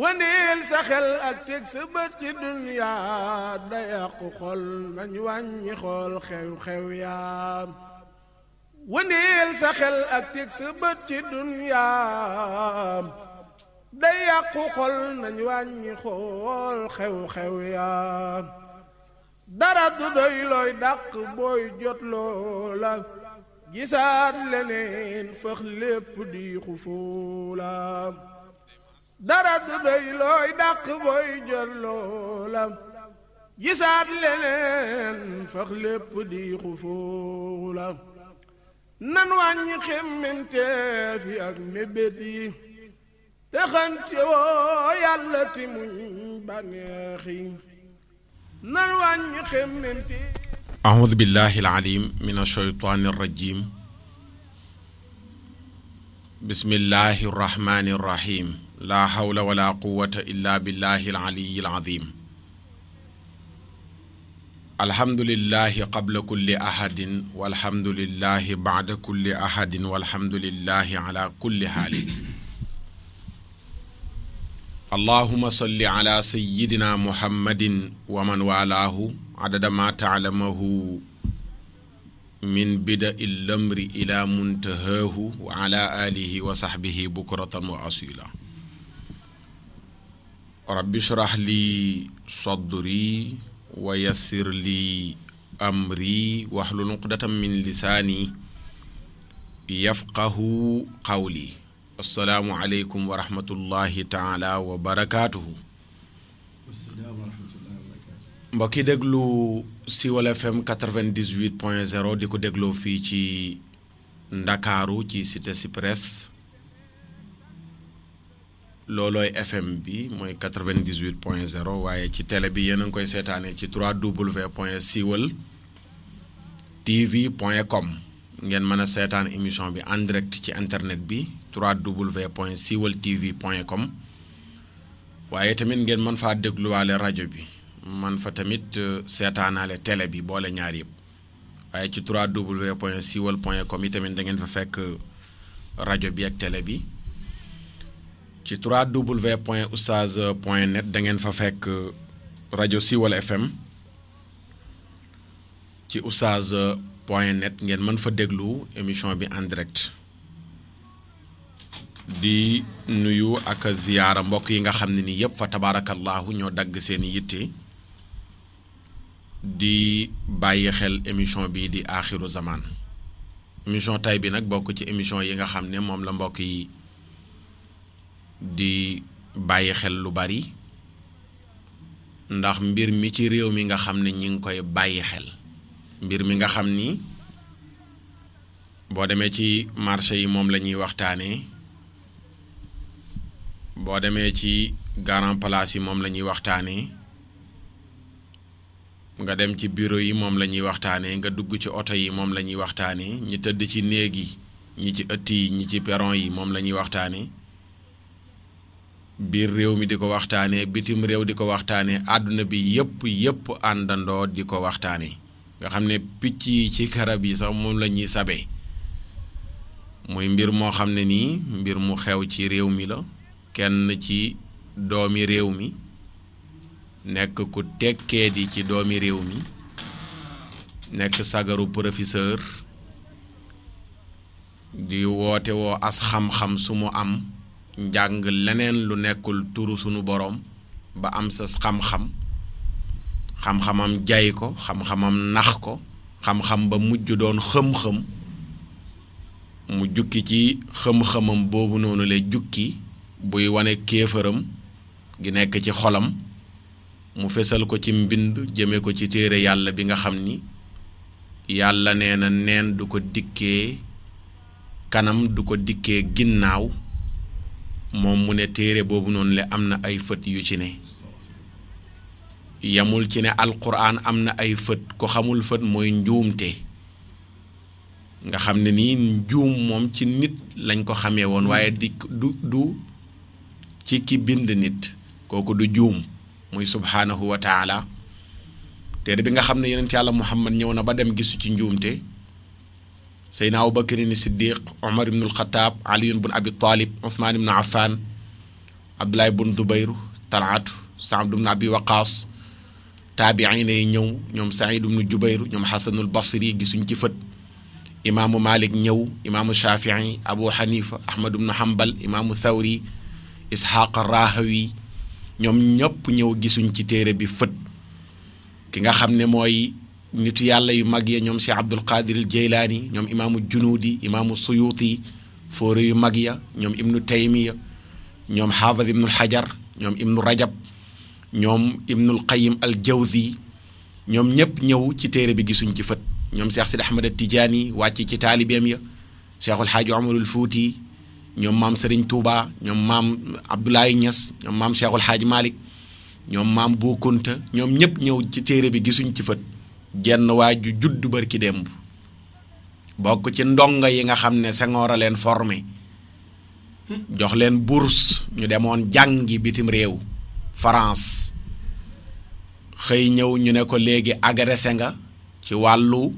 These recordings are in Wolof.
wëndeel sa xel ak teg sa bët ci dunyaa da yàqu xol nañ wàññi xew-xew yaa ak teg sa bët ci xol xew-xew yaa dara du doy looy booy jot loola gisaat leneen fëx lépp di xufuulaam dara du doy looy dàq booy jot loolam gisaat leneen fëx lépp di xufuulaam nan wàññi xemmenteef ak mébét yi texante woo yàlla ti muñ bànneex nan wàññi xemmenteef أعوذ بالله العليم من الشيطان الرجيم بسم الله الرحمن الرحيم لا حول ولا قوة إلا بالله العلي العظيم الحمد لله قبل كل أحد والحمد لله بعد كل أحد والحمد لله على كل حال اللهم صل على سيدنا محمد ومن والاه adada ma taalamahu min bida illamri ila muntahaahu wa ala alihi wa sahbihi bukratan wa asila rabbi shrah li sadri wa yassir li amri wahlul uqdatan min lisaani yafqahu qawli assalaamu aleykum wa rahmatullahi taala wa barakatuhu mbokk yi déglu Siwal FM 98 point 0 di ko dégloo fii ci ndakaaru ci Cité Cyprès loolooy FM bi mooy 98 point 0 waaye ci télé bi yéen a ngi koy seetaanee ci 3W point siwal tv point com ngeen mën a seetaan émission bi en direct ci internet bi 3W point siwal tv point com waaye tamit ngeen mën faa dégluwaale rajo bi. man fa tamit euh, seetaanaale tele bi boole ñaar yëpp waaye ci 3w point siweul point comme yi tamit da ngeen fa fekk euh, rajo bi ak bi ci 3w point oustaz point net da ngeen fa fekk euh, rajo siweul fm ci oustaz point net ngeen mën fa déglu émission bi en di nuyu ak ziyaara mbokk yi nga xam ne nii yëpp fa tabaarakallaahu ñoo dagg seen yitte di bàyyi xel émission bi di aaxiru zamaan émission tay bi nag bokk ci émission yi nga xam ne moom la mbokk yi di bàyyi xel lu bari ndax mbir mi ci réew mi nga xam ne ñi ngi koy bàyyi xel mbir mi nga xam ni boo demee ci marché yi moom la ñuy waxtaanee boo demee ci grand place yi moom la ñuy waxtaanee nga dem ci bureau yi moom la ñuy waxtaanee nga dugg ci oto yi moom la ñuy waxtaanee ñi tëdd ci néegi ñi ci ëtt yi ñi ci peron yi moom lañuy ñuy waxtaanee biir réew mi di ko waxtaanee bitim réew di ko waxtaanee àdduna bi yëpp yëpp àndandoo di ko waxtaanee nga xam ne picc yi ci garab yi sax moom la ñuy sabee muy mbir moo xam ne nii mbir mu xew ci réew mi la kenn ci doomi réew mi. nekk ku tekkee di ci doomi réew mi nekk sagaru professeur di woote woo as xam-xam su mu am njàng leneen lu nekkul turu sunu boroom ba am sa xam-xam xam-xamam jay ko xam-xamam nax ko xam-xam ba mujj doon xëm-xëm mu jukki ci xam-xamam boobu noonu la jukki buy wane kéefëram gi nekk ci xolam mu fesal ko ci mbind jëme ko ci téere yàlla bi nga xam ni yàlla nee na neen du ko dikkee kanam du ko dikke ginnaaw moom mu ne téere boobu noonu le am na ay fët yu ci ne yamul ci ne alquran am na ay fët ko xamul fët mooy njuumte nga xam ne nii njuum moom ci nit lañ ko xamee woon waaye di du du ci ki bind nit kooku du juum muy subhaanahu wa taala téere bi nga xam ne yonent yàlla muhammad ñëw na ba dem gisu ci njuumte Seydina Abubakrin Siddiq Omar ibnul Xataab Aliyun bun Abi Talib Ousmaan ibnu Affaan Abdoulaye bun Zubayru Talatu Saad ibnu Abi Waqaas taabiina yi ñëw ñoom Saïd ibnu Jubayru ñoom Xasanul Basri gisuñ ci fët imaamu Malik ñëw imaamu Shafii Abu Xanifa Ahmad ibnu Hambal imaamu Thawri Isxaaq Rahawi ñoom ñëpp ñëw gisuñ ci téere bi fët ki nga xam ne mooy nit yàlla yu mag ya ñoom Cheikh Abdul Qadir Jeylaani ñoom imaamu Junudi imaamu Suyuti fóore yu mag ya ñoom ibnu Taymiya ñoom Xaafid ibnul Xajar ñoom ibnu Rajab ñoom ibnul Qayim al Jawzi ñoom ñëpp ñëw ci téere bi gisuñ ci fët ñoom Cheikh Sidi Ahmed Tijaani wàcc ci taalibeem ya Cheikhul Xaaji Omarul Fuuti ñoom maam Serigne Touba ñoom maam Abdoulaye Niass ñoom maam Cheikhul Hadj Malick ñoom maam Bou ñoom ñëpp ñëw ci téere bi gisuñ ci fët jenn waa ju judd barki démb bokk ci ndongo yi nga xam ne Senghor a leen formé jox leen bourse ñu demoon jàngi bitim réew France xëy ñëw ñu ne ko léegi agressé nga ci wàllu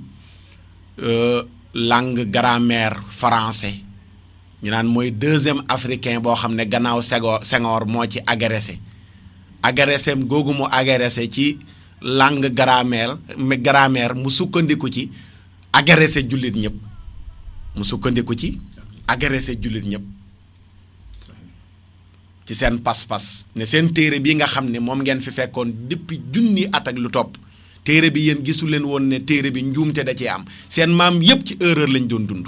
euh, langue grammaire français ñu naan mooy deuxième africain boo xam ne gannaaw Senghor Senghor moo ci agressé agressé googu mu agressé ci langue grammaire grammaire mu sukkandiku ci agressé jullit ñëpp mu sukkandiku ci agressé jullit ñëpp ci seen pas-pas ne seen téere bi nga xam ne moom ngeen fi fekkoon depuis junni at ak lu topp téere bi yéen gisu leen woon ne téere bi njuumte da cee am seen maam yëpp ci erreur lañ doon dund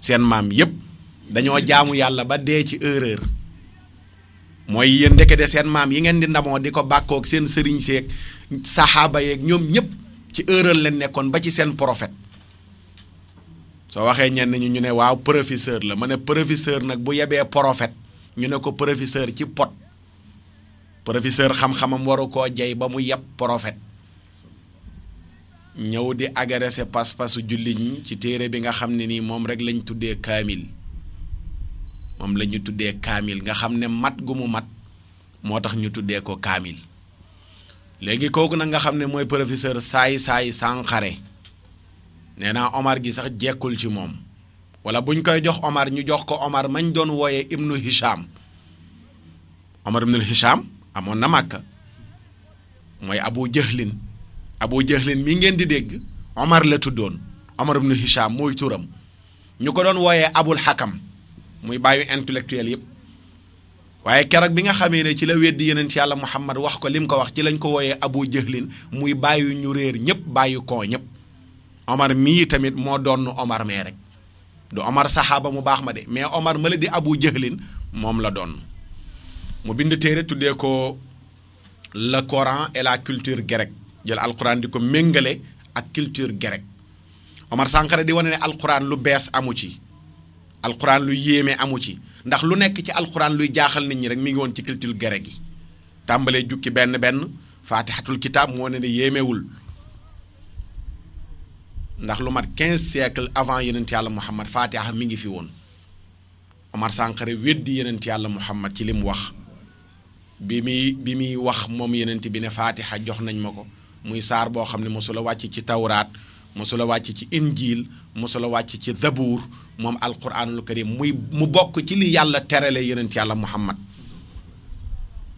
seen maam yëpp dañoo jaamu yàlla ba dee ci erreur mooy yéen ndeke de seen maam yi ngeen di ndamoo di ko bàkkoog seen sëriñ seeg saxaaba yeeg ñoom ñëpp ci erreur leen nekkoon ba ci seen prophète soo waxee ñenn ñu ñu ne waaw professeur la ma ne professeur nag bu yebee prophète ñu ne ko professeur ci pot professeur xam-xamam waru koo jey ba mu yeb prophète ñëw di agresser pas-pasu jullit ñi ci téere bi nga xam ne nii moom rek lañ tuddee kaamil moom la ñu tuddee kaamil nga xam ne mat gu mu mat moo tax ñu tuddee ko kaamil léegi kooku nag nga xam ne mooy professeur saay saay sànqare nee na Omar gi sax jekkul ci moom wala buñ koy jox Omar ñu jox ko Omar mañ doon wooyee Ibnu Hisham Omar Ibnu Hisham amoon na màkka mooy Abu Jahlin Abu Jahlin mi ngeen di dégg Omar la tuddoon Omar Ibnu Hisham mooy turam ñu ko doon wooyee Abul Hakam muy bàyyi intellectuel yëpp waaye keroog bi nga xamee ne ci la weddi yeneen ci yàlla Muhammad wax ko li mu ko wax ci lañ ko wooyee abu jëhlin muy bàyyi ñu réer ñëpp bàyyi koo ñëpp Omar mii tamit moo doon Omar mee rek du Omar saxaaba mu baax ma de mais Omar ma la di abu jëhlin moom la doon mu bind téere tuddee ko la Coran et la culture grecque jël alquran di ko méngale ak culture grecque Omar Sankara di wane ne alquran lu bees amu ci. alxuraan lu yéeme amu ci ndax lu nekk ci alxuraan luy jaaxal nit ñi rek mi ngi woon ci culture gere gi tàmbalee jukki benn benn faatixatul kitaab moo ne na yéemewul ndax lu mat quinze siècle avant yenent yàlla muhammad faatiha mi ngi fi woon Omar Sankare weddi yenent yàlla muhammad ci li mu wax bi muy bi muy wax moom yenent bi ne faatiha jox nañ ma ko muy saar boo xam ne mosula wàcc ci tawraat mosula wàcc ci injiil mosula wàcc ci zabuur moom alquranul karim muy mu bokk ci li yàlla terale yonent yàlla muhammad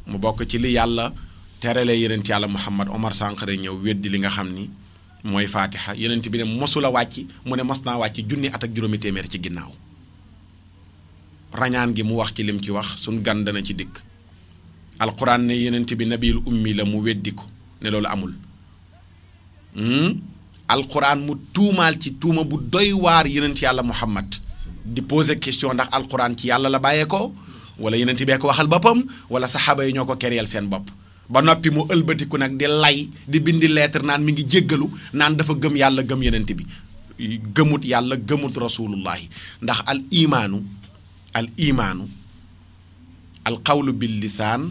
mu bokk ci li yàlla terale yonent yàlla muhammad Omar Sankare ñëw weddi li nga xam ni mooy faatiha yonent bi ne mosula wàcc mu ne mos naa wàcc junni at ak juróomi téeméer ci ginnaaw rañaan gi mu wax ci lim ci wax suñ gan dana ci dikk alquran ne yonent bi nabiul ummi la mu weddi ko ne loolu amul hmm? alxuraan mu tuumaal ci tuuma bu doy waar yonent yàlla Muhammad di poser question ndax alxuraan ci yàlla la bàyyeekoo wala yonent bee ko waxal boppam wala saxaaba yi ñoo ko kereel seen bopp ba noppi mu ëlbatiku nag di lay di bindi lettre naan mi ngi jéggalu naan dafa gëm yàlla gëm yeneent bi gëmut yàlla gëmut rasulullahi ndax al imaanu al imaanu al qawlu bil lisaan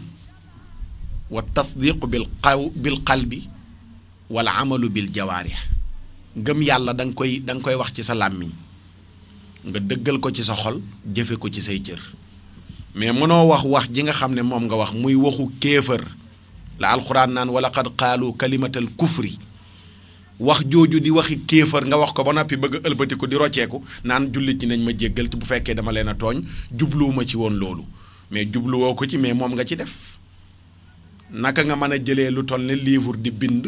wa tasdiqu bil qaw bil qalbi wal amalu bil jawaarih gëm yàlla da nga koy da koy wax ci sa làmmiñ nga dëggal ko ci sa xol jëfe ko ci say cër mais mënoo wax wax ji nga xam ne moom nga wax muy waxu kéefër la alxuraan naan wala qad qaalu kalimatal kufri wax jooju di waxi kéefër nga wax ko ba noppi bëgg ëlbatiku di rocceeku naan jullit yi nañ ma jéggal ci bu fekkee dama leen a tooñ jubluwuma ci woon loolu mais jubluwoo ko ci mais moom nga ci def naka nga mën a jëlee lu toll ne livre di bind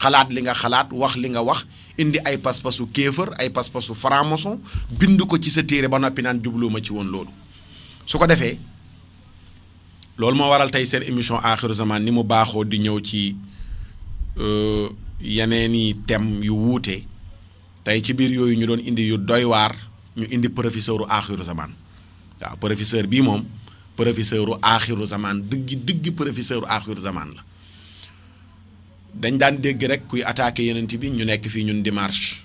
xalaat li nga xalaat wax li nga wax indi ay pas-pasu kéefër ay pas-pasu franc bind ko ci sa téere ba noppi naan jubluwuma ci woon loolu su ko defee loolu moo waral tey seen émission Axiru Zaman ni mu baaxoo di ñëw ci euh, yeneeni thème yu wuute tey ci biir yooyu ñu doon indi yu doy waar ñu indi professeur u Axiru Zaman waaw professeur bii moom professeur u Axiru Zaman dëggi dëggi professeur u Axiru Zaman la dañ daan dégg rek kuy attaqué yonent bi ñu nekk fii ñun di marche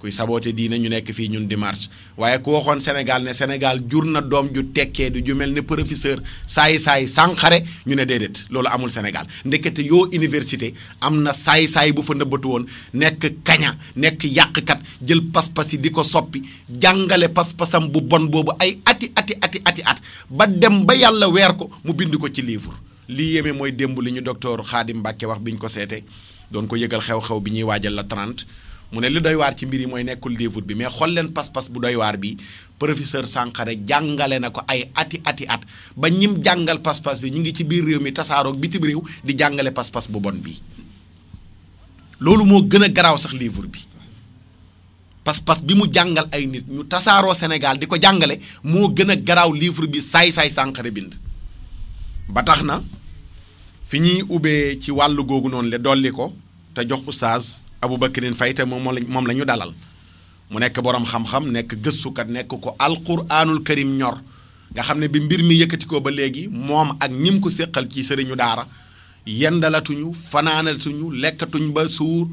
kuy saboté diine ñu nekk fii ñun di marche waaye ku waxoon Sénégal ne Sénégal jur na doom ju tekkee du ju mel ne professeur saay saay sànqare ñu ne déedéet loolu amul Sénégal ndekete yoo université am na saay saay bu fa nëbbatu woon nekk kaña nekk yàqkat jël pas-pas yi di ko soppi jàngale pas-pasam bu bon boobu ay ati ati ati ati at ba dem ba yàlla weer ko mu bind ko ci livre. lii yéeme mooy démb li ñu docteur Khadim Mbacke wax bi ñu ko seete doon ko yëgal xew-xew bi ñuy waajal la 30 mu ne li doy waar ci mbir yi mooy nekkul dévout bi mais xool leen pas-pas bu doy waar bi professeur sànqare jàngale na ko ay ati ati at ba ñim jàngal pas-pas bi ñu ngi ci biir réew mi tasaaroog bitim réew di jàngale pas-pas bu bon bi loolu moo gën a garaaw sax livre bi pas-pas bi mu jàngal ay nit ñu tasaaroo Sénégal di ko jàngale moo gën a garaaw livre bi saay-saay Sankharé bind tax na fi ñuy ubbee ci wàllu googu noonu la dolli ko te jox oustaz Aboubacrine Faye te moom moom la ñu dalal mu nekk boroom xam-xam nekk gëstukat nekk ko alquranul karim ñor nga xam ne bi mbir mi yëkkatikoo ba léegi moom ak ñim ko séqal ci sëriñu daara yendalatuñu fanaanatuñu lekkatuñ ba suur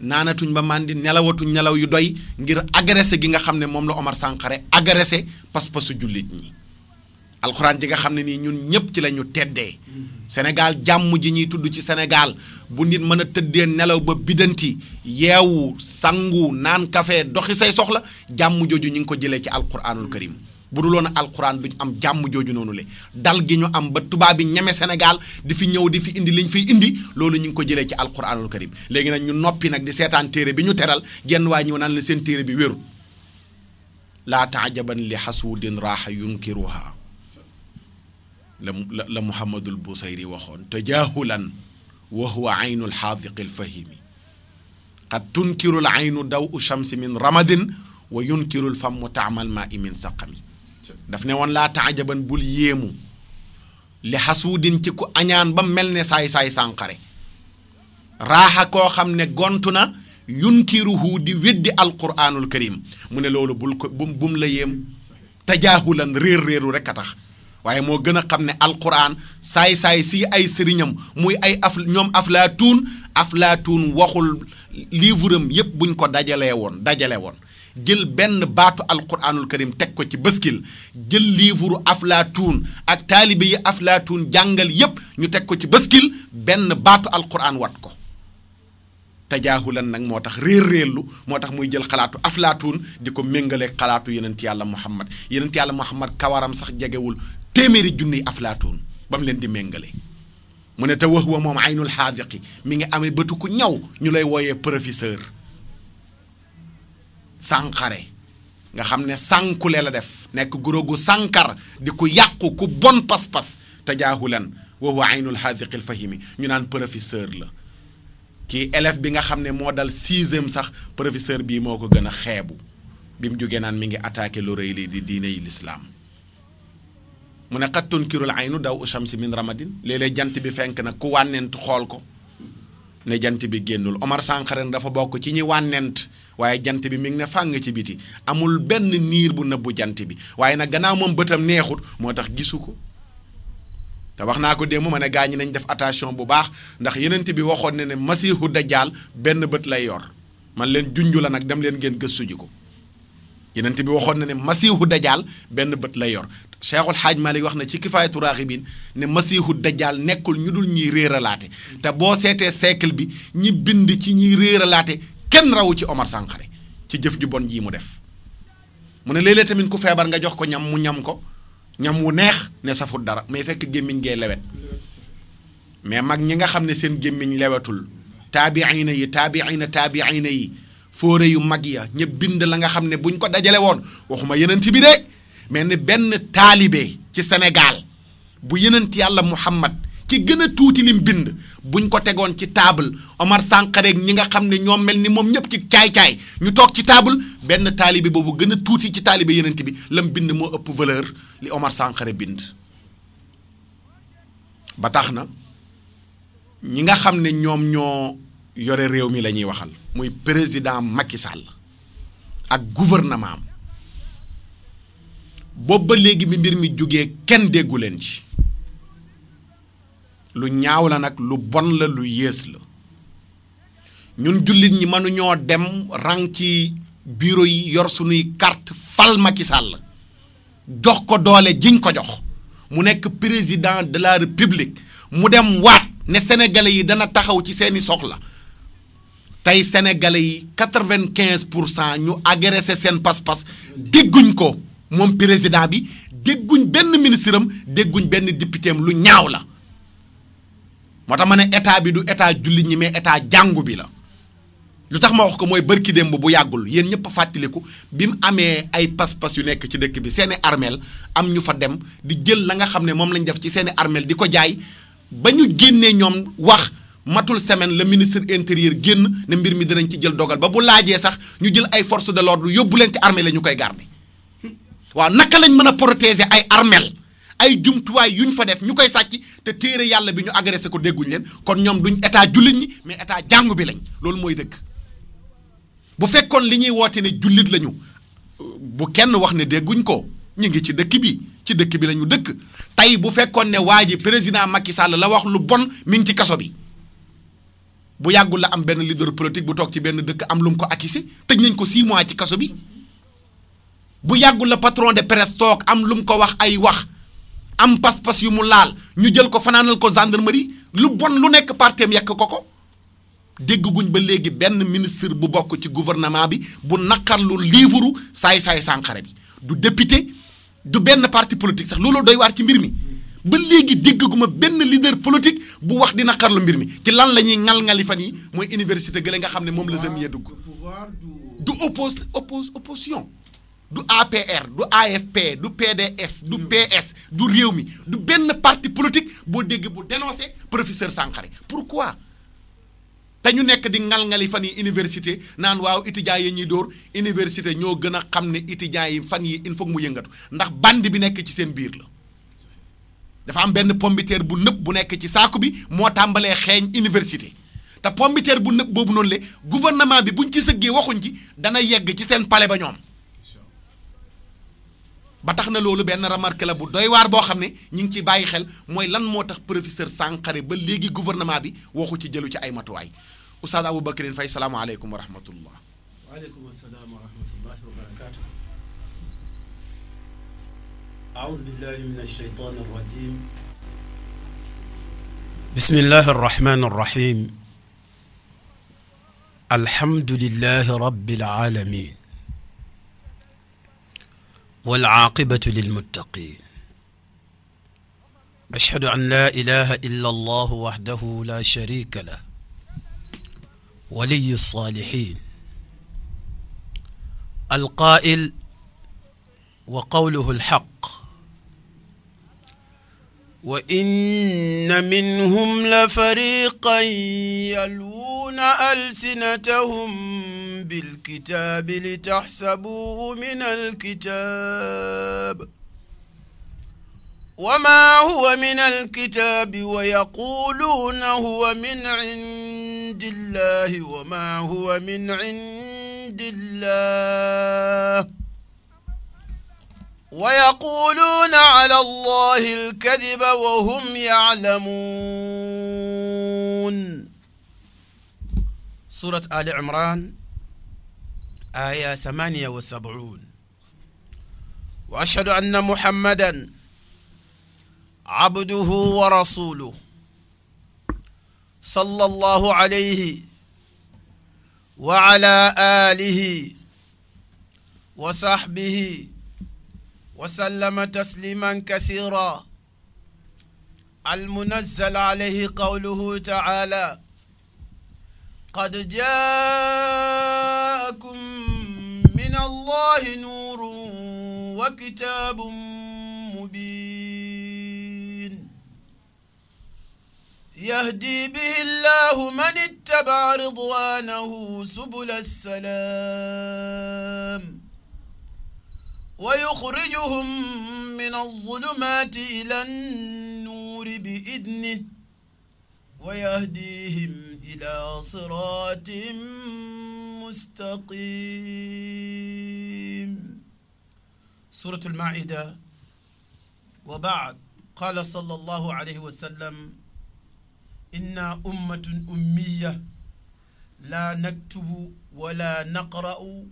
naanatuñ ba màndi nelawatuñ nelaw yu doy ngir agressé gi nga xam ne moom la Omar Sankare agressé pas-pasu jullit ñi alxuraan ji nga xam ne nii ñun ñëpp ci la ñu teddee Sénégal jàmm ji ñuy tudd ci Sénégal bu nit mën a tëddee nelaw ba biddanti yeewu sangu naan kafe doxi say soxla jàmm jooju ñu ngi ko jëlee ci alxuraanul karim bu dul woon alxuraan duñ am jàmm jooju noonu le dal gi ñu am ba tubaab bi ñeme Sénégal di fi ñëw di fi indi liñ fiy indi loolu ñu ngi ko jëlee ci alxuraanul karim léegi nag ñu noppi nag di seetaan téere bi ñu teral jenn waa ñëw naan la seen téere bi wéru laa taajaban li xasuudin raaxa yunkiruha la la Muhammadul Busayri waxoon tajaahulan wa huwa aynu alxaadiqi alfahimi qad tunkiru alaynu daw u shamsi min ramadin wa yunkiru lfamu taamal maa i min saqami daf ne woon laa taajaban bul yéemu li xasuudin ci ku añaan ba mel ne saay-saay sànqare raaxa koo xam ne gontu na yunkiruhu di weddi alquraanul karim mu ne loolu bul ko bum bum la yéem tajaahulan réer réeru rek a tax waaye moo gën a xam ne alxuraan saay-saay si ay sëriñam muy ay af ñoom aflaatuun aflaatuun waxul livre am yépp buñ ko dajalee woon dajale woon jël benn baatu alquranul karim teg ko ci bëskil jël livre aflaatuun ak taalibe yi aflaatuun jàngal yépp ñu teg ko ci bëskil benn baatu alquran wat ko tajaahulan nag moo tax réer réerlu moo tax muy jël xalaatu aflaatuun di ko méngaleeg xalaatu yenent yàlla muhammad yenent yàlla muhammad kawaram sax jegewul téeméeri junniy aflaatoon ba mu leen di méngale mu ne te wax wa moom aynul xaadiqi mi ngi amee bëtu ku ñaw ñu lay wooyee professeur sànqare nga xam ne sànkule la def nekk guro gu sànkar di ku yàqu ku bon pas-pas te jaahulan wa huwa aynul xaadiqi al fahimi ñu naan professeur la kii élève bi nga xam ne moo dal sixième sax professeur bii moo ko gën a xeebu bi mu jógee naan mi ngi attaqué lu rëy lii di diiney l'islam mu ne xattun ay nu daw ushamsi min ramadin léeg-léeg jant bi fenk nag ku wànnent xool ko ne jant bi génnul Omar Sankhare dafa bokk ci ñi wànnent waaye jant bi mi ngi ne fàng ci biti amul benn niir bu nëbbu jant bi waaye nag gannaaw moom bëtam neexut moo tax gisu ko te wax naa ko démb ma ne gaa ñi nañ def attention bu baax ndax yenent bi waxoon ne ne masiihu dajaal benn bët lay yor man leen junju la nag dem leen ngeen gëstu ko yenent bi waxoon na ne masiihu dajjaal benn bët lay yor cheikhul xaaj Malik wax na ci kifaayatu raaxibin ne masiihu dajjaal nekkul ñu dul ñuy réeralaate te boo seetee siècle bi ñi bind ci ñuy réeralaate kenn rawu ci Omar Sankharé ci jëf ju bon jii mu def mu ne léeg-léeg tamit ku feebar nga jox ko ñam mu ñam ko ñam wu neex ne safut dara mais fekk gémmiñ gee lewet mais mag ñi nga xam ne seen gémmiñ lewetul taabiina yi taabiina taabiina yi fóore yu mag ya ñëpp bind la nga xam ne buñ ko dajale woon waxuma yeneen ci bi mais ne benn taalibe ci Sénégal bu yenent yàlla Muhammad ki gën a tuuti lim bind buñ ko tegoon ci table Omar sànqareek ñi nga xam ne ñoom mel ni moom ñëpp ci caay-caay ñu toog ci table benn taalibe boobu gën a tuuti ci taalibe yenent bi lam bind moo ëpp valeur li Omar Sankare bind ba na ñi nga xam ne ñoom ñoo yore réew mi la ñuy waxal muy président Macky Sall ak gouvernement am boobu ba léegi bi mbir mi jógee kenn déggu leen ci lu ñaaw la nag lu bon la lu yées la ñun jullit ñi mënuñoo dem rang ci bureau yi yor sunuy carte fal Macky jox ko doole jiñ ko jox mu nekk président de la république mu dem waat ne sénégalais yi dana taxaw ci seeni soxla tey sénégalais yi quatre-vingt-quinze pour cent ñu agressé seen pas-pas digguñ ko moom président bi dégguñ benn ministre am dégguñ benn député lu ñaaw la moo tax ma ne état bi du état julli ñi mais état jàngu bi la lu tax ma wax ko mooy bërki démb bu yàggul yéen ñëpp a fàttaliku bi mu amee ay pas-pas yu nekk ci dëkk bi seeni armeel am ñu fa dem di jël la nga xam ne moom lañ def ci seeni armeel di ko jaay ba ñu génnee ñoom wax matul semaine la ministre intérieur génn ne mbir mi dinañ ci jël dogal ba bu laajee sax ñu jël ay force de l'ordre yóbbu leen ci armée la ñu koy garder waa naka lañ mën a protéger ay armel ay jumtuwaay yuñ fa def ñu koy sàcc te téere yàlla bi ñu agressé ko dégguñ leen kon ñoom duñ état jullit ñi mais état jàngu bi lañ loolu mooy dëkk bu fekkoon li ñuy woote ni jullit lañu bu kenn wax ne dégguñ ko ñu ngi ci dëkk bi ci dëkk bi lañu dëkk tey bu fekkoon ne waa ji président Macky Sall la wax lu bon mi ngi ci kaso bi bu yàggul la am benn leader politique bu toog ci benn dëkk am lu ko accusé tëj nañ ko six mois ci kaso bi. bu yàggul la patron de presse toog am lu mu ko wax ay wax am pas-pas yu mu laal ñu jël ko fanaanal ko gendarmerie lu bon lu nekk parteem yekk ko ko dégguñ ba léegi benn ministre bu bokk ci gouvernement bi bu naqarlu livre saay-saay sànqare bi du député du benn parti politique sax loolu doy waar ci mbir mi ba léegi dégguma benn leader politique bu wax di naqarlu mbir mi te lan la ñuy ŋal-ŋali fan yi mooy université gële nga xam ne moom la semi dugg du oppose oppose opposition du APR du AFP du PDS du PS du réew mi du benn parti politique boo dégg bu dénoncé professeur Sankharé pourquoi te ñu nekk di ngal-ngali fan yi université naan waaw étudiants yi ñuy dóor université ñoo gën a xam ne étudiants yi fan yi il faut mu yëngatu ndax band bi nekk ci seen biir la dafa am benn pombiteer bu nëb bu nekk ci saaku bi moo tàmbalee xeeñ université te pombiteer bu nëb boobu noonu le gouvernement bi buñ ci sëggee waxuñ ci dana yegg ci seen pale ba ñoom ba tax na loolu benn remarque la bu doy waar boo xam ne ñu ngi ciy bàyyi xel mooy lan moo tax professeur Sankharé ba léegi gouvernement bi waxu ci jëlu ci ay matuwaay Oustaz Aboubacrin Faye salaamaaleykum wa rahmatullah. waaleykum salaam wa rahmatullahi wa barakaatu. aouzu billahi min ashaytaani rajim. bismillahi rahmaani rahim. alhamdulillahi rabbil alamin wal aaqibatu lilmuttaqin ashhadu an laa ilaha illa allah waxdahu la sharika lah waliyu saalihin alqaa'il wa qawluhu alxaq وإن منهم لفريقا يلوون ألسنتهم بالكتاب لتحسبوه من الكتاب وما هو من الكتاب ويقولون هو من عند الله وما هو من عند الله ويقولون على الله الكذب وهم يعلمون سورة آل عمران آية 78 وأشهد أن محمدا عبده ورسوله صلى الله عليه وعلى آله وصحبه وسلم تسليما كثيرا المنزل عليه قوله تعالى قد جاءكم من الله نور وكتاب مبين يهدي به الله من اتبع رضوانه سبل السلام ويخرجهم من الظلمات إلى النور بإذنه ويهديهم إلى صراط مستقيم سورة المائدة وبعد قال صلى الله عليه وسلم إنا أمة أمية لا نكتب ولا نقرأ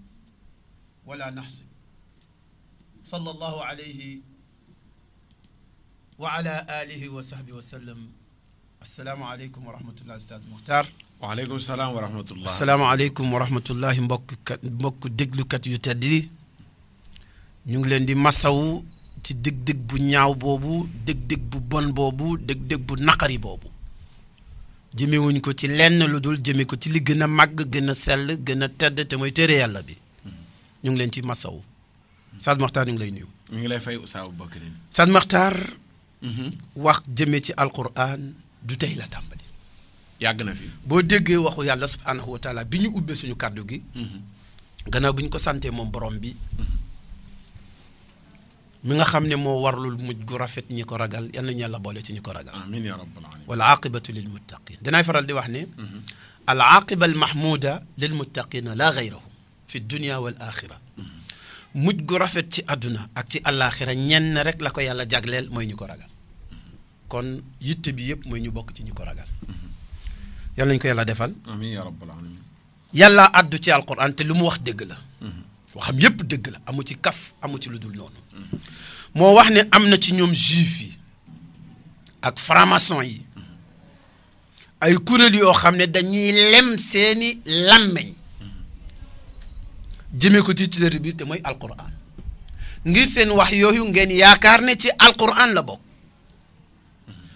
ولا نحصي sallallahu alayhi wa ala alihi wa sahbihi asalaamaaleykum wa rahmatullahi ustaz Muxtaar salaam wa rahmatullah asalaamaaleykum wa rahmatullahi mbokkukat mbokk déglukat yu tedd yi ñu ngi leen di masaw ci dëg-dëg bu ñaaw boobu dëg-dëg bu bon boobu dëg-dëg bu naqari boobu jëmewuñ ko ci lenn lu dul jëme ko ci li gën a màgg gën a sell gën a tedd te mooy téere yàlla bi ñu leen ci masawu Saad Maxtaar ñu ngi lay nuyu. mi ngi lay fay Oustaz Aboubacry. Saad Maxtaar. Mhm. wax jëmee ci alquran du tey la tàmbali. na fi. boo déggee waxu yàlla subhaanahu wa bi ñu ubbee suñu kàddu gi. Mhm. gannaaw bi ñu ko santee moom borom bi. Mhm. mi nga xam ne moo warlul mujj gu rafet ñi ko ragal yal nañu yàlla boole ci ñi ko ragal. amiin ya rabbal wal aaqibatu lil muttaqin dinaay faral di wax ne. al aaqiba al mahmuda lil muttaqina laa gayrahum fi dunia wal axira mujj gu rafet ci àdduna ak ci àllaaxira ñenn rek la ko yàlla jagleel mooy ñu ko ragal kon yitte bi yëpp mooy ñu bokk ci ñu ko ragal yàlla nañu ko yàlla defal amiin yaa yàlla àddu ci alquran te lu mu wax dëgg la mhm. xam yëpp dëgg la amu ci kaf amu ci lu dul noonu moo wax ne am na ci ñoom juif yi ak franc yi ay kuréel yoo xam ne dañuy lem seeni làmmeñ jëmee ko ci téere bi te mooy alquran ngir seen wax yooyu ngeen yaakaar ne ci alquran la bokk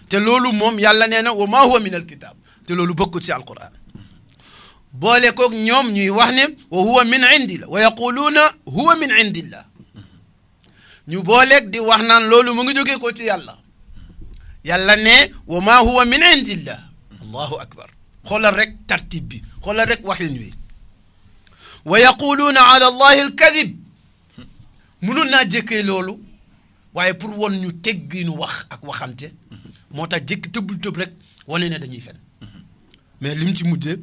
te loolu moom yàlla nee na wa ma huwa min alkitab te loolu bokk ci alquran boole koog ñoom ñuy wax ne wa huwa min indillah wa yaquluuna huwa min ñu booleeg di wax naan loolu mu ngi jógee ko ci yàlla yàlla ne wa ma huwa min indillah allahu akbar xoolal rek tartib bi xoolal rek waxin wi wa yaquluuna ala allahi alkadib naa jëkkee loolu waaye pour won ñu tegginu wax ak waxante moo tax jëkk tëbul tëb rek wane ne dañuy fen mais lim ci mujjee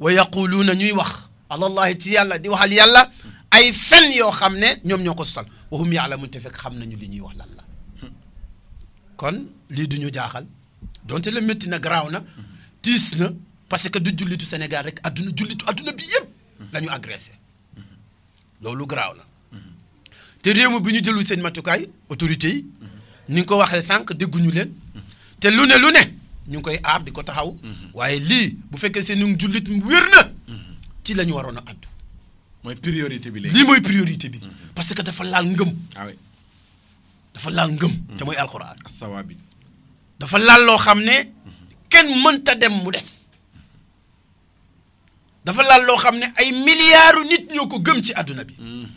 wa yaquluuna ñuy wax ala allahi ci yàlla di waxal yàlla ay fen yoo xam ne ñoom ñoo ko sosal wahum yaalamun te fekk xam nañu li ñuy wax lan la kon lii du ñu jaaxal donte la métti na garaaw na parce que du jullitu Sénégal rek adduna jullitu adduna bi lañu ñu agressé loolu garaaw la te réew mi bi ñu jëlu seen matukaay autorité yi ni nga ko waxee sànq dégguñu leen te lu ne lu ne ñu ngi koy aar di ko taxaw waaye lii bu fekkee seen ñu jullit wér na ci la ñu waroon a addu mooy priorité bi léegi lii mooy priorité bi parce que dafa laal ngëm ah dafa laal ngëm te mooy alxuraan dafa laal loo xam ne kenn mënta dem mu des dafa laal loo xam ne ay milliards nit ñoo ko gëm ci àdduna bi. Mm-hmm.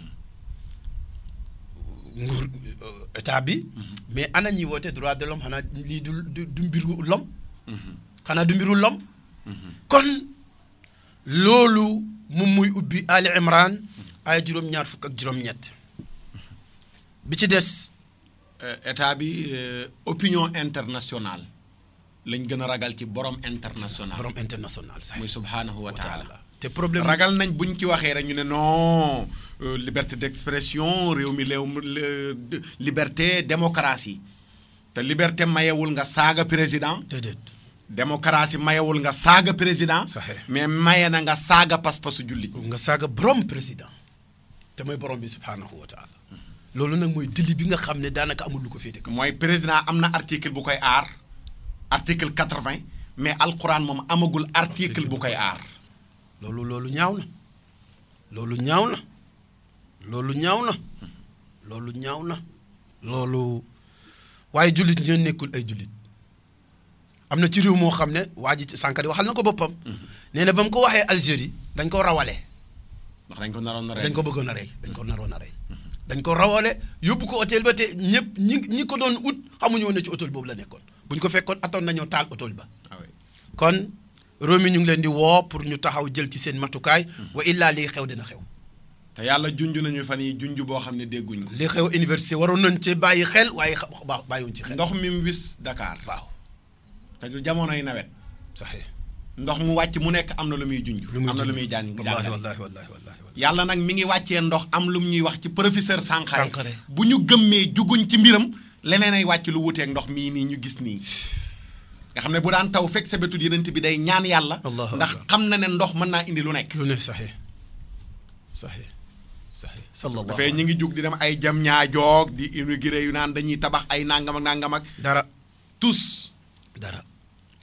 nguur euh, état bi. Mm-hmm. mais ana ñi woote droit de l'homme xanaa lii du du du mbiru l'homme mm-hmm. xanaa du mbiru l'homme kon loolu moom muy ubbi Ali Imran ay juróom-ñaar fukk ak juróom-ñett bi ci des. Euh, état bi euh, opinion internationale. lañ gën a ragal ci borom international. borom international sax muy subhaanahu wa taala. te problème ragal nañ ñu ci waxee rek ñu ne non euh, liberté d'expression réew mi léew liberté démocratie te liberté mayewul nga saaga président. déedéet démocratie mayewul nga saaga président. mais maye na nga saaga pas-pasu julli. nga saaga borom président. te mooy borom bi subhaanahu wa loolu nag mooy dili bi nga xam ne daanaka amul lu ko féete. mooy président am na article bu koy aar. article quatre-vingt mais alquran moom amagul article bu koy aar. loolu loolu ñaaw na loolu ñaaw na loolu ñaaw na loolu ñaaw na loolu waaye jullit ñoo nekkul ay jullit am na ci réew moo xam ne waa ji Sankharé waxal na ko boppam. Mm-hmm. nee na ba mu ko waxee Algérie dañ ko rawale. ndax dañ ko naroon a rey ko bëggoon a rey dañ ko naroon a rey. Mm-hmm. dañ ko rawale yóbbu ko hôtel ba te ñëpp ñi ñi ko doon ut xamuñu woon ne ci hôtel boobu la nekkoon. bu ñu ko fekkoon atoon nañoo taal otol ba ah kon réew mi ñu ngi leen di woo pour ñu taxaw jël ci seen matukaay wa illaa lii xew dina xew te yàlla junj nañu fan yi junj boo xam ne dégguñ ko li xew université waroon nañ ci bàyyi xel waaye bàyyiwuñ ci xel ndox mi mu wis Dakar waaw te du jamonoy nawet sax ndox mu wàcc mu nekk am na lu muy junj am na lu muy jaan wallaahi wallaahi wallaahi yàlla nag mi ngi wàccee ndox am lu ñuy wax ci professeur Sankharé bu ñu gëmmee juguñ ci mbiram leneen ay wàcc lu wuteeg ndox mii nii ñu gis nii nga xam ne bu daan taw fekk sabetul yenent bi day ñaan yàlla ndax xam na ne ndox mën naa indi lu nekk lu ne saxee saxee saxee sallallahu dafay ñu ngi jug di dem ay jam ñaa joog di inauguré yu naan dañuy tabax ay nangam ak dara tous dara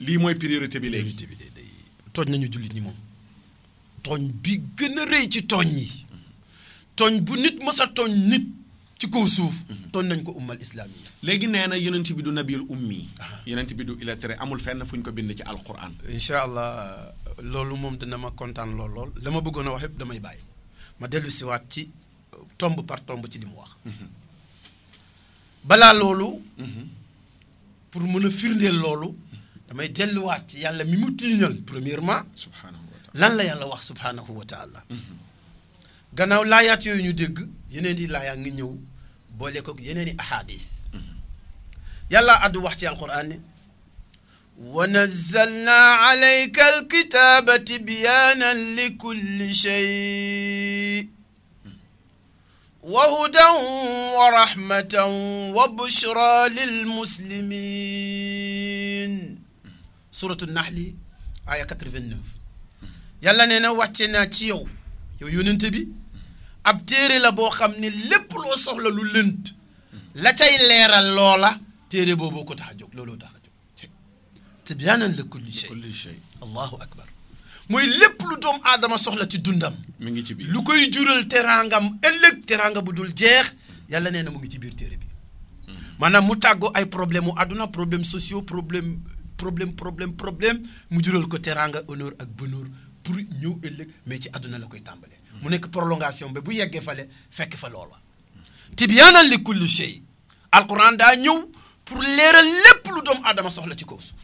lii mooy priorité bi léegi priorité bi day tooñ nañu jullit ñi moom tooñ bi gën a rëy ci tooñ yi tooñ bu nit mës tooñ nit ci kaw suuf. tooñ nañ ko ummal islaam yi. léegi nee na yonent bi du nabiyul ummi. yonent bi du illettré amul fenn fu ñu ko bind ci alquran. incha allah euh, loolu moom dana ma kontaan lool lool la bëggoon a wax yëpp damay bàyyi ma dellu siwaat ci euh, tomb par tomb ci li mu mhm. loolu. Mhm. pour mën a firndeel loolu. damay delluwaat ci yàlla mi mu tiiñal premièrement. subhaanahu wa taala la wax subhaanahu wa taala. Mhm. gannaaw laayaat yooyu ñu dégg yeneen di laayaa ngi ñëw. boole koog yeneen i ahadis yàlla addu wax ci alquran ne wa nazzalna alayka alkitaba tibyanan li kulli shay wa hudan wa rahmatan wa bushra lil muslimin suratu naxli aya 89 yàlla nee na wàcce naa ci yow yow yónente bi ab téere la boo xam ni lépp loo soxla lu lënt la cay leeral loola téere booboo ko tax a jóg looloo tax a jóg tibyaanan li kulli shay allahu akbar mooy lépp lu doomu aadama soxla ci dundam mi ngi ci biir lu koy jural teraangam ëllëg teraanga bu dul jeex yàlla nee na mu ngi ci biir téere bi hmm. maanaam mu tàggoo ay problème mu àdduna problème sociaux problème problème problème problème mu jural ko teraanga honneur ak bonheur pour ñëw ëllëg mais ci àdduna la koy tàmbalee mu nekk prolongation ba bu yeggee fale fekk fa loola tibyaanan li kulli shay alquran daa ñëw pour leeral lépp lu doom adama soxla ci kaw suuf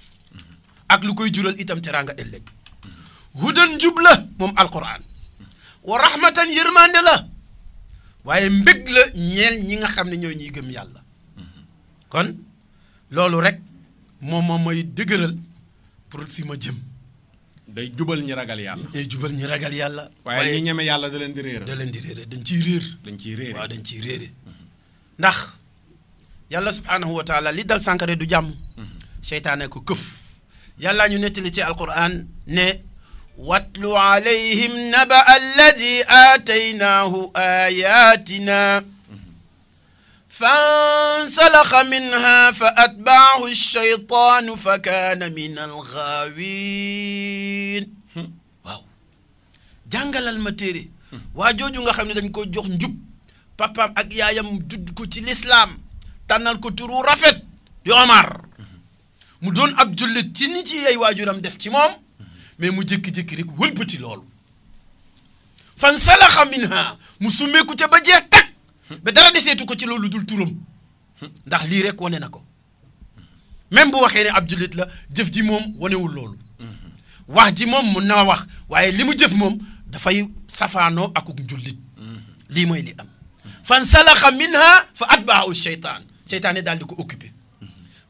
ak lu koy jural itam teraanga ëllëg hudan njub la moom alquran wa rahmatan yërmande la waaye mbég la ñeel ñi nga xam ne ñoo ñuy gëm yàlla kon loolu rek moom moom mooy dëgëral pour fi ma jëm day jubal ñi ragal yàlla. day jubal ñi ragal yàlla. waaye ñi ñeme yàlla da leen di réer. da leen di réer dañ ciy réer. dañ ci réer waaw dañ ciy réer ndax yàlla subhaanahu wa li dal Sankare du jàmm. Mhm. seytaane ko këf. yàllaa ñu nettali ci alquran ne. watlu alayhim naba alladi aataynaahu ayatina fansalaxa minha fa atbaahu alcheytaanu fa kaana min alxaawin waaw jàngalal ma téere waa jooju nga xam ne dañ ko jox njub papaam ak yaayam judd ko ci lislaam tànnal ko turu rafet di Omar mu doon ab jullit ci ni ci yay waajuram def ci moom mais mu jékki-jékki rek wëlbati loolu fansalaxa minha mu summeeku ca ba jeex ba dara deseetu ko ci loolu dul turam ndax lii rekk wane na ko même bu waxee ne ab jullit la jëf ji moom wanewul loolu wax ji moom mun naa wax waaye li mu jëf moom dafay safaanoo akuk njullit lii mooy li am fan salaxa minha fa atbaahu cheytaan cheytaane daal di ko occupé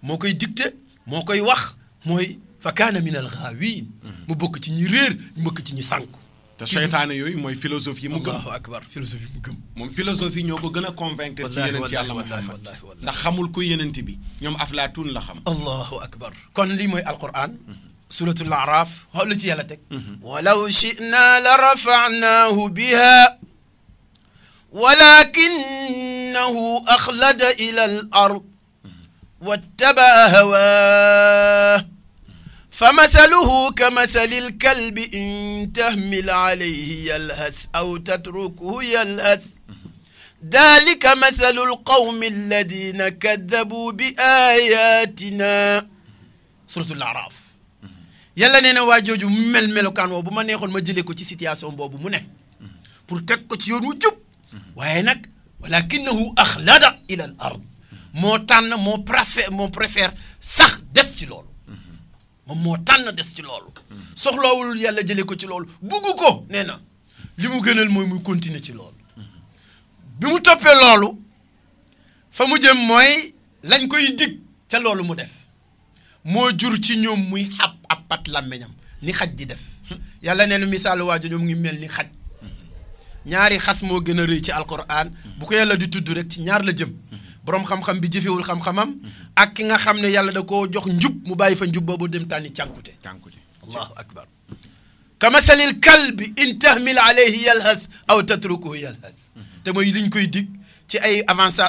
moo koy dicté moo koy wax mooy fa kaana min al xaawiin mu bokk ci ñi réer mu bokk ci ñi sànk te seytaane yooyu mooy philosophie mu gëm allahu akbar philosophie mu gëm moom philosophie ñoo ko gën a convaincre ci yenent yàlla Muhammad ndax xamul ku yenent bi ñoom aflaatuun la xam allahu akbar kon lii mooy alquran mhm. suratul araf xool ci yàlla teg mhm. walaw shina la rafa'naahu biha walakinnahu axlada ila al ard mhm. wattaba hawaa fa masaluhu ka masalil kalbi in tahmil alayhi yalhas aw tatrukuhu yalhas dalika masalul qawmi alladina kaddabu bi ayatina suratul araaf yàlla nee na waa jooju mu mel melokaan woo bu ma neexoon ma jëlee ko ci situation boobu mu ne pour teg ko ci yoon wu jub waaye nag walakinahu axlada ila al ard moo tànn moo préfère moo préfère sax des ci loolu moom moo tànn des ci loolu. soxlawul yàlla jëlee ko ci loolu bugg ko nee na li mu gënal mooy mu continuer ci loolu. bi mu toppee loolu fa mu jëm mooy lañ koy dig ca loolu mu def moo jur ci ñoom muy ab ab pat làmmeñam ni xaj di def yàlla nee na misaalu waaju ñoom ngi mel ni xaj ñaari xas moo gën a rëy ci alquran bu ko yàlla di tudd rek ci ñaar la jëm. boroom xam-xam bi jëfewul xam-xamam ak ki nga xam ne yàlla da koo jox njub mu bàyyi fa njub boobu dem tànni cànkute cànkute allahu akbar kamasalil kalbi in tahmil alayhi yalhas aw tatrukuhu yalhas te mooy liñ koy dig ci ay avance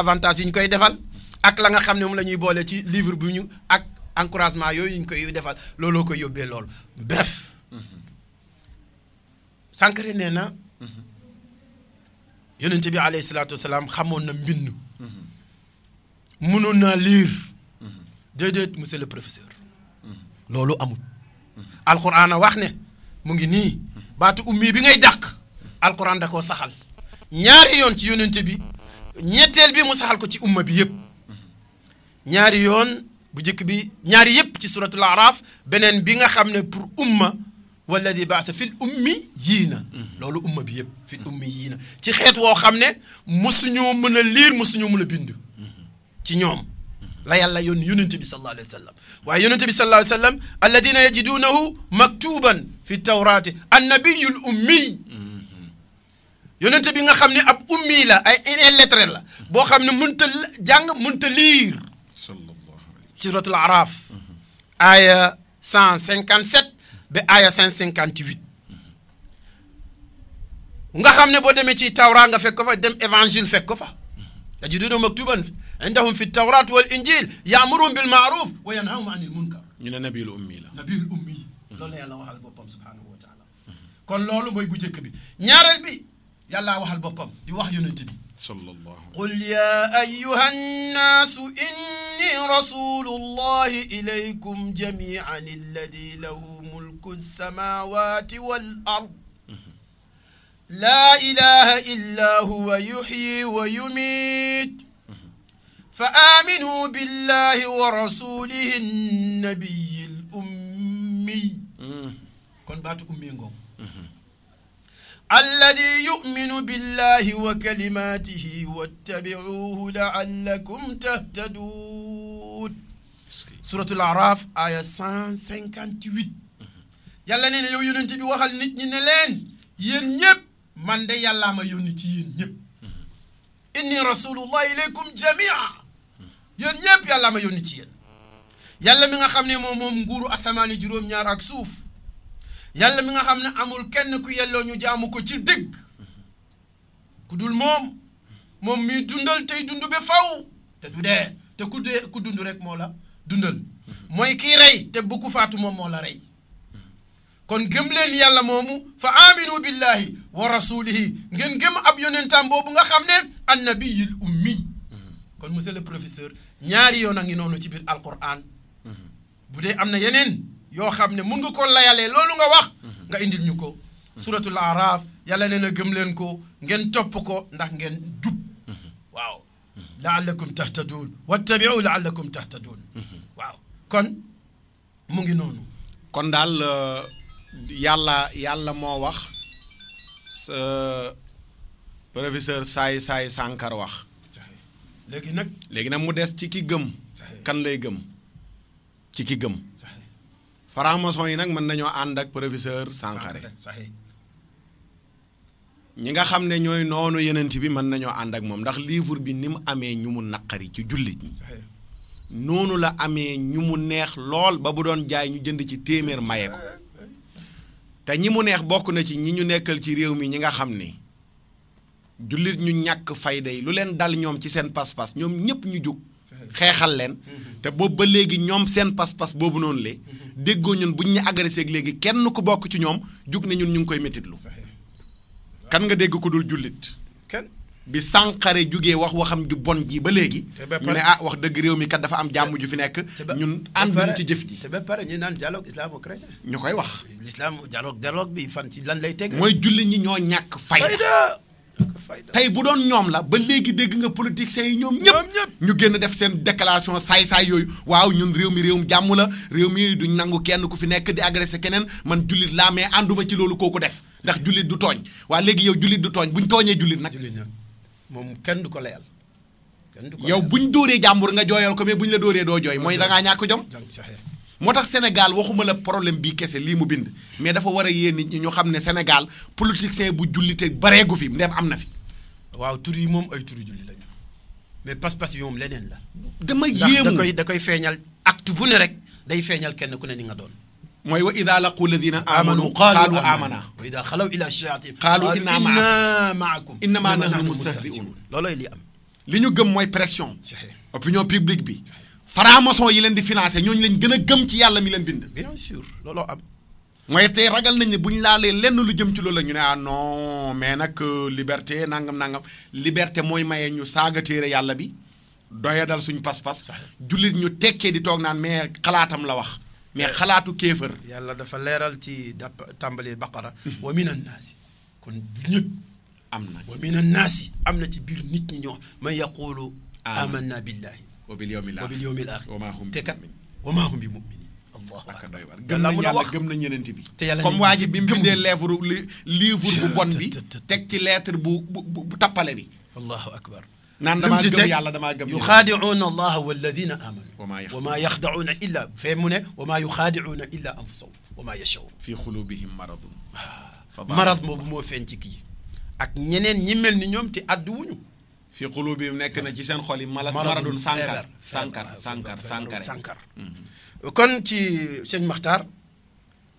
avantage yi ñu koy defal ak la nga xam ne moom la ñuy boole ci livre bu ñu ak encouragement yooyu ñu koy defal looloo koy yóbbee lool bref Sankhare nee na mhm. yonent bi alayhi salaatu wasalaam xamoon na mbind mënoon naa lire déedéet monsieur le professeur loolu amul alquran a wax ne mu ngi nii baatu ummi bi ngay dàq alquran da saxal ñaari yoon ci yonente bi ñetteel bi mu saxal ko ci umma bi yëpp ñaari yoon bu njëkk bi ñaari yëpp ci suratul araf beneen bi nga xam ne pour umma walladi baata fil ummi yii na loolu umma bi yëpp fil ummi yii na ci xeet woo xam ne mosuñoo mën a liir mosuñoo mën a bind ci ñoom la yàlla yónni yonente bi sallallahu alayhi wa sallam waaye yonente bi sallallahu alayhi wa sallam alladina yajidunahu maktuban fi tawraati annabiyul ummi yonente bi nga xam ne ab ummi la ay illettré la boo xam ne mënut a jàng mënut a liir ci suratul araf aaya 157 ba aaya 158 nga xam ne boo demee ci tawra nga fekk ko fa dem évangile fekk ko fa yajidunahu maktuban indahum fi tawrat wal injil yaamuruhum bil maaruf wa yanhahum anil munkar ñu ne nabiul ummi la nabiul ummi loolu la yàlla waxal boppam subhanahu wa taala kon loolu mooy bu njëkk bi ñaareel bi yàllaa waxal boppam di wax yonent bi sallallahu qul ya ayyuha nnaasu inni rasulu llahi ilaykum jamian alladi lahu mulku samawati wal ard la ilaha illa huwa yuhyi wa yumiit فآمنوا بالله ورسوله النبي الأمي كون باتو أمي نقوم الذي يؤمن بالله وكلماته واتبعوه لعلكم تهتدون سورة الأعراف آية 158 yàlla nee na yow yónent bi waxal nit ñi ne leen yéen ñëpp man de yàllaa ma yónni ci yéen ñëpp mm-hmm. inni rasulullah ilaykum jamia yéen ñëpp yàlla ma yónni ci yéen yàlla mi nga xam ne moom moom nguuru asamaani juróom-ñaar ak suuf yàlla mi nga xam ne amul kenn ku yelloo ñu jaamu ko ci dëgg ku dul moom moom miy dundal tey dund ba faw te du dee te ku dee ku dund rek moo la dundal mooy kii rey te bu ku faatu moo la rey kon gëm leen yàlla moomu fa aminu billahi wa rasulihi ngeen gëm ab yonentam boobu nga xam ne annabiyil kon monsieur le professeur ñaari yoon a ngi noonu ci biir alquran mhm. bu dee am na yeneen yoo xam ne mun nga ko layalee loolu nga wax mhm. nga indil ñu ko mhm. suratul araf yàlla neen a gëm leen ko ngeen topp ko ndax ngeen jub waaw laallakum tahtaduun wattabiu laallakum tahtaduun waaw kon mu ngi noonu kon daal euh, yàlla yàlla moo wax sa professeur Saay Saay sànkar wax léegi nag léegi nag mu des ci ki gëm. kan lay gëm ci ki gëm. franc yi nag mën nañoo ànd ak professeur Sankharé. ñi nga xam ne ñooy noonu yenent bi mën nañoo ànd ak moom ndax livre bi ni mu amee ñu mu naqari ci jullit ñi noonu la amee ñu mu neex lool ba mu doon jaay ñu jënd ci téeméer maye ko te ñi mu neex bokk na ci ñi ñu nekkal ci réew mi ñi nga xam ni jullit ñu ñàkk fayda yi lu leen dal ñoom ci seen pas-pas ñoom ñëpp ñu jug xeexal leen te boobu ba léegi ñoom seen pas-pas boobu noonu le déggoo ñun buñ ñu agressé ak léegi kenn ku bokk ci ñoom jug ne ñun ñu ngi koy métitlu kan nga dégg ku dul jullit kenn bi sànqare jugee wax waxam ju bon ji ba léegi ñu ne ah wax dëgg réew mi kat dafa am jàmm ju fi nekk ñun ànduñ ci jëf ji te ba pare ñu naan dialogue islamo-chrétien ñu koy wax l'islam dialogue dialogue fan ci lan lay teg mooy jullit ñi ñoo ñàkk fayda tey bu doon ñoom la ba léegi dégg nga politiciens yi ñoom ñëpp ñu génn def seen déclaration saay-saay yooyu waaw ñun réew mi réewum jàmm la réew mi duñ nangu kenn ku fi nekk di agressé keneen man jullit laa mais ànduma ci loolu kooku def ndax jullit du tooñ waa léegi yow jullit du tooñ bu ñu tooñee jullit nag moom kenn du ko layal yow buñ dóoree jàmbur nga jooyal ko bu buñ la dóoree doo jooy mooy da ngaa ñàkk jom moo tax Sénégal waxuma la problème bi kese lii mu bind mais dafa war a yee nit ñi ñu xam ne Sénégal politicien bu jullite bareegu fi ndem am na fi. waaw tur yi moom ay turu julli mais pas-pas yi moom leneen la. dama yéemu da koy da koy feeñal acte bu rek day feeñal kenn ku ne ni nga doon. mooy wa ida laqu alladina amanu qaalu amana wa ida xalaw ila shayatin qaalu inna maakum innama nahnu mustahziun loolooy li am li ñu gëm mooy pression opinion publique bi franc-maçon yi leen di financé ñooñu lañ gën a gëm ci yàlla mi leen bind bien sûr looloo am mooy tey ragal nañ ne bu ñu laalee lenn lu jëm ci loolu la ñu ne ah mais nag euh, liberté nangam nangam liberté mooy maye ñu saaga téere yàlla bi doya dal suñu pas-pas jullit ñu tekkee di toog naan mais xalaatam la wax mais xalaatu kéefër yàlla dafa leeral ci tàmbali baqara wa min kon du ñëpp am na wa min an naasi am na ci biir nit ñi ñoo man yaqulu amanna billahi wa bil yawmil aaxir wa bil yawmil aaxir te kat wa maa hum bi mu'minin allahu akbar gëm nañ yàlla gëm nañ yeneen bi te yàlla comme waa ji bi mu bindee livre livre bu bon bi teg ci lettre bu bu tappale bi allahu akbar naan damaa gëm yàlla damaa gëm yuxaadicuuna allaha walladina aamanu wa maa yaxdacuuna illa fee mu ne wa maa yuxaadicuuna illa anfusahum wa maa yashacuun fi xulubihim maradun marad boobu moo feeñ ci kii ak ñeneen ñi mel ni ñoom te addu wuñu fi xulubihim nekk na ci seen xol yi mala maradun sànkar sànkar sànkar sànkar sànkar kon ci sëñ Maxtaar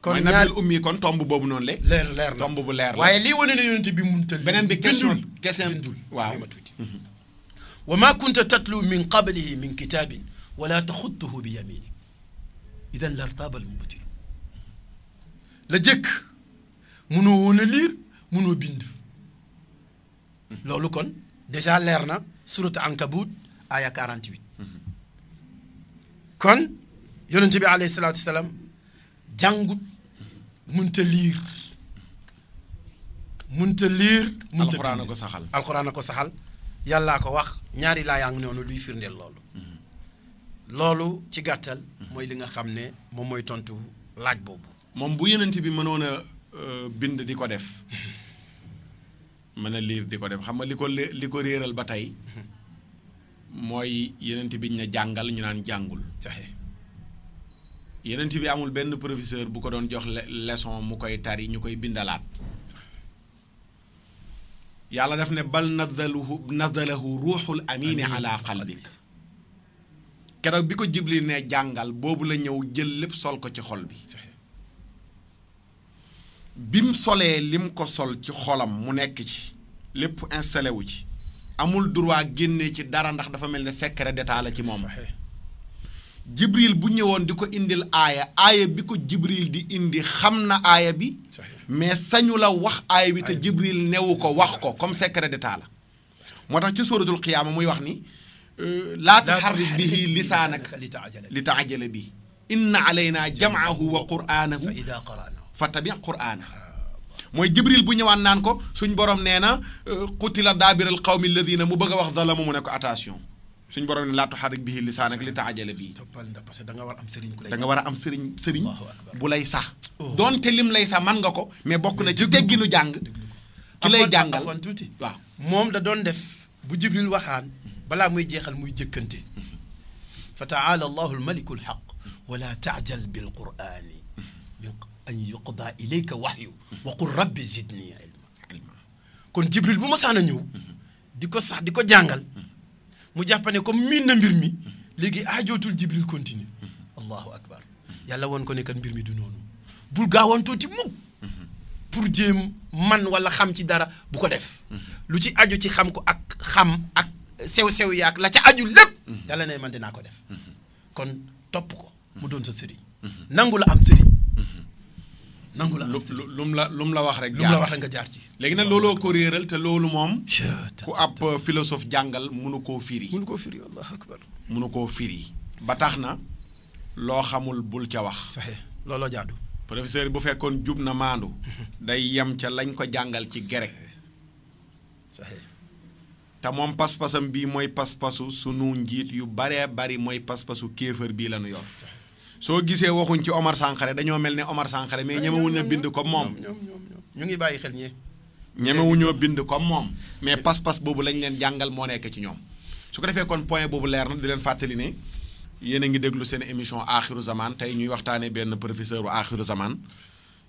kon ñaar ummi kon tomb boobu noonu le leer leer tomb bu leer la waaye lii wane na yonente bi mun tal beneen bi question question dul waaw ma tuuti mm-hmm. wa ma kunta tatlu min qablihi min kitabin wala taxutuhu bi yaminik idan lartaaba al mubtilu la jëkk munoo woon a liir munoo bind mm-hmm. loolu kon déjà leer na surat ankabut aya 48 mhm. kon yonente bi alayhi salaatu wasalaam jàngut munta liir munta liir munta alxuraan a ko saxal alxuraan a ko saxal yàllaa ko wax ñaari laayaa ngi noonu luy firndeel loolu mhm. loolu ci gàttal mooy li nga xam ne moom mooy tontu laaj boobu moom bu yonente bi mënoon a euh, bind di ko def mhm. mën a liir di ko def xam nga li ko li ko réeral ba tey mooy yenent biñ ne jàngal ñu naan jàngul yenent bi amul benn professeur bu ko doon jox leson mu koy tari ñu koy bindalaat yàlla def ne bal nazalahu nazalahu ruuxul amini ala qalbik keroog bi ko jiblil ne jàngal boobu la ñëw jël lépp sol ko ci xol bi bim solee lim ko sol ci xolam mu nekk ci lépp installé wu ci amul droit génnee ci dara ndax dafa mel ne secret d'état la ci moom jibril bu ñëwoon di ko indil aaya aaya bi ko jibril di indi xam na aaya bi mais sañu la wax aaya bi te jibril newu ko wax ko comme secret d'état la moo tax ci suratul qiyaama muy wax ni euh, laata laa tuharrik bihi lisaanak li taajala bi na inna alayna jamaahu wa qur'aanahu fattabi quraana mooy jibril bu ñëwaan naan ko suñ borom nee na qutila daabiral qawmi alladina mu bëgg a wax zalamu mu ne ko attention suñ borom ne laa tuxarik bihi lisaanak li taajala bii parce que da nga war a am sëriñ a am sëriñ sëriñ bu lay sax oh. doonte lim lay sax man nga ko mais bokk na ci tegginu jàng ki lay jàngal tuuti waaw moom da doon def bu jibril waxaan balaa muy jeexal muy jëkkante fa taala allahu almaliku alxaq wala taajal bil qurani an yuqda ilayka wahyu wa qul rabbi zidni ilma kon jibril bu ma saan a ñëw di ko sax di ko jàngal mu jàpp ne comme miin na mbir mi léegi aajootul jibril continue allahu akbar yàlla woon ko ne mbir mi du noonu bul gaawoon tuuti mukk pour jéem man wala xam ci dara bu ko def lu ci aju ci xam ko ak xam ak sew-sew yaak la ca aju lépp yàlla ne man dinaa ko def kon topp ko mu doon sa sëriñ nangu la am sëriñ nangu la lu la lu la wax rek. lu la wax rek nga jaar ci. léegi na looloo ko réeral te loolu moom. ku ab euh, philosophe jàngal munu koo firi. munu koo firi allahu akbar. munu koo firi. ba tax na loo xamul bul ca wax. saxee looloo jaadu. professeur bu fekkoon jub na maandu. Mhm. day yem ca lañ ko jàngal ci grec. te moom pas-pasam bii mooy pas-pasu sunu njiit yu baree bari mooy pas-pasu kéefër bii la ñu yor. soo gisee waxuñ ci Omar sànqare dañoo mel ne Omar Sankhare mais ñemewuñ a bind comme moom ñu ngi bàyyi xel ñi ñemewuñoo bind comme moom mais pas-pas boobu lañ leen jàngal moo nekk ci ñoom su ko defee kon point boobu leer na di leen fàttali ne yéen a ngi déglu seen émission aaxiru zaman tey ñuy waxtaane benn professeur u aaxiru zaman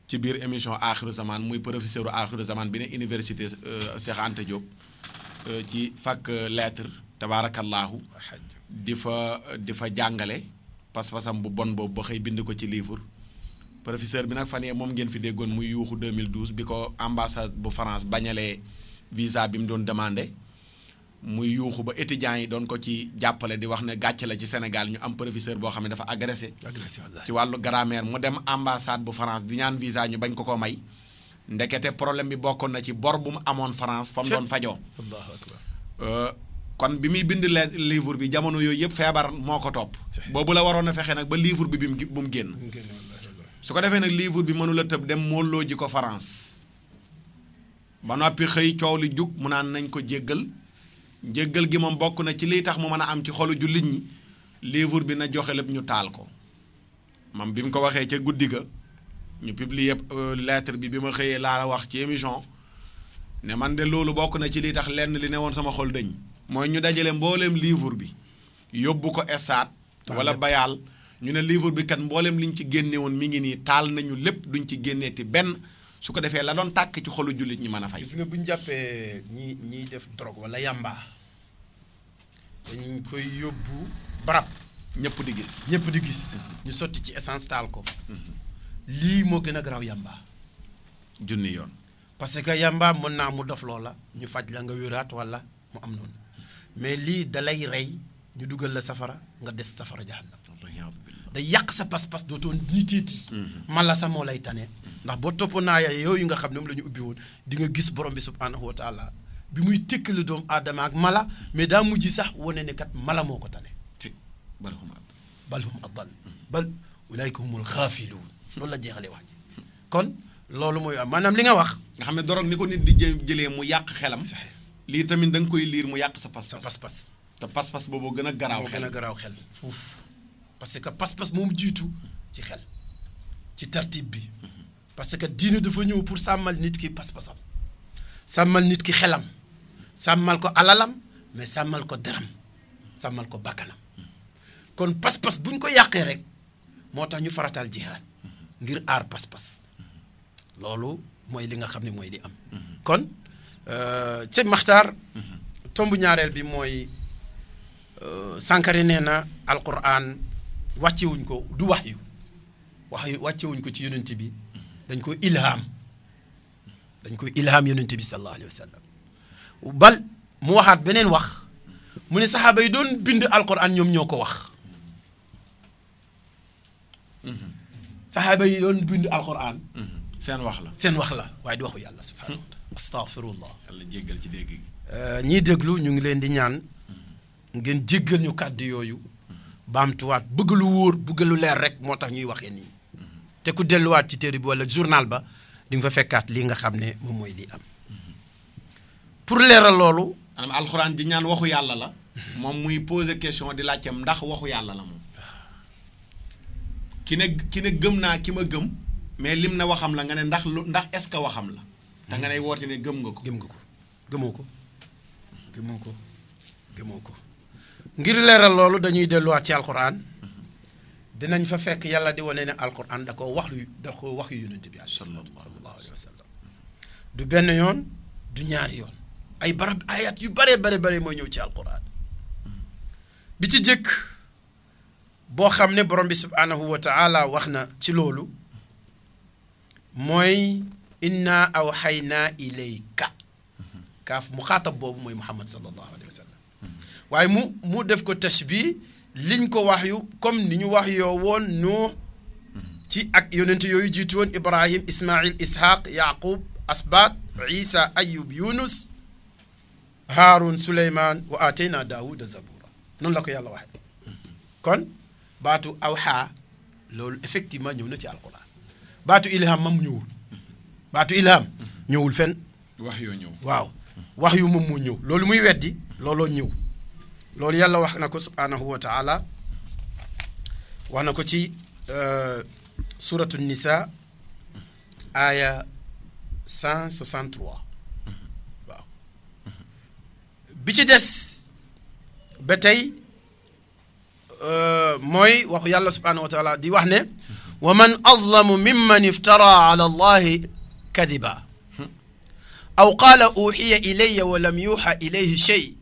ci biir émission aaxiru zaman muy professeur u aaxiru zaman bi ne université euh, Cheikh Anta Diop euh, ci fac euh, lettre tabaarakallaahu di fa di fa jàngale pas-pasam bu bon boobu ba xëy bind ko ci livre professeur bi nag fan yee moom ngeen fi déggoon muy yuuxu 2012 bi ko ambassade bu France bañalee visa bi mu doon demandé muy yuuxu ba étudiants yi doon ko ci jàppale di wax ne gàcc la ci Sénégal ñu am professeur boo xam ne dafa agressé. agressé ci wàllu grammaire mu dem ambassade bu France di ñaan visa ñu bañ ko ko may. ndekete problème bi bokkoon na ci bor bu mu amoon France fa mu doon fajoo. kon bi muy bind livre bi jamono yooyu yëpp feebar moo ko topp. boobu la waroon a fexe nag ba livre bi bu mu génn. su ko defee nag livre bi mënula tëb dem mooloo ji ko France. ba noppi xëy coow li jug mu naan nañ ko jéggal jéggal gi moom bokk na ci liy tax mu mën a am ci xolu jullit ñi livre bi na joxe lépp ñu taal ko. moom bi mu ko waxee ca guddi ga ñu publier euh, lettre bi bi ma xëyee laa wax ci émission ne man de loolu bokk na ci liy tax lenn li ne woon sama xol dëñ. mooy ñu dajale mbooleem livre bi yóbbu ko esaat wala bayaal ñu ne livre bi kat mbooleem liñ ci génne woon mi ngi nii taal nañu lépp duñu ci génnee ti benn su ko defee la doon tàkk ci xolu jullit ñi mën a fay. gis nga bu ñu jàppee ñi ñiy def drogue wala yamba dañu koy yóbbu barab. ñëpp di gis ñëpp di gis. ñu sotti ci essence taal ko. Mhm. lii moo gën a garaaw yamba. junni yoon. parce que yamba mën naa mu dof loola ñu faj la nga wéraat wala mu am noonu. mais lii da lay rey ñu dugal la safara nga des safara jahannam da yàq sa pas-pas dootoo nitiiti mhm. mala sa moo lay tane ndax boo toppoon naa yooyu nga xam ne moom la ñu ubbi woon dinga gis borom bi subhaanahu wa taala bi muy tëkk tëkkale doom aadama ak mala mais daa mujj sax wane ne kat mala moo ko tane balhum adal bal mhm. ulaayka humul xaafiluun loolu la jeexalee wax ji kon loolu mooy maanaam li nga wax nga xam ne doroog ni ko nit di jëlee mu yàq xelam lii tamit da nga koy liir mu yàq sa pas-pas. sa pas-pas te pas-pas booboo gën a garaaw xel moo gën a garaaw xel fuuf parce que pas-pas moom jiitu ci xel ci tartib bi parce que diine dafa ñëw pour sàmmal nit ki pas-pasam sàmmal nit ki xelam sàmmal ko alalam mais sàmmal ko deram sàmmal ko bakkanam kon pas-pas buñ ko yàqee rek moo tax ñu farataal jihaad ngir aar pas-pas loolu mooy li nga xam ne mooy di am kon. Euh, ceeb maxtaar tomb ñaareel bi mooy euh, Sankare nee na Alquran wàccewuñ ko du wax yu wax yu wàccewuñ ko ci yonent bi dañ ko ilham dañ ko ilham yonent bi sallallahu alayhi wa sallam bal mu waxaat beneen wax mu ne saxaaba yi doon bind Alquran ñoom ñoo ko wax saxaaba yi doon bind Alquran seen wax la seen wax la waaye di waxu yàlla subhanahu wa astaghfirullah yàlla jéggal ci dégg gi euh, ñiy déglu ñu ngi leen di ñaan ngeen jéggal ñu kàddu yooyu baamtuwaat bëgg lu wóor bëgg lu leer rek moo tax ñuy waxee nii te ku delluwaat ci téere bi walla journal ba di nga fa fekkaat lii nga xam ne moom mooy li am pour leeral loolu alxuraan di ñaan waxu yàlla la moom muy poser question di laajteem ndax waxu yàlla la moom ki ne ki ne gëm naa ki ma gëm mais lim na waxam la nga ne ndax lu ndax est-ce que waxam la te nay lay woote ne gëm nga ko. gëm nga ko gëmoo ko gëmoo ko gëmoo ko ngir leeral loolu dañuy delluwaat ci alxuraan dinañ fa fekk yàlla di wane ne alquran da wax lu da wax yu yonent bi sallallahu alayhi wa sallam du benn yoon du ñaar yoon ay barab ayat yu bare bare bare mooy ñëw ci alquran bi ci jëkk boo xam ne borom bi subhaanahu wa taala wax na ci loolu mooy inna awxaynaa ilayka kaaf mu xaatab boobu mooy muhammad sallallahu waaye mu mu def ko tashbi liñ ko wax yu comme ni ñu wax yoo woon nuux ci ak yonent yooyu jiitu woon ibrahim ismail ishaq yaqub asbaat isa ayub yunus haarun suleyman wa atayna daawuda zabura noonu la ko yàlla waxe kon baatu awxaa loolu effectivement ñëw na ci alquran baatu ilham mam ñëwul baatu ilham ñëwul fenn. wax yoo ñëw waaw wax yu moom moo ñëw loolu muy weddi looloo ñëw loolu yàlla wax na ko subhaanahu wa taala wax na ko ci euh, suratu nisa aaya 163 waaw bi ci des ba tey euh, mooy waxu yàlla subhaanahu wa di wax ne wa man azlamu mimman iftara ala كذبا أو قال أوحي إلي ولم يوحى إليه شيء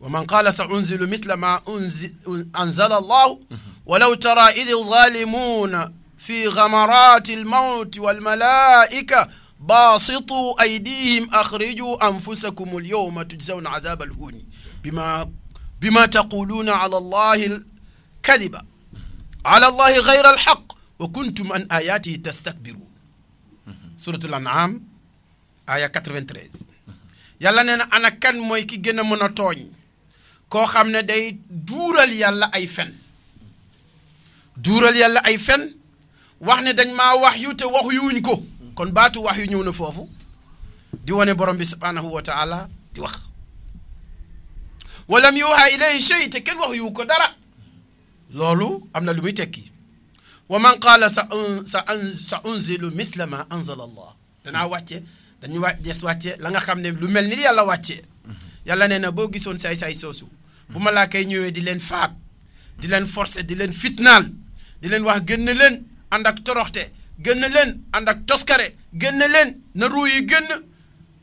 ومن قال سأنزل مثل ما أنزل, أنزل الله ولو ترى إذ الظالمون في غمرات الموت والملائكة باسطوا أيديهم أخرجوا أنفسكم اليوم تجزون عذاب الهون بما بما تقولون على الله الكذب على الله غير الحق wa kuntum an ayaatihi tastakbiruun suratul an'am aya 93 yàlla nee na ana kan mooy ki gën a mën a tooñ koo xam ne day duural yàlla ay fen duural yàlla ay fen wax ne dañ maa wax yu te waxu yuwuñ ko kon baatu wax yu ñëw na foofu di wane borom bi subhaanahu wa di wax walam yuuha ilayhi shay te kenn wax ko dara loolu am na lu muy tekki wa man qaala sa sa sa unzilu misla ma anzala allah danaa hmm. wàcce dañu wà des wàcce la nga xam ne lu mel ni yàlla wàcce hmm. yàlla nee na boo gisoon say say soosu bu hmm. malaaka yi ñëwee di leen faat di leen forcer di leen fitnaal di leen wax génn leen ànd ak toroxte génn leen ànd ak toskare génn na ruu yi génn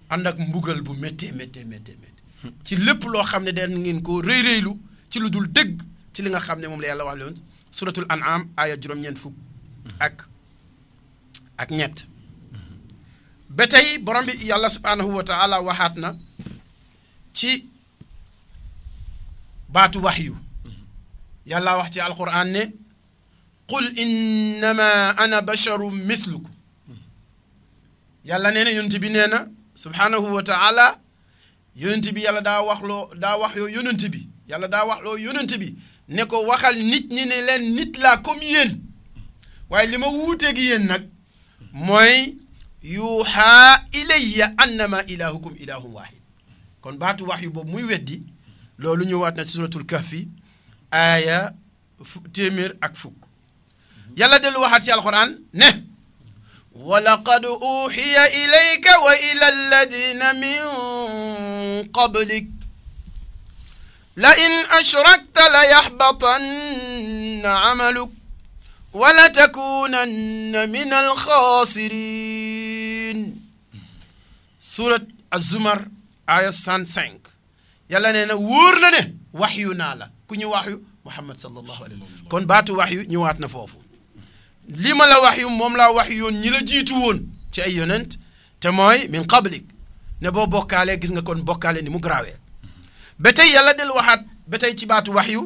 ànd ak mbugal bu méttee méttee méttee ci lépp loo xam ne da ngeen ko rëy ci lu dul dëgg ci li nga xam ne moom la yàlla wax suratul an'am aaya juróom-ñeent fukk ak ñett ba tey borom bi yàlla subhaanahu wa taala waxaat na ci baatu waxyu yàlla wax ci alquran ne qul innama ana basharu mithlukum yàlla nee na yonent bi nee na subhaanahu wa taala yonent bi yàlla daa wax loo daa wax yoo yonent bi yàlla daa wax loo bi ne ko waxal nit ñi ne leen nit la comme yéen waaye li ma wuuteeg yéen nag mooy yuuxaa ilayya annama ilahukum ilahun wahid kon baatu wax yu boobu muy weddi loolu ñëwaat na ci suratul kahfi aaya téeméer ak fukk yàlla dellu waxaat ci alquran ne wa laqad uxiya ilayka wa ila min qablik لئن أشركت ليحبطن عملك ولتكونن من الخاسرين سورة الزمر آية 105 yàlla nee na wóor na ne waxyu naa la ku ñu waxyu Muhammad sallallahu alayhi wa sallam kon baatu waxyu ñëwaat na foofu li ma la waxyu moom laa waxyu yoon ñi la jiitu woon ci ay yonent te mooy min qablik ne boo bokkaale gis nga kon bokkaale ni mu garaawee ba tey yàlla del waxaat ba tey ci baatu waxyu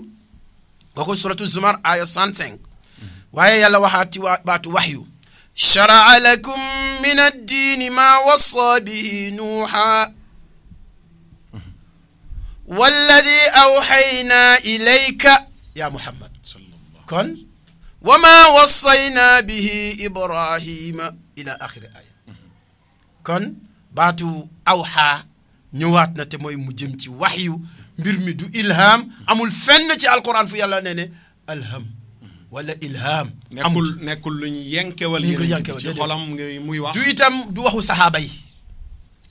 kooku suratu zumar aya 65 waaye yàlla waxaat ci baatu waxyu sharaa lakum min addiini maa wasa bihi nuuxa walladi awxaynaa ilayka yaa muhammad kon wa maa wasaynaa bihi ibrahima ila axiri aya kon baatu awxaa ñëwaat na te mooy mu jëm ci waxyu mbir mi du ilham amul fenn ci alquran fu yàlla nee ne alham wala ilham amul nekkul lu ñu yenkewal ñu ko yenkewal muy wax du itam du waxu saxaaba yi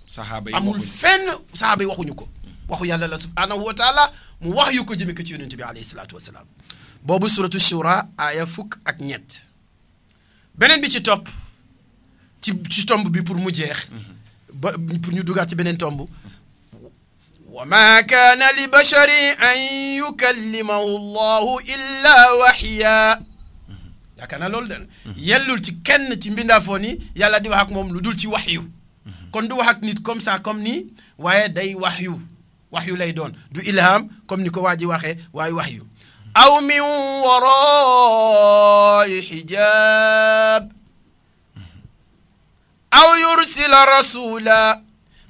saxaaba yi amul fenn saxaaba yi waxuñu ko waxu yàlla la subhanahu wa mu wax yu ko jëme ci yonente bi alayhi salaatu wasalaam boobu suratu shura aaya fukk ak ñett beneen bi ci top ci ci tomb bi pour mu jeex ba pour ñu dugaat ci beneen tomb وما كان لبشر أن يكلمه الله إلا وحيا yaakaar naa loolu dana yellul ci kenn ci mbindaafoon yi yàlla di wax ak moom lu dul ci wax yu kon du wax ak nit comme ça comme nii waaye day wax yu wax yu lay doon du ilham comme ni ko waa ji waxee waaye wax yu aw min waraa'i xijaab aw yursila rasula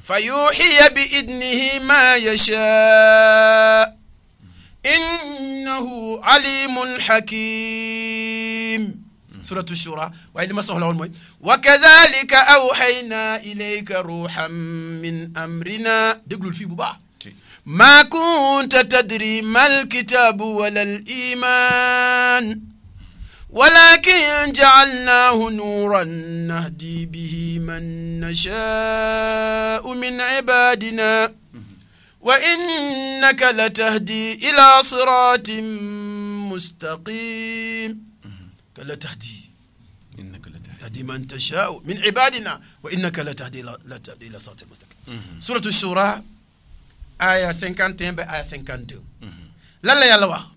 fa yuuxiya bi idnihi ma yashaa innahu alimun xakim suratu shura waaye li ma soxla woon mooy wa kadalika awxaynaa ilayka ruuxan min amrina déglul fii bu baax maa kunta tadri mal kitaabu wala al iman ولكن جعلناه نورا نهدي به من نشاء من عبادنا وإنك لتهدي إلى صراط مستقيم لتهدي إنك لتهدي تهدي من تشاء من عبادنا وإنك لتهدي لتهدي إلى صراط مستقيم سورة الشورى آية 51 ba آية 52 lan la yàlla wax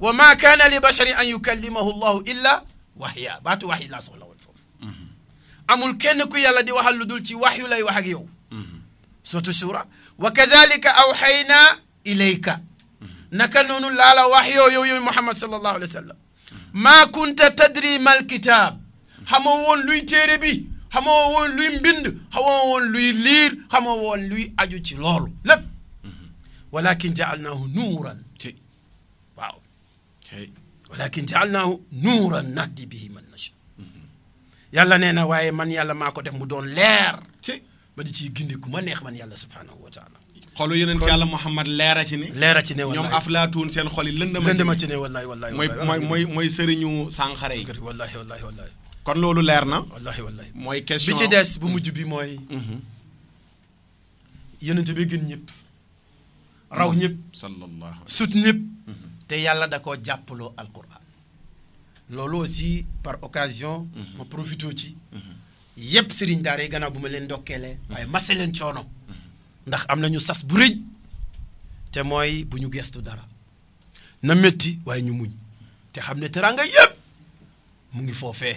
wa ma kaana li bashari an yukallimahu llahu illa waxya baatu wax yi laa soxla woon foofu mm-hmm. amul kenn ku yàlla di waxal lu dul ci wax yu lay wax ak yow surtout mm-hmm. suura wa kadalika awxaynaa ilayka mm-hmm. naka noonu laa la wax yow yow yow muhammad sallallahu alayhi wa sallam maa kunta tadri mal kitaab xamoo woon luy téere bi xamoo woon luy mbind xamoo woon luy liir xamoo woon luy aju ci loolu lépp walakin jaalnaahu nuuran walakin jaalnaahu na di bihi man na nasha yàlla nee na waaye man yàlla maa ko def mu doon leer ma di ciy gindi ku ma neex man yàlla subhaanahu wa taala xolu yeneen ci yàlla Muhammad leera ci ne leera ci ne ñoom aflaatuun seen xol yi lëndama lëndama ci ne wallahi wallahi mooy mooy mooy mooy sëriñu sànqare yi wallahi wallahi wallahi kon loolu leer na wallahi wallahi mooy question bi ci des bu mujj bi mooy mm-hmm. yonent bi gën ñëpp raw ñëpp sut ñëpp te yàlla da koo jàppaloo alquran loolu aussi par occasion mhm. ma profité ci yëpp sëriñ daara yi bu ma leen ndokkeelee mhm. waaye mase leen coono mhm. ndax am nañu sas bu te mooy bu ñu gestu dara na métti waaye ñu muñ te xam ne teraanga yëpp mu ngi foofee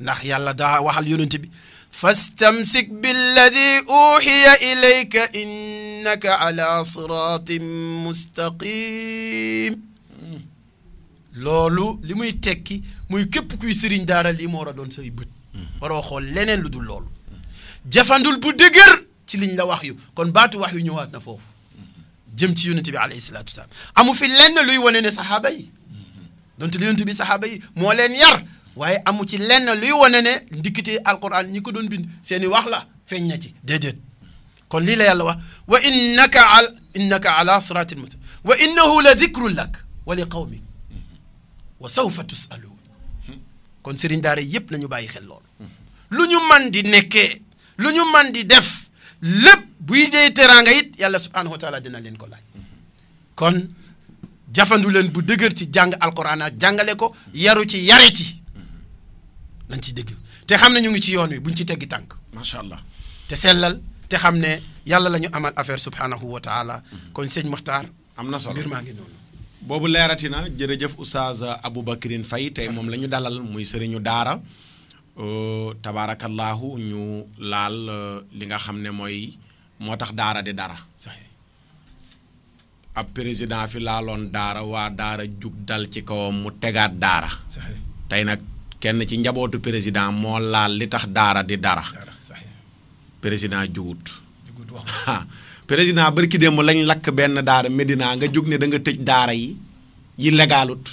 ndax yàlla daa waxal yonente bi fastamsik billadi uxiya ilayka innaka ala siratin mustaqim loolu li muy tekki muy képp kuy sëriñ daara li moo war a doon say bët. Mhm. waroo xool leneen lu dul loolu. jafandul bu dëgër ci liñ la wax yu kon baatu wax yu ñëwaat na foofu. Mhm. jëm ci yonent bi alayhi salaatu wasalaam amu fi lenn luy wane ne saxaaba yi. Mhm. donte li yonent bi moo leen yar. waaye amu ci lenn luy wane ne ndikkite alquran ñi ko doon bind seeni wax la feeñ na ci déedéet kon lii la yàlla wax wa innaka al innaka ala siratin mustaqim wa innahu la dikrun lak wa li qawmik wa sawfa tusaluun kon sëriñ daara yëpp nañu bàyyi xel loolu lu ñu man di nekkee lu ñu man di def lépp bu dee teraanga it yàlla subhaanahu wa taala dina leen ko laaj kon jafandu leen bu dëgër ci jàng alquran ak jàngale ko yaru ci yare ci nañ ci dëgg te xam ne ñu ngi ci yoon wi buñ ci teggi tànk macha allah te sellal te xam ne yàlla la ñu amal affaire subhaanahu wa taala kon sëñ Maxtaar am na solo mbir maa ngi noonu boobu leerati na jërëjëf oustaz Aboubacrin fay tey moom la ñu dalal muy sëriñu daara tabaarakallahu ñu laal li nga xam ne mooy moo tax daara di dara ab président fi laaloon daara waa daara jug dal ci kawam mu tegaat daara tey nag kenn ci njabootu président moo laal li tax daara di dara président jugut président barki démb lañ lakk benn daara Medina nga jóg ne da nga tëj daara yi yi légalut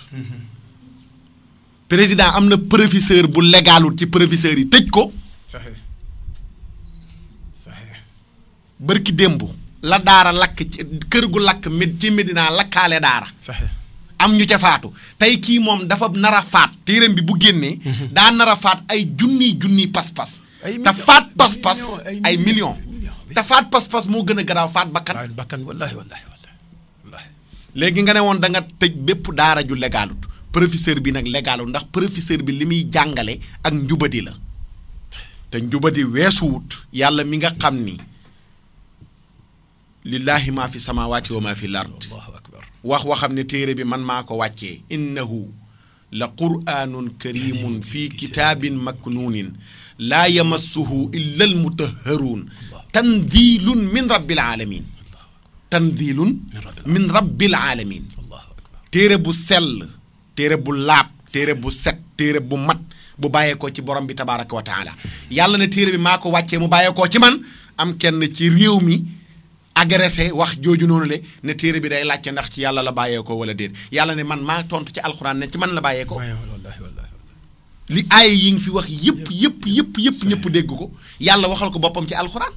am na professeur bu légalut ci professeur yi tëj ko barki démb la daara lakk kër gu lakk med ci Medina lakkaale daara am ñu ca faatu tey kii moom dafa nar a faat téeram bi bu génnee mhm. daa nar a faat ay junniy junni pas-pas te faat pas-pas ay millions bi te faat pas-pas moo gën a garaaw faat bakkan. waaw bakkan wallaahi léegi nga ne woon danga tëj bépp daara ju légalut professeur bi nag légalut ndax professeur bi li muy jàngale ak njubadi la te njubadi weesuwut yàlla mi nga xam ni. lillahi maa fi samaawaati wa maa fi lard wax waxam ne téere bi man maa ko wàccee innahu la quraanun karimun fii kitaabin maknuunin laa yamassuhu illa al mutahharuun tanzilun min rabbil alamin tanzilun min rabbil alamin téere bu sell téere bu laab téere bu set téere bu mat bu bàyyeekoo ci borom bi tabaraka wa taala yàlla ne téere bi maa ko wàcce mu bàyyeekoo ci man am kenn ci réew mi agressé wax jooju noonu le ne téere bi day laajte ndax ci yàlla la ko wala déet yàlla ne man maa tontu ci alxuraan ne ci man la bàyyeekoo li aay yi nga fi wax yëpp yëpp yëpp yëpp ñëpp dégg ko yàlla waxal ko boppam ci alxuraan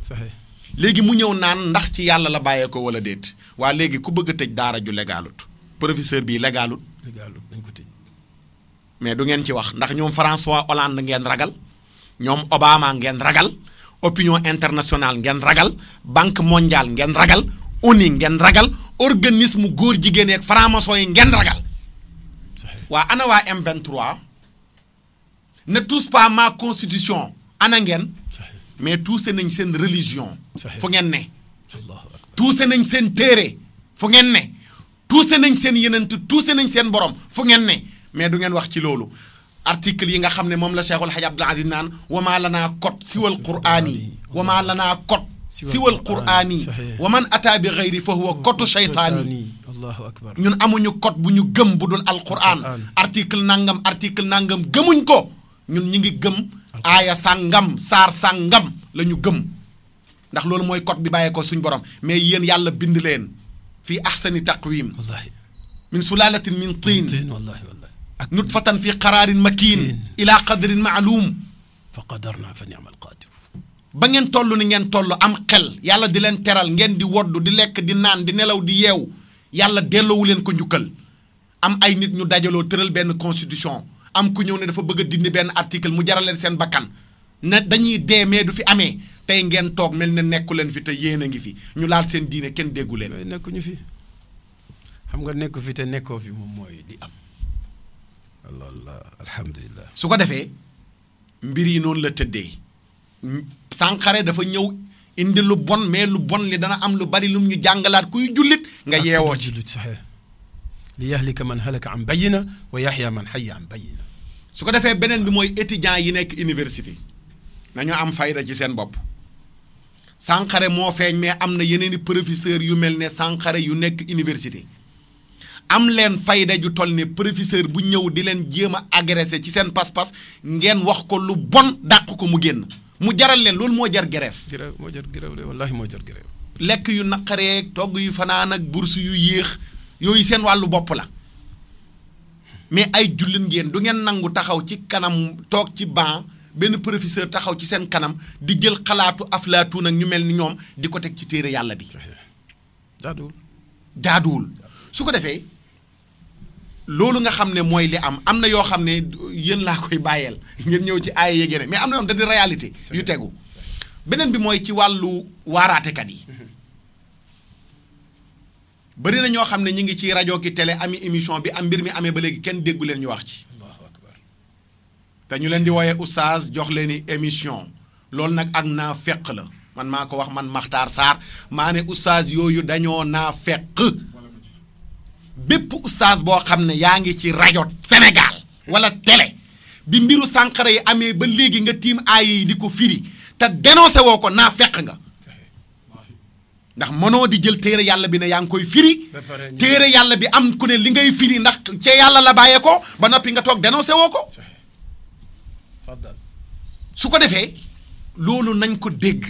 léegi mu ñëw naan ndax ci yàlla la bàyyee ko wala déet waa léegi ku bëgg a tëj daara ju légalut professeur bii légalut légalut dañ ko tëj mais du ngeen ci wax ndax ñoom François Hollande ngeen ragal ñoom Obama ngeen ragal opinion internationale ngeen ragal banque mondiale ngeen ragal ONU ngeen ragal organisme góor jigéen ak franc-maçon yi ngeen ragal waa ana m ne touche pas ma constitution ana ngeen mais tuuse nañ seen religion fu ngeen ne tuuse nañ seen téere fu ngeen ne tuuse nañ seen yenent tuuse nañ seen borom fu ngeen ne mais du ngeen wax ci loolu article yi nga xam ne moom la Cheikhul Hadj Abdoul Aziz naan maa la lanaa kot siwal quraan yi wamaa lanaa kot siwal quraan yi wa man ataa bi xayri fa huwa kotu cheytaan yi allahu akbar ñun amuñu kot bu ñu gëm bu dul alquran article nangam article nangam gëmuñ ko ñun ñi ngi gëm aaya sàngam saar sàngam la ñu gëm ndax loolu mooy code bi bàyyeekoo suñu suñ borom mais yéen yàlla bind leen fii ahsani taqwim wallaahi min sulalatin min tiin wallaahi wallaahi ak nutfatan fii qaraarin makiin ila qadrin maalum fa qadarna fa ni'mal qadir ba ngeen toll ni ngeen toll am xel yàlla di leen teral ngeen di wodd di lekk di naan di nelaw di yeew yàlla delloowu leen ko njukkal am ay nit ñu dajaloo tëral benn constitution am ku ñëw ne dafa bëgg dindi benn article mu jaraleen seen bakkan ne dañuy deemee du fi amee tey ngeen toog mel na nekku leen fi te yéen a ngi fi ñu laal seen diine kenn déggu leen. nekkuñu fi xam nga nekku fi te nekkoo fi moom mooy di am. loolu alhamdulilah. su ko defee mbir yi noonu la tëddee. Sankhare dafa ñëw indi lu bon mais lu bon li dana am lu bari lum ñu jàngalaat kuy jullit nga yeewoo ci. li yahlika man halaka an bayina wa yaxya man xaya an bayina su ko defee beneen bi mooy étijan yi nekk université nañu am fayda ci seen bopp Sankhare moo feeñ mais am na yeneen i professeurs yu mel ne Sankhare yu nekk université am leen fayda ju toll ne professeur bu ñëw di leen jéem a ci seen pas-pas ngeen wax ko lu bon dàq ko mu génn mu jaral leen loolu moo jar grève. grève moo jar moo jar grève. lekk yu naqaree togg yu fanaan ak bourse yu yéex yooyu seen wàllu bopp la. mais ay jullit ngeen du ngeen nangu taxaw ci kanam toog ci banc benn professeur taxaw ci seen kanam di jël xalaatu aflaatuun ak ñu mel ni ñoom di ko teg ci téere yàlla bi. jaaduwul jaaduwul su ko defee loolu nga xam ne mooy li am am na yoo xam ne yéen laa koy bàyyeel ngeen ñëw ci ay yeggee mais am na yoo xam ne réalité yu tegu beneen bi mooy ci wàllu waaraatekat yi. Mm-hmm. bëri na ñoo xam ne ñu ngi ci rajo ki télé ami émission bi am mbir mi amee ba léegi kenn déggu ñu wax ci. te leen di wooyee oustaz jox leen i émission loolu nag ak naa feq la man maa ko wax man Makhtar Sarr maa ne oustaz yooyu dañoo naa feq bépp oustaz boo xam ne yaa ngi ci rajo Sénégal wala tele bi mbiru sànqara yi amee ba léegi nga tiim aay yi di ko firi te dénoncé woo ko naa feq nga. ndax mënoo di jël téere yàlla bi ne yaa ngi koy firi téere yàlla bi am ku ne li ngay firi ndax cee yàlla la bàyyee ko ba noppi nga toog dénoncé woo ko su ko defee loolu nañ ko dégg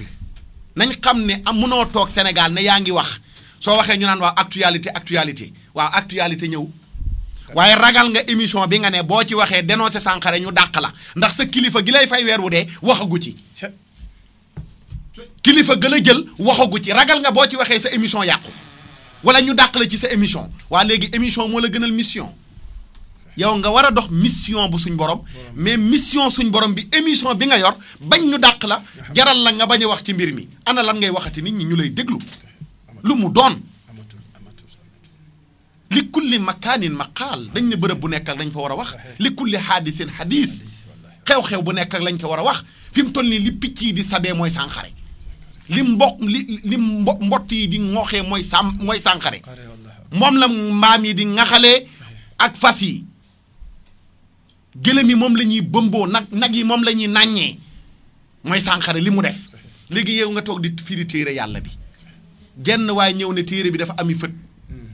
nañ xam ne am mënoo toog Sénégal ne yaa ngi wax soo waxee ñu naan waaw actualité actualité waaw actualité ñëw waaye ragal nga émission bi nga ne boo ci waxee dénoncé sànqare ñu dàq la ndax sa kilifa gi lay fay weer wu dee waxagu ci kilifa gën a jël waxagu ci ragal nga boo ci waxee sa émission yàqu wala ñu dàq la ci sa émission waa léegi émission moo la gënal mission yow nga war a dox mission bu suñ borom mais mission suñ borom bi émission bi nga yor bañ ñu dàq la jaral la nga bañ a wax ci mbir mi ana lan ngay waxati nit ñi ñu lay déglu lu mu doon li kulli makaanin maqaal dañ ne bërëb bu nekk ak dañ fa war a wax li kulli xaadisin xadiis xew-xew bu nekk ak lañ ko war a wax fi mu toll nii li picc yi di sabee mooy sànqare li mbok li li mbo mbott yi di ŋooxee mooy sàm mooy sànqare moom la mbaam yi di ŋaxalee ak fas yi gëlëm yi moom lañuy ñuy bëmboo nag nag yi moom lañuy nàññee mooy sànqare li mu def léegi yow nga toog di firi téere yàlla bi jenn waaye ñëw ne téere bi dafa ami fët hmm.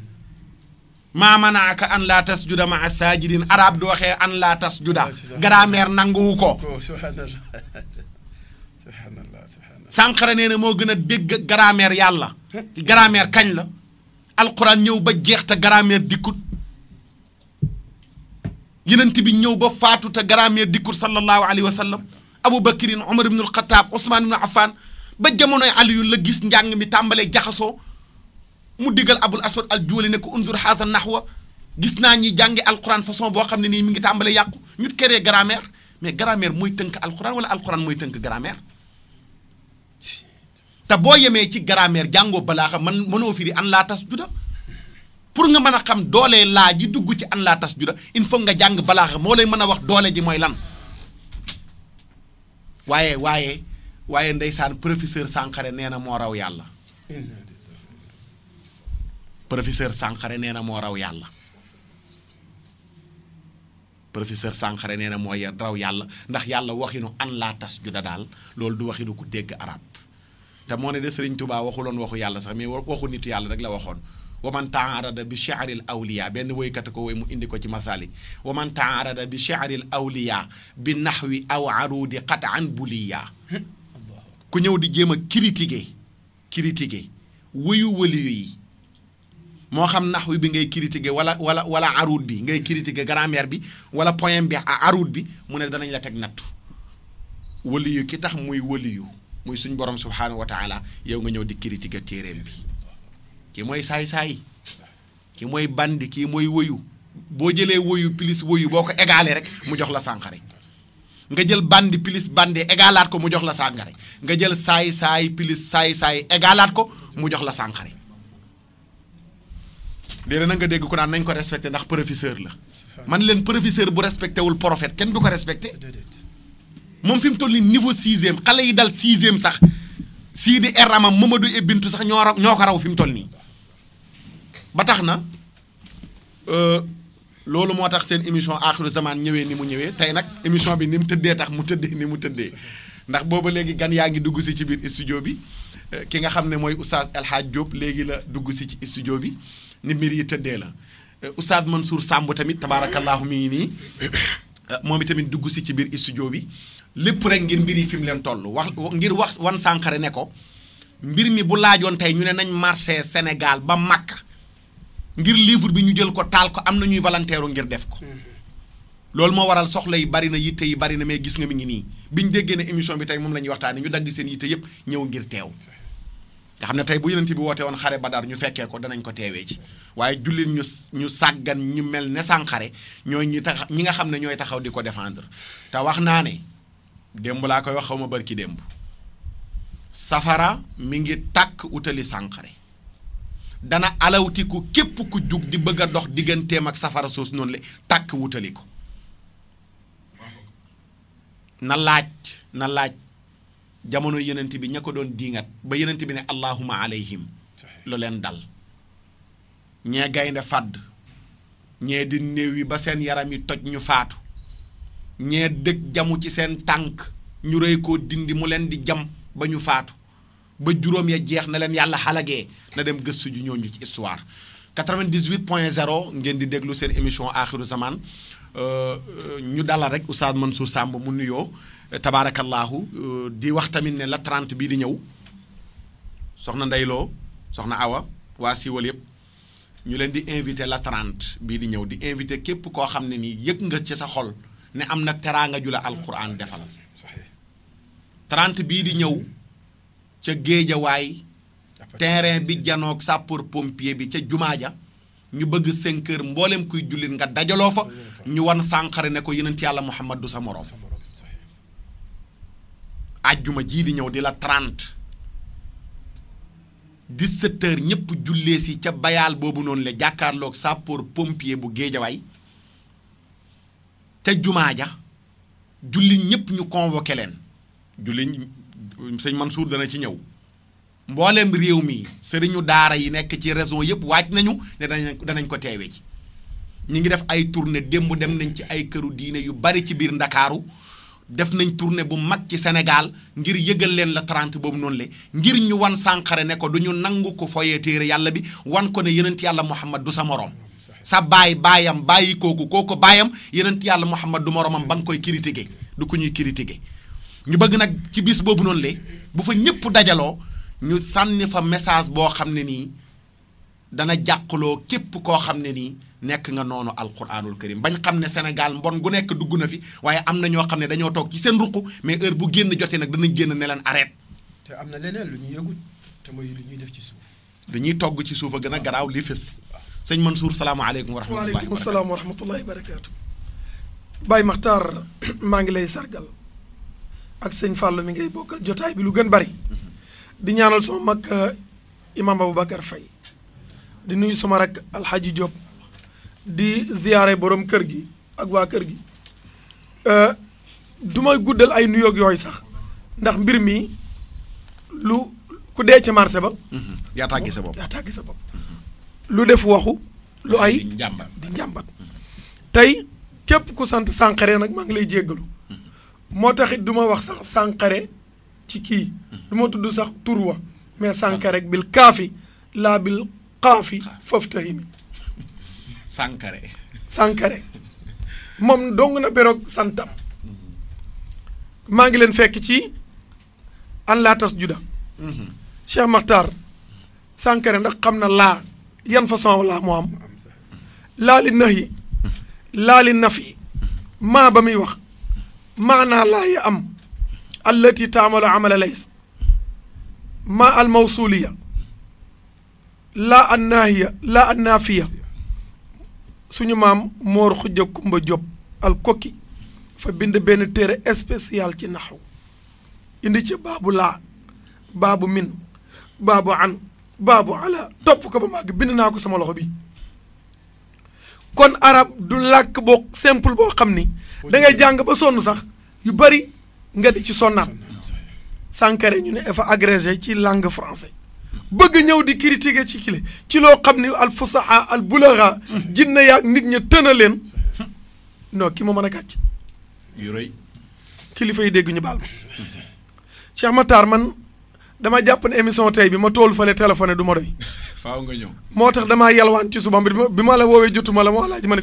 maamanaaka an laa tasjuda ma saajidin arab di waxee an laa tasjuda grammaire nanguwu ko oh, Sankara nee na moo gën a dégg grammaire yàlla grammaire kañ la alquran ñëw ba jeex te grammaire dikkut yenent bi ñëw ba faatu te grammaire dikkut sallallahu alayhi wa sallam Abu Bakrin Omar ibn al-Khattab Ousmane ibn ba jamonoy Aliyu la gis njàng mi tàmbalee jaxasoo mu digal Abul Aswad al-Juwali ne ko unzur haza gis naa ñi jàngi alquran façon boo xam ne nii mi ngi tàmbalee yàqu ñu créé grammaire mais grammaire mooy tënk alquran wala alquran mooy tënk grammaire te boo yemee ci grammaire jàngoo balaa xam man mënoo firi an laa tas juda pour nga mën a xam doole laa ji dugg ci an laa tas juda il faut nga jàng balaa moo lay mën a wax doole ji mooy lan waaye waaye waaye ndeysaan professeur Sankharé nee na moo raw yàlla professeur Sankharé nee na moo raw yàlla professeur Sankharé nee na moo raw yàlla ndax yàlla waxinu an laa tas juda daal loolu du waxinu ku dégg arab te moo ne de Serigne Touba waxuloon waxu yàlla sax mais waxu nitu yàlla rek la waxoon waman taarada bi chaaril awliya benn woykat ko woy mu indi ko ci masalik waman taarada bi chaaril awliya bi naxwi aw arudi qat an buliya ku ñëw di jéem a critiquer wuyu wëliyu yi moo xam naxwi bi ngay critiquer wala wala wala arud bi ngay critiquer grammaire bi wala poème bi arud bi mu ne danañ la teg nattu wëliyu ki tax muy wëliyu muy suñ borom subhaanahu wa taala yow nga ñëw di critiquer téeréem bi ki mooy saay-saay ki mooy bandi kii mooy woyu boo jëlee woyu pilis woyu boo ko egaale rek mu jox la sànqare nga jël bandi pilis bandi égalaat ko mu jox la sànqare nga jël saay-saay pilis saay-saay égalaat ko mu jox la sànqare léeg na nga dégg ku naan nañ ko respecté ndax professeur la man leen professeur bu respecté wul prophète kenn du ko respecté moom fi mu toll nii niveau sixième xale yi dal sixième sax sii Sidi Errama Mamadou Ebintu sax ñoo raw ñoo ko raw fi mu toll nii ba tax na euh, loolu moo tax seen émission aaxiru zaman ñëwee ni mu ñëwee tey nag émission bi ni mu tëddee tax mu tëddee ni mu tëddee ndax booba léegi gan yaa ngi dugg si ci biir studio bi euh, ki nga xam ne mooy oustaz El jóob léegi la dugg si ci studio bi ni mbir yi tëddee la man euh, Mansour Samb tamit tabaarakallaahu mi ngi nii moom itamit dugg si ci biir studio bi lépp rek ngir mbir yi fi mu leen toll wax ngir wax wan sànqare ne ko mbir mi bu laajoon tey ñu ne nañ marché Sénégal ba Makka ngir livre bi ñu jël ko taal ko am na ñuy volontaire ngir def ko. Mm-hmm. loolu moo waral soxla yi bari na yitte yi bari na mais gis nga mi ngi nii biñ déggee ne émission bi tey moom la ñuy waxtaanee ñu dagg seen yitte yëpp ñëw ngir teew. nga xam ne tey bu yonent bi woote woon xare ba badar ñu fekkee ko danañ ko teewee ci waaye jullit ñu ñu sàggan ñu mel ne Sankharé ñooy ñi tax ñi nga xam ne ñooy taxaw di ko défendre te wax naa ne. démb laa koy wax xaw ma barki démb safara mi ngi tàkk wutali sànqare dana alawtiku képp ku jug di bëgg a dox digganteem ak safara soos noonu le tàkk wutali ko na laaj na laaj jamono yenent bi ña ko doon diingat ba yenent bi ne allahuma alayhim lu leen dal ñee gaynde fàdd ñee di néew yi ba seen yaram yi toj ñu faatu ñee dëkk jamu ci seen tànk ñu rëy koo dindi mu leen di jam ba ñu faatu ba juróom ya jeex na leen yàlla xalagee na dem gëstu ju ñooñu ci histoire 98 point zero ngeen di déglu seen émission axiru zaman euh, ñu dala rek man su Samb mu nuyoo tabaarakallaahu euh, di wax tamit ne la 30 bii di ñëw soxna Ndeyloo soxna Awa waa siiwal yëpp ñu leen di invité la 30 bii di ñëw di invité képp koo xam ne nii yëg nga ci sa xol ne am na teraanga ju la alxuraan defal bii di ñëw ca géejawaay terrain bi janook sapeur pompier bi ca jumaa ja ñu bëgg cinq heures mboolem kuy jullit nga dajaloo fa ñu wan sànqare ne ko yenent yàlla Muhammad du sa moroom ajjuma jii di ñëw di la trente dix-sept heures ñëpp si ca bayaal boobu noonu la jàkkaarlook sapeur pompier bu géejawaay te jumaa ja julli ñëpp ñu convoqué leen jullit sëñ Mansour dana ci ñëw mboolem réew mi ñu daara yi nekk ci région yëpp waaj nañu ne danañ danañ ko teewee ci ñu ngi def ay turne démb dem nañ ci ay këru diine yu bari ci biir ndakaaru def nañ tournée bu mag ci Sénégal ngir yëgal leen la 30 boobu noonu le ngir ñu wan Sankhare ne ko du ñu nangu ko foyee téere yàlla bi wan ko ne yenent yàlla Muhammad du sa moroom sa baay baayam bàyyi kooku kooku baayam yenent yàlla Muhammad du moromam ba nga koy critiquer du ko ñuy critiquer ñu bëgg nag ci bis boobu noonu le bu fa ñëpp dajaloo ñu sànni fa message boo xam ne nii dana jàqloo képp koo xam ne nii nekk nga noonu alquranul karim bañ xam ne Sénégal mbon gu nekk dugg na fi waaye am na ñoo xam ne dañoo toog ci seen ruq mais heure bu génn jotee nag danañ génn ne leen arrête. te am na leneen lu ñu yëgut te mooy lu ñuy def ci suuf. lu togg ci suuf a gën a garaaw li fës. sëñ Mansour salaamaaleykum wa rahmatulah. waaleykum salaam wa rahmatulah barakaatu. Baye Makhtar maa ngi lay sargal ak sëñ Fallou mi ngay bokkal jotaay bi lu gën bari di ñaanal sama mag eh, imaam Aboubacar Faye di nuyu sama rak Alxaaji Diop di ziyaare boroom kër gi ak waa kër gi eh, du may guddal ay nuyoog yooyu sax ndax mbir mi lu ku dee ca marché ba. Mm-hmm. yaa tàggi sa bopp yaa tàggi sa bopp. lu def waxu lu ay di njàmbat tey képp ku sant Sankhare nag maa ngi lay jéggalu moo taxit du ma wax sax ci kii mm-hmm. du ma tudd sax tur wa mais Sankhare rek bil kaafi laa bil xaafi foofu taxi mi Sankhare Sankhare moom dong na beroog santam mm-hmm. maa ngi leen fekk ci an laa tas maxtar mm-hmm. Cheikh Makhtar ndax xam na laa yan façon laa moo am laali nax yi laali naf yi maa ba muy wax maanaa laa yi am allati taamalu amala lays maa al mawsuliya laa an naahiya laa an naafiya suñu maam moor xujja kumba job al kokki fa bind benn téere spécial ci naxaw indi ci baabu laa baabu min baabu an baabu ala topp ko ba màgg bind naa ko sama loxo bi kon arab du làkk boo simple boo xam ni dangay ngay jàng ba sonn sax yu bari nga di ci sonnaat Sankara ñu ne fa agrégé ci langue français bëgg ñëw di critiquer ci kile ci loo xam ni al fusaha al bulaga jinne yaag nit ña tëna leen non ki ma mën a gàcc kilifa yi dégg ñu baal ma Cheikh Matar man dama jàpp ne émission tey bi ma toolu fale téléphoné du ma doy. faaw nga ñëw. moo tax damaa yalwaan ci suba bi bi ma la woowee jotuma la ma laaj ma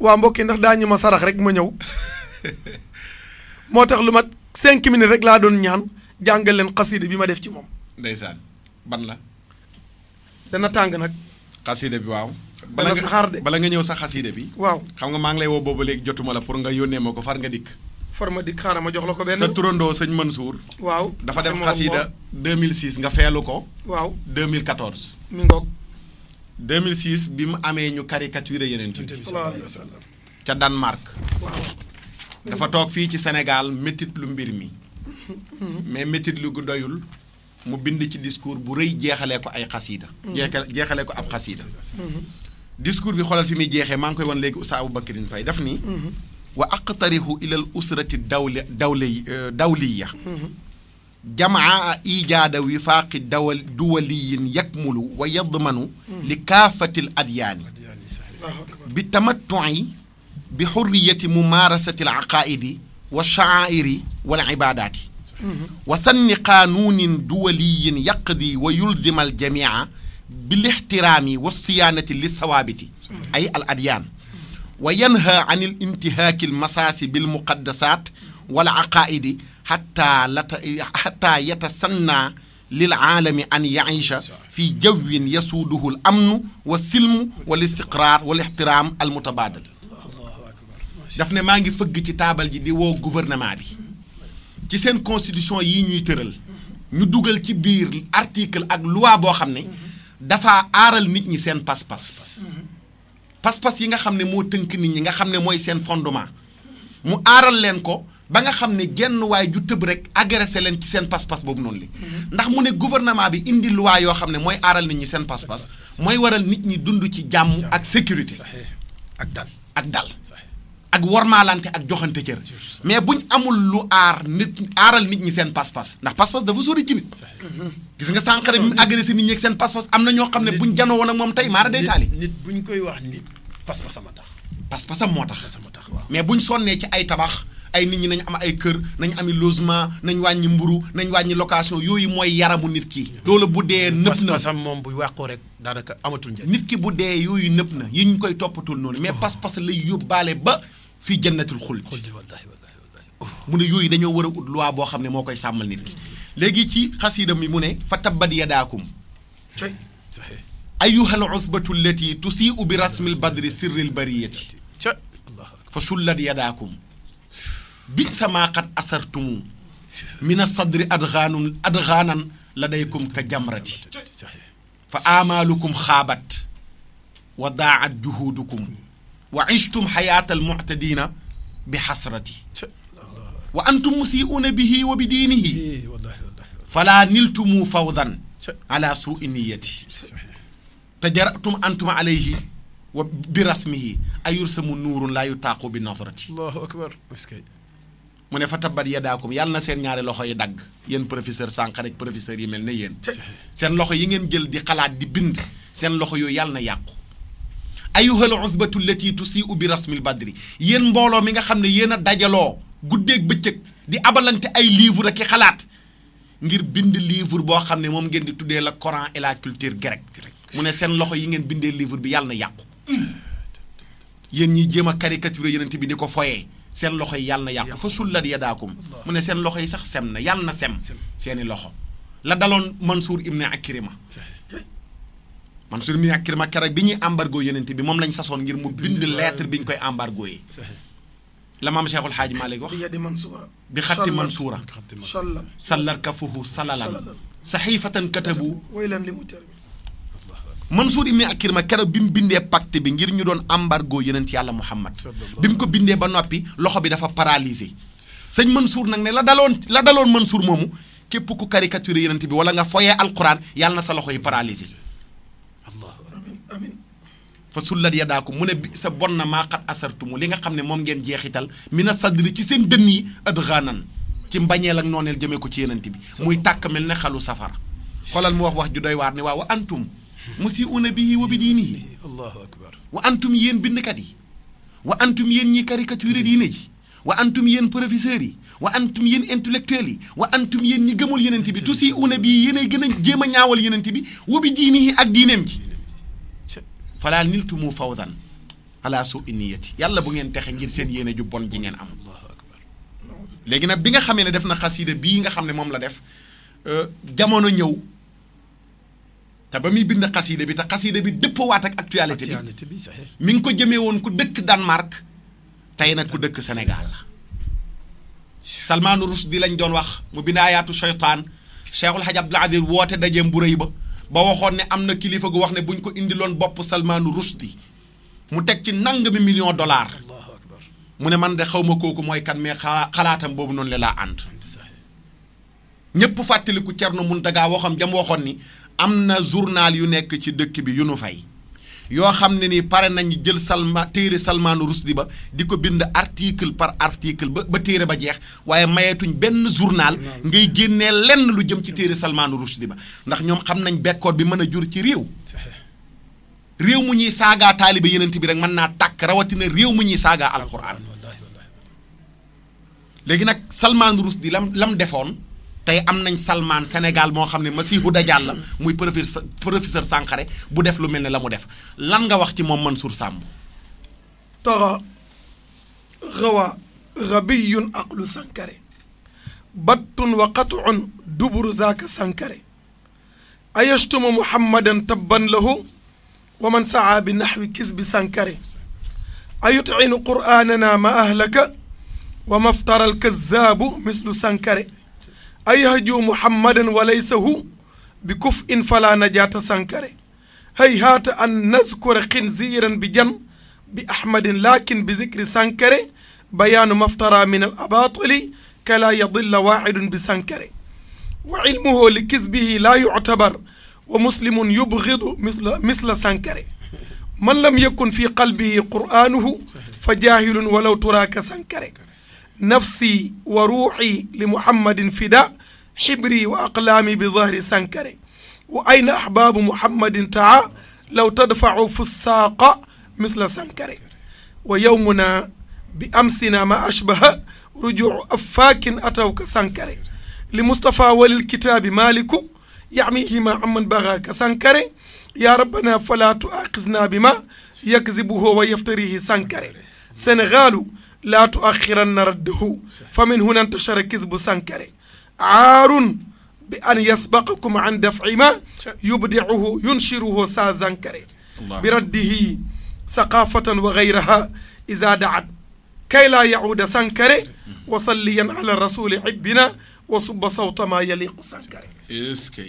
waa mbokk yi ndax daa ma sarax rek ma ñëw moo tax lu mat cinq minutes rek laa doon ñaan jàngal leen xasida bi ma def ci moom. ndeysaan ban la. dana tàng nag. xasida bi waaw. bala nga bala nga ñëw sa xasida bi. waaw xam nga maa ngi lay woo boobu léegi jotuma la pour nga yónnee ma ko far nga dikk. forma di xaaral ma jox la ko benn. sa turandoo sëñ Mansour. waaw dafa def xasida 2006 nga feelu ko. waaw 2014. mi ngoog. 2006 bi mu amee ñu caricature yeneen ci. ca Danemark. waaw. dafa toog fii ci Sénégal métit lu mbir mi. mais métit lu gu doyul mu bind ci discours bu rëy jeexalee ko ay xasida. jeexalee ko ab xasida. Mm-hmm. discours bi xoolal fi muy jeexee maa ngi koy wan léegi Oustaz Aboubacry Faye daf nii mm-hmm. wa aqtarihu ilal usrati dawli dawli euh, dawliya jamaa ijaada wifaaqi dawal duwaliyin yakmulu wa yadmanu li kaafatil adyaani bi tamattuci bi xurriyati mumaarasati alcaqaaidi wa shaairi wal ibaadaati wa sanni qaanuunin duwaliyin yaqdi wa yuldima aljamica bilixtiraami wa siyaanati li thawaabiti ay al adyaan wa yanha an il intihaaki l masaasi bil muqaddasaat wal aqaaidi xataa lata xataa yatasanna lil aalami an yaisha fi jawwin yasuuduhu l amnu wa silmu wal istiqraar wal ixtiraam al maa ngi fëgg ci taabal ji di gouvernement bi ci seen constitution yi ñuy tëral ñu dugal ci biir article ak loi boo xam ne dafa aaral nit ñi seen pas-pas pas-pas yi nga xam ne moo tënk nit ñi nga xam ne mooy seen fondement mu aaral leen ko ba nga xam ne genn waay ju tëb rek agressé leen ci seen pas-pas boobu noonu li mm-hmm. ndax mu ne gouvernement bi indi loi yoo xam ne mooy aaral nit ñi seen pas-pas mooy waral nit ñi dund ci jàmm ak sécurité ak dal ak dal ak warmaalante ak joxante cër mais buñ amul lu aar nit aaral nit ñi seen pas-pas ndax pas-pas dafa sori ci nit gis nga sànqare bi mu agressé nit ñi seen pas am na ñoo xam ne buñ janoo woon ak moom tey maara day taali nit buñ koy wax nit pas-pasam a tax pas-pasam moo tax mais buñ sonnee ci ay tabax ay nit ñi nañ am ay kër nañ ami logement nañ wàññi mburu nañ wàññi location yooyu mooy yaramu nit ki loolu bu dee nëpp na pas moom bu wàqoo rek daanaka amatul njëriñ nit ki bu dee yooyu nëpp na yi ñu koy toppatul noonu mais pas-pas lay yóbbaale ba fii jannatul xuld mu ne yooyu dañoo war a ut boo xam ne moo koy sàmmal nit ki léegi ci xasiida mi mu ne fa tabbat yadaakum ayuhal usbatu llati tusiu bi rasmil badri sirril bariyati fa sullat yadaakum bi sama qad asartumu min asadri adxaanun adxaanan ladaykum ka jamrati fa aamaalukum xaabat wa daat juhuudukum wa ishtum xayaatal muctadiina bi xasrati wa antum musii'uuna bihi wa bi diinihi falaa niltumu fawdan ala suui niyati tajaratum antum alayhi wa bi rasmihi ayursamu nuurun laa yutaaqu bi nadrati allahu akbar mu ne fa tabbat yadaakum yàlla na seen ñaari loxo yi dagg yéen professeur Sankharé ak professeur yi mel ne yéen seen loxo yi ngeen jël di xalaat di bind seen loxo yooyu yàlla na yàqu ayuhal usbatu lati tusiu bi rasmil badri yéen mbooloo mi nga xam ne yéen a dajaloo guddeeg bëccëg di abalante ay livre ak i xalaat ngir bind livre boo xam ne moom ngeen di tuddee la Coran et la culture grecque mu ne seen loxo yi ngeen bindee livre bi yàlla na yàqu yéen ñiy jéem a caricature yonent bi di ko foyee seen loxo yi yàlla na yàqu fa sullat yadaakum mu ne seen loxo yi sax sem na yàlla na sem seeni loxo la daloon Mansour ibn Akrima Mansour mi Kirma keroog bi ñuy embargo yonent bi moom lañ sasoon ngir mu bind lettre bi ñu koy embargo yi la maam Cheikhul Xaaji Maalik wax bi xatti Mansuura sallar kafuhu salalan saxiifatan katabu Mansour ibn Akirma keroog bi mu bindee pacte bi ngir ñu doon embargo yonent yàlla Muhammad bi mu ko bindee ba noppi loxo bi dafa paralysé sëñ Mansour nag ne la daloon la daloon Mansour moomu képp ku caricature yonent bi wala nga foyee alquran yàlla na sa loxo yi paralysé allahu akbar amin fa sullat yadaakum mu ne sa bon na maa xat asartumu li nga xam ne moom ngeen jeexital mina sadri ci seen dënn yi adxaanan ci mbañeel ak nooneel jëmee ko ci yenant bi muy tàkk mel ne xalu safara xoolal mu wax wax ju doy waar ni waaw wa antum musiiuna bihi wa bi diinihi nii akbar wa antum yéen bindkat yi wa antum yéen ñi caricature diine ji wa antum yéen professeurs yi wa antum yéen intellectuels yi wa antum yéen ñi gëmul yenent bi tusi una bii yéen ay gën a jéem a ñaawal yenent bi wa bi diinihi ak diineem ji falaa niltumu fawdan ala su iniyati yàlla bu ngeen texe ngir seen yéene ju bon ji ngeen am léegi nag bi nga xamee ne def na xasida bii nga xam ne moom la def euh, jamono ñëw te ba muy bind xasida bi te xasida bi dëppwaat ak actualité bi mi ngi ko jëmee woon ku dëkk Danemark tey nag ku dëkk Sénégal Salman Rushdie lañ doon wax mu binaayaatu seytaan Cheikhul Hadj Abdoul Aziz woote dajeem bu rëy ba ba waxoon ne am na kilifa gu wax ne bu buñ ko indiloon bopp Salman Rushdie mu teg ci nangami million dollar mu ne man de xaw ma kooku mooy kan mais xalaatam boobu noonu la laa ànd. ñëpp fàttaliku Thierno Mountaga waxam jam waxoon ni am na journal yu nekk ci dëkk bi yu nu fay. yoo xam ne nii pare nañu jël salma téere salmaanu rusdi ba di ko bind article par article ba ba téere ba jeex waaye mayeetuñ benn journal ngay génnee lenn lu jëm ci téere salmaanu rusdi ba ndax ñoom xam nañu bekkoon bi mën a jur ci réew réew mu ñuy saagaa taalibe yenent bi rek mën naa tàkk rawatina réew mu ñuy saagaa alxuraan léegi nag salmaanu rusdi lam lam defoon tey am nañ Salman Sénégal moo xam ne Masiihu Dajjal la muy professeur professeur Sankhare bu def lu mel ne la mu def lan nga wax ci moom Mansour Samb tara rawa rabiyun aqlu Sankhare battun wa qat'un duburu zaaka Sankhare ayashtumu muhammadan tabban lahu wa man saa bi naxwi kisbi Sankhare ayut'inu qur'aanana ma ahlaka wa maftara alkazaabu mislu Sankhare ayahju muhammadan wa laysa hu bi kuf in fala najaata sankare hay haata an naskura xinziran bi jan bi ahmadin lakin bi zikri sankare bayaanu maftara min al abatili kala yadilla waxidun bi sankare wa ilmuhu li kisbihi laa yuctabar wa muslimun yubgidu misla misla sankare man lam yakun fi qalbihi qur'aanuhu fa jaahilun walaw turaaka sankare nafsi wa ruuxi li muhammadin fida xibri wa aqlaami bi zahri sankare wa ayna ahbaabu muhammadin taa law tadfacu fussaaqa misla sankare wa yowmuna bi amsina ma ashbaha rujuucu affaakin atawka sankare li mustapha walil kitaabi maaliku yaxmihima amman baxaaka sankare yaa rabbana fala tuaxisna bi ma yakzibuhu wa yaftarihi sankare sénégalu laa tuaxiranna raddahu fa min huna ntashara kisbu sankare aarun bi an yasbaqakum an dafci ma yubdicuhu yunshiruhu saa zankare bi raddihi saqafatan wa gayraha ida daat kay laa yacuuda sankare wa salliyan ala rasuli cibbina wa suba sawta ma yaliqu sankare est-ce que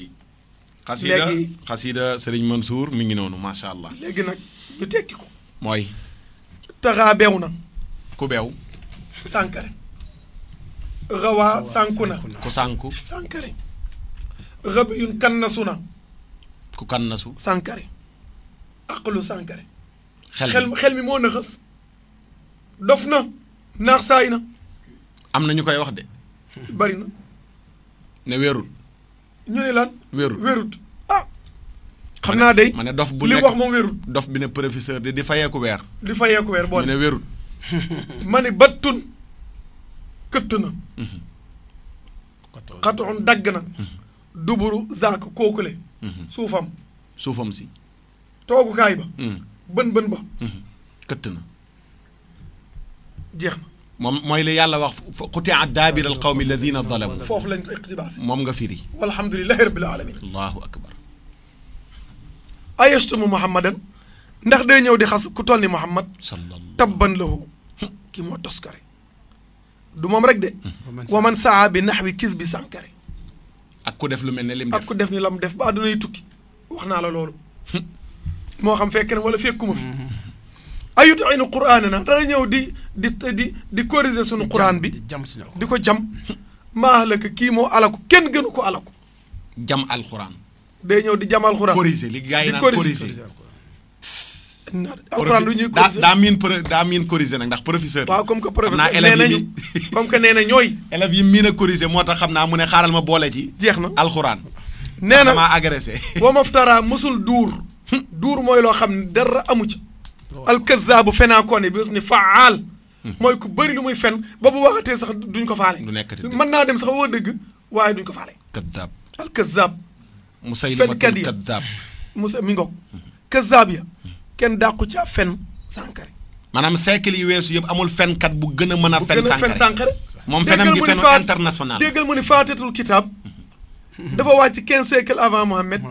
xasida xasida Sëriñ Mansour mi ngi noonu macha allah léegi nag ñu tekki ko mooy taxaa beew na ku beew sànkare rawaa sànku na ku sànku sànkare rabiyun kannasu na ku kannasu sànkare aqlu sànkare xel xel mi moo nëxës dof na naax saay na am na ñu koy wax de bari na ne wérul ñu ne lan wérul wérut ah xam naa day ma ne dof bu li wax moom wérut dof bi ne professeur di di fayeeku weer di fayeeku weer boo ne wérul ma ni battun këtt na xatu un dagg na duburu zaak kookule suufam suufam si toogukaay ba hmm. bën bën ba hmm. këtt na jeex na moom mooy la yàlla wax xutia daabir al qawmi alladina zalamu foofu lañ ko iqtibaas moom nga firi walhamdulilahi rabbil alamin allahu akbar ayastumu muhammadan ndax day ñëw di xas ku toll ni muhammad tabban lahu kii moo toskare du moom rek de mm-hmm. waman saa bi nax wi kis bi sànkare ak ku def lu mel ne lim def ku def ni lam def ba àdduna yi tukki wax naa la loolu moo xam fekk na wala fekkuma fi mm-hmm. ayut aynu quraan na dana ñëw di di di di corriger suñu quraan bi di ko jam maa ahlaka kii moo alaku kenn gënu ko alaku jam alxuraan day ñëw di jam alxuraan corriger yi alxuraan lu ñuy corriger daa miin pré daa miin corriger nag ndax professeur. waaw comme que professeur nee nañu comme que nee na ñooy. élèves yi miin a corriger moo tax xam naa mu ne xaaral ma boole ci. jeex na alxuraan. nee na maa agressé. wa maftara mosul duur. duur mooy loo xam ne dara amu ci. alkazaabu fenaakoon bi ni faal. Hmm. mooy ku bëri lu muy fen ba bu waxatee sax duñ ko faale. du nekk mën naa dem sax woo dëgg waaye duñ ko faale. kazaab alkazaab. musaylimatul kazaab fenkat yi musa mi ngoog kazaab ya. Hmm. kenn dàqu ca fen Sankharé. maanaam siècle yi weesu yëpp amul fenkat bu gën a mën a. fen Sankharé moom fenam gi fenu international. déggal mu ni faatitul kitaab dafa wàcc quinze siècle avant Mohammed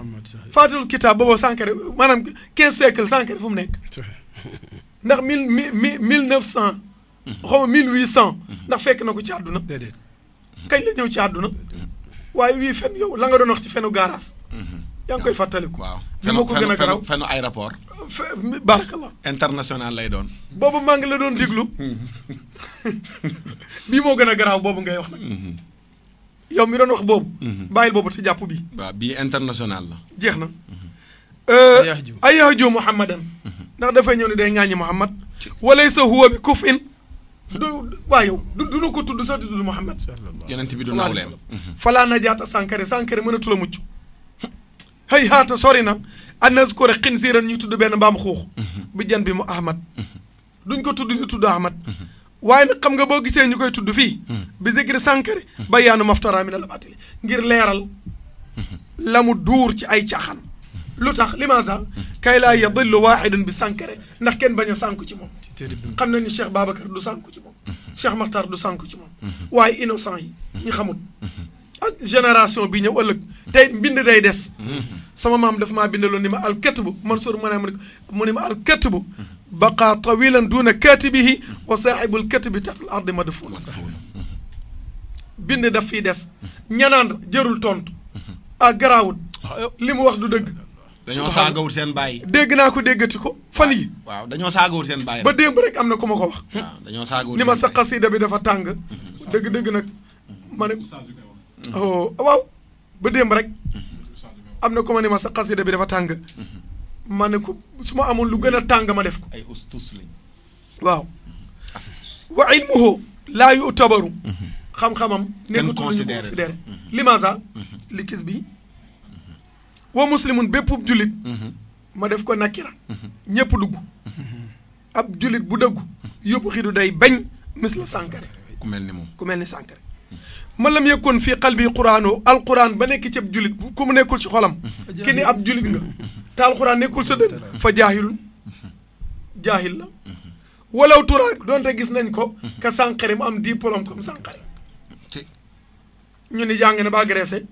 faatitul kitaab boobu Sankharé maanaam quinze siècle Sankharé fu mu nekk. ndax mille mille mille neuf cent. Hmm. xaw ma mille huit hmm. ndax fekk na ko ci àdduna. déedéet kañ la ñëw ci àdduna. Hmm. waaye wii fen yow la nga doon wax ci fenu gaaraas. yaa ngi koy fàttaliku waaw. li ma ko gën a garaw international lay doon boobu maa ngi la doon déglu bii moo gën a garaaw boobu ngay wax nag mhm. yow mi doon wax boobu mhm. bàyyil boobu te jàpp bi waaw bii international la jeex na mhm. euh, ayaxju muhammadan ndax dafay ñëw ne day ŋaañi muhammad walay sa huwa bi kuf in du waa yow du dunu ko tudd sax di tudd muhammad yeneen bi du nawleem falaa najaata sànkare sànkare mën a tula mucc hay haata sori na anas ko rek siiran ñuy tudd benn mbaam xuux mhm. bi jan bi mu ahmad mhm. duñ ko tudd di tudd ahmad mhm. waaye nag xam nga boo gisee ñu koy tudd fii bi zikri sànkari bayaanu maftara min al batili ngir leeral la mu duur ci ay caaxaan lu tax limaasa kay laa yadillu waahidun bi sànkare ndax kenn bañ a sànku ci moom xam na ni Cheikh Babacar du sànku ci moom Cheikh Makhtar du sànku ci moom waaye innocent yi xamut ak génération bi ñëw ëllëg tey mbind day des sama maam dafa maa bindaloon ni ma alkatbu Mansour mu ne ma mu ne ma alkatbu baqaa tawilan duuna katibihi wa saaxibul katibi taxtal ardi madfuun bind daf fiy des ñanaan jërul tontu ah li mu wax du dëgg dañoo saagawul seen bàyyi dégg naa ko déggati ko fan yi waaw dañoo saagawul seen bàyyi ba démb am na ku ma ko wax waaw dañoo ni ma sa xasida bi dafa tàng dëgg-dëgg nag ma ne Oh, waaw ba démb rek mm-hmm. am na ko ma ne ma sa xasida bi dafa tàng mm-hmm. ma ne ko su ma amoon lu gën a tàng ma def ko ay ustus lañ waaw mm-hmm. wa ilmuhu laa yu tabaru xam-xamam nekk tuñu considéré limaasa li bi wa muslimun bépp jullit ma def ko nakira ñépp dugg ab jullit bu dëggu yóbbu xidu day bañ mis la ku mel ni moom ku mel ni sànkare man lam yëkkoon fii qalbi quraanoo alquran ba nekk ci ab julit ku mu nekkul ci xolam. ki ni ab julit nga. te alquran nekkul sa dënn fa jaahilun jaahil la. walaw turaak donte gis nañ ko. ka sànqare mu am diplôme comme sànqare. ñu ni jàng na ba agressé.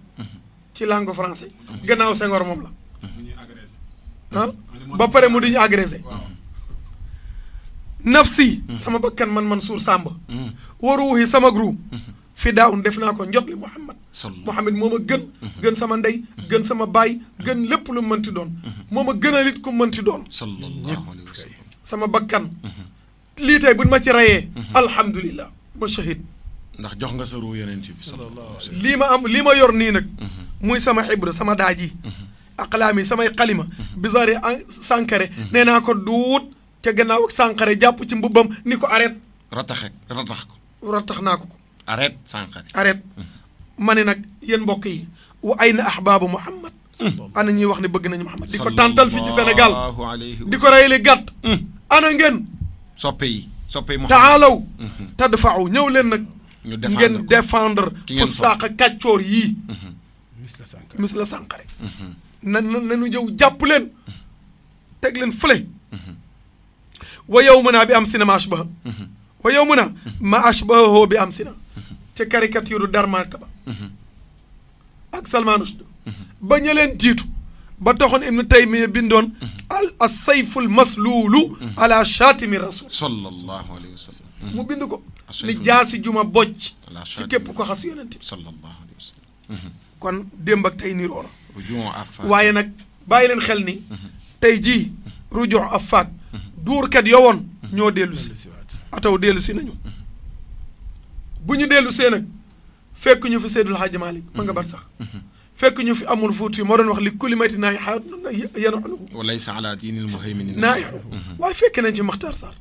ci langue français. gannaaw Senghor moom la. ba pare mu di ñu agressé. nafsi sama bakkan man man suur sàmb. Mm. waruuhi sama groupe. fi daawun def naa ko njot li Muhammad Muhammad moo ma gën mm-hmm. gën sama ndey mm-hmm. gën sama baay mm-hmm. gën lépp lu mënti doon moo ma gënalit ku mënti doon sama bakkan lii tey buñ ma ci rayee alhamdulillah ma shahid ndax jox nga sa ruu yeneen ci lii ma am lii ma yor nii nag muy sama xibra sama daaj yi aqlaam yi samay xalima bisaari ah, sànkare nee naa ko duut ca gannaaw ak sànkare jàpp ci mbubbam ni ko arrêt ratax ratax ko ratax naa ko ko arrête Sankharé arrête mm-hmm. ma ne nag yéen mbokk yi wa ay na ahbaabu Muhammad mm-hmm. ana ñuy wax ne bëgg nañu Muhammad di ko tàntal fii ci Sénégal di ko rey li gàtt mm-hmm. ana ngeen soppe yi soppe yi taalaw tadfaaw ñëw leen nag ngeen défendre fu saaq kàccoor yii mis la Sankharé na nañu ñëw jàpp leen teg leen fële wa yow mën naa bi am sina ma ashbaha wa yow mën naa ma ashbahahu bi am sina ca caricature Darmaque ba ak Salman Rushdie ba ña leen jiitu ba taxoon ibnu taymiya bindoon al asayful masluulu ala chaatimi rasul sallallahu alayhi wa sallam mu mm-hmm. bind ko ni jaasi juma bocc ci képp ko xas yonente bi sallallahu alayhi wa sallam mm-hmm. kon démb ak tey niroona waaye nag bàyyi leen xel ni mm-hmm. tey jii rujox af faak duurkat yowoon ñoo dellu si ataw dellu si nañu bu ñu dellu see nag fekk ñu fi Seydul Hadji Malick ma nga mm-hmm. bar sax mm-hmm. fekk ñu fi amul fuuti moo doon wax li kulimati naay xaar yan xuluhu walaysa ala diinil muhaymin naay mm-hmm. waaye fekke nañ fi Makhtar Sarr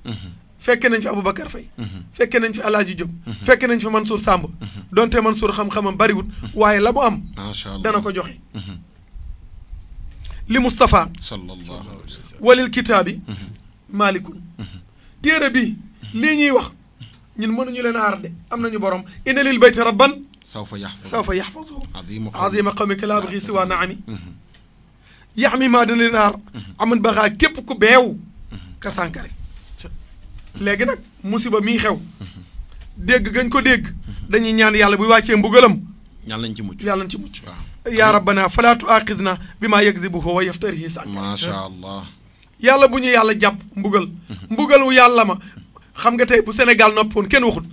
fekke nañ fi Aboubacar Faye fekke nañ fi Alaaji Diop fekke nañ fi Mansour Samb donte Mansour xam-xamam bariwut waaye la mu am dana ko joxe li Moustapha sallallahu walil kitaabi maalikun téere bi lii ñuy wax ñun mënuñu leen aar de am nañu borom inna lil bayti rabban sawfa yaxfaz sawfa yaxfazuhu azima qawmika laa abgi siwa naami mhm. yax mi maa dina leen aar mhm. amun baxaa képp ku beew mhm. ka sànkare léegi nag musiba mii xew dégg gañ ko dégg dañuy ñaan yàlla bu wàccee mbugalam yàlla nañ ci mucc yàlla nañ ci mucc waaw yaa rabbana falaa tuaaxizna bi maa yagzibuhu wa yaftarihi sànkare macha allah yàlla bu ñu yàlla jàpp mbugal mbugalu yàlla ma xam nga tey bu Sénégal noppoon kenn waxut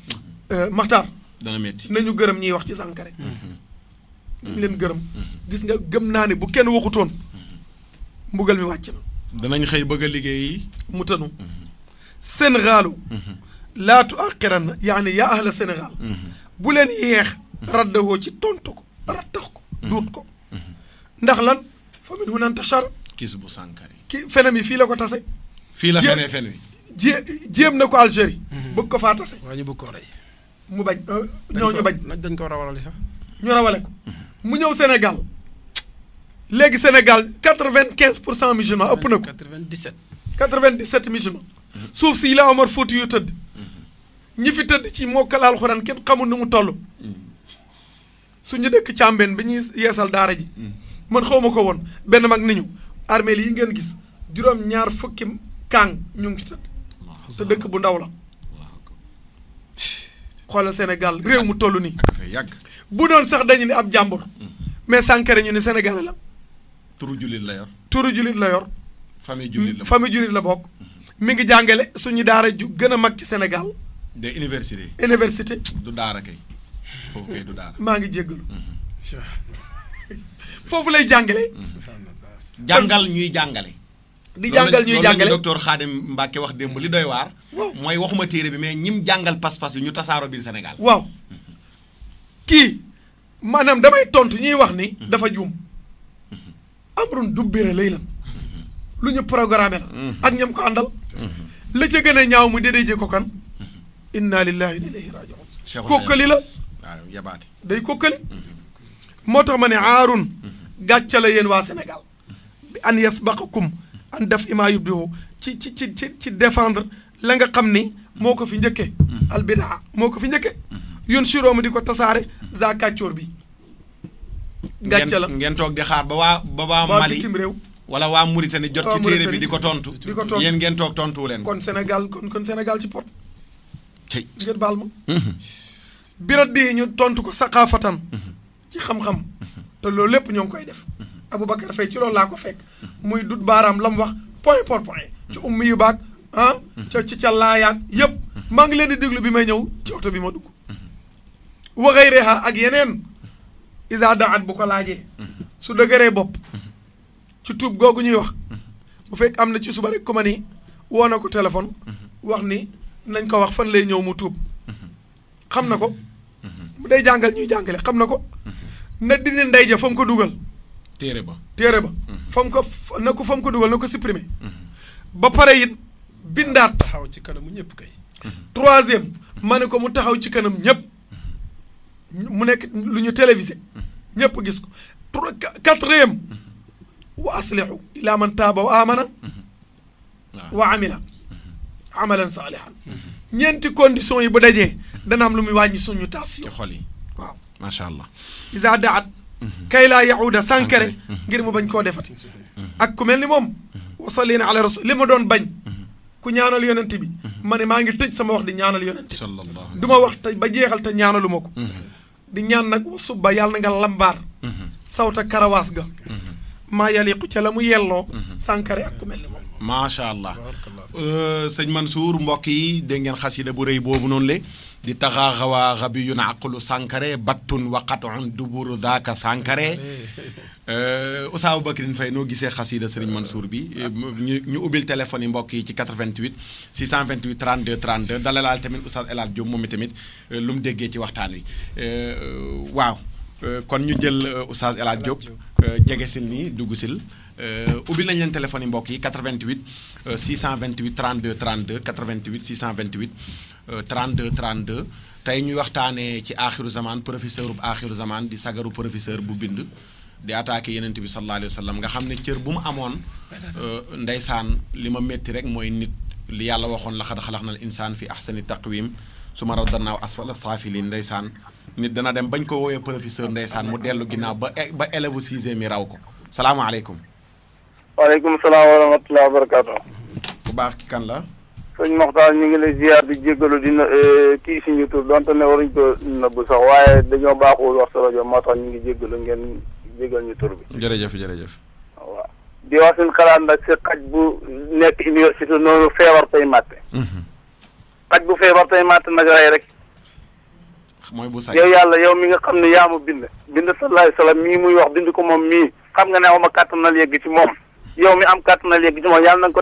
euh, Maxtaar. dana métti nañu gërëm ñiy wax ci Sankharé. Mm-hmm. Mm-hmm. ñu leen gërëm. Mm-hmm. gis nga gëm naa ne bu kenn waxutoon mbugal mi wàcc na. danañ xëy bëgg a liggéeyi. mu tënu. Sénégalu. laatu aqiran yaani yaa ahla Sénégal. bu leen yeex. raddawoo ci tontu ko rattax ko. duut ko ndax lan fa min hunan tashar. kis bu Sankharé. ki fenam yi fii la ko tase. fii la fenee fen wi jé jéem na ko Algérie. Mhm. bëgg ko faa tase. waaw ñu bëgg koo rey. mu bañ euh, ñoo ñu bañ. dañ ko rawalali sax. ñu rawale ko. Mhm. mu ñëw Sénégal léegi Sénégal quatre vingt quinze pour cent musulman ëpp na ko. quatre vingt dix suuf si la Omar Fouti yu tëdd. Mhm. ñi fi tëdd ci mokkal alxuraan kenn xamul nu mu toll. suñu dëkk bi ñuy yeesal daara ji. man xaw ma ko woon benn mag ni ñu armée yi ngeen gis juróom ñaar fukki kàng ñu ngi tëdd. te dëkk bu ndaw la xoolal senegal réew mu toll nii bu doon sax dañu ne ab jàmbur mais Sankara ñu ne Sénégal la turu jullit la yor turu jullit la yor famille jullit la la bokk mi ngi jàngale suñu daara ju gën a mag ci senegal des universités université du daara kay maa ngi jéggalu mhm. foofu lay jàngale jàngal ñuy jàngale di jàngal ñuy jàngale docteur Khadim Mbacke wax démb li doy waar. waaw mooy waxuma téere bi mais ñim jàngal pas-pas bi ñu tasaaroo biir Sénégal. waaw kii maanaam damay tontu ñuy wax ni. Hmm. dafa juum amrun dubbira lay lan lu ñu programmé la. Hmm. ak ñam ko àndal. Hmm. la ca gën ñaaw mu déedéet ko kan. inna lillahi wa inna ilayhi raji'un. day kokkali. moo tax ma ne aarun. gàcce la yéen waa Sénégal. bi an yasbaqakum an def imaa yubdihu ci ci ci ci ci défendre la nga xam ni moo ko fi njëkke mm-hmm. albidaa moo ko fi njëkke mm-hmm. yoon suróoma di ko tasaare za kàccoor bi gàcce la ngeen toog di xaar ba waa ba waa Mali bitim réew wala waa Mauritanie jot ci téere bi di ko tontu di ko tontu yéen ngeen toog leen kon Sénégal kon kon Sénégal ci pot tey ngeen mm-hmm. birat bii ñu tontu ko saqaafatan ci xam-xam te loolu lépp ñoo ngi koy def Aboubacar Faye ci loolu laa ko fekk muy dut baaraam la mu wax point pour point ci ummi yu baag ah ca ci ca laayaag yëpp maa ngi leen di déglu bi may ñëw ci oto bi ma dugg waxay reexa ak yeneen isa daat bu ko laajee su dëgëree bopp ci tuub googu ñuy wax bu fekk am na ci suba rek ku ma ni woo na ko téléphone wax ni nañ ko wax fan lay ñëw mu tuub xam na ko mu day jàngal ñuy jàngale xam na ko na dindi ndey ja fa mu ko dugal téere ba téere ba. Mhm. fam ko na ko fam ko dugal na ko supprimer. ba pare it bindaat. taxaw ci kanamu ñëpp kay. Mhm. troisième ma ne ko mu taxaw ci kanam ñëpp mu nekk lu ñu télévisé. Mhm. ñëpp gis ko trois quatrième. wa aslihu ila man taaba wa amana. wa amila amalan saalihan ñeenti conditions yi bu dajee dana am lu muy wàññi suñu taas. ci xol yi waaw macha allah. isa daat Mm-hmm. kay laa yahuda sànkare mm-hmm. ngir mu bañ koo defati mm-hmm. ak ku mel ni moom wasallina ala rasul li ma doon bañ ku ñaanal yonent bi ma ne maa ngi tëj sama wax di ñaanal yonent bi du ma wax te ba jeexal te ñaanalu ma ko di ñaan nag wa subba yàlla na nga lambaar sawta karawaas ga maa yaliqu ca la mu yelloo sànkare ak ku mel ni moom macha allah euh, sëñ Mansour mbokk yi dégg ngeen xasida bu rëy boobu noonu le di taxaaxawaa xabiyun aqlu Sankare battun waqatun duburu daaka Sankare euh, Oussa Aboubacrin Faye noo gisee xasida Serigne euh. Mansour bi ñu ñu ubbil téléphone yi mbokk yi ci 88 628 32 32 dala laal tamit Oustaz El Hadj Diop moom tamit euh, lu mu déggee ci waxtaan wi waaw kon ñu jël Oustaz El Hadj Diop jege sil nii dugg sil ubbil nañ leen téléphone yi mbokk yi 88 628 32 32 88 628 32 euh, 32 tey ñu waxtaanee ci aaxiru zaman professeur bu aaxiru zaman di sagaru professeur bu bind. di attaqué yenent bi sallallahu alayhi wa sallam nga xam ne cër bu mu amoon. Euh, ndeysaan li ma métti rek mooy nit li yàlla waxoon laqad xalaqna al insaan fi ahsani taqwim suma raddanaaw asfala saafiliin ndeysaan nit dana dem bañ ko woowee professeur ndeysaan mu dellu ginnaaw ba ba élève sixième mi raw ko salaamaaleykum. waaleykum salaam wa rahmatulah wa barakaatu. ku baax ki kan la. sëñ Moxtaar ñu ngi lay ziar di jéggalu dina eh, kii suñu tur donte ne waruñ ko nëbb sax waaye dañoo baaxul wax sa rajo moo tax ñu ngi jéggalu ngeen jéggal ñu tur bi. jërëjëf jërëjëf. waaw di wax suñu xalaat nag si xaj bu nekk université noonu feebar tey màtte. Mhm. xaj bu feebar tey màtte rey rek. yow yàlla yow mi nga xam ne yaa ma bind. bind sallallahu alayhi salaam mii muy wax bind ko moom mii xam nga ne aw ma kàttanal yegg ci moom yow mi am kàttanal yegg ci na nga ko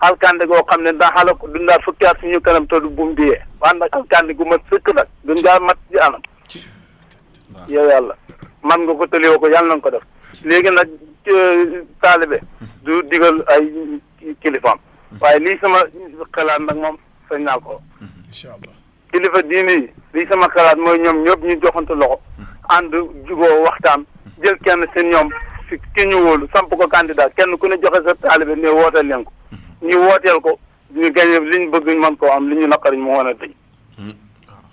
alkande goo xam ne ndax xala ko dundaa fukki at suñu kanam te du bum diyee waan nag alkande gu mat sëkk nag dundaa mat ci anam yow man nga ko tëliwoo ko yàlla na ko def léegi nag euh, taalibe du digal ay kilifaam hmm. waaye lii sama xalaat nag moom sañ naa ko hmm, kilifa diine yi lii sama xalaat mooy ñoom ñëpp ñu joxante loxo hmm. ànd juboo waxtaan jël kenn seen ñoom si ki ñu wóolu samp ko candidat kenn ku ne joxe sa taalibe ne wootal leen ko ñu wooteel ko ñu gañe liñ bëgg ñu mën koo am li ñu naqari mu mën a tëj.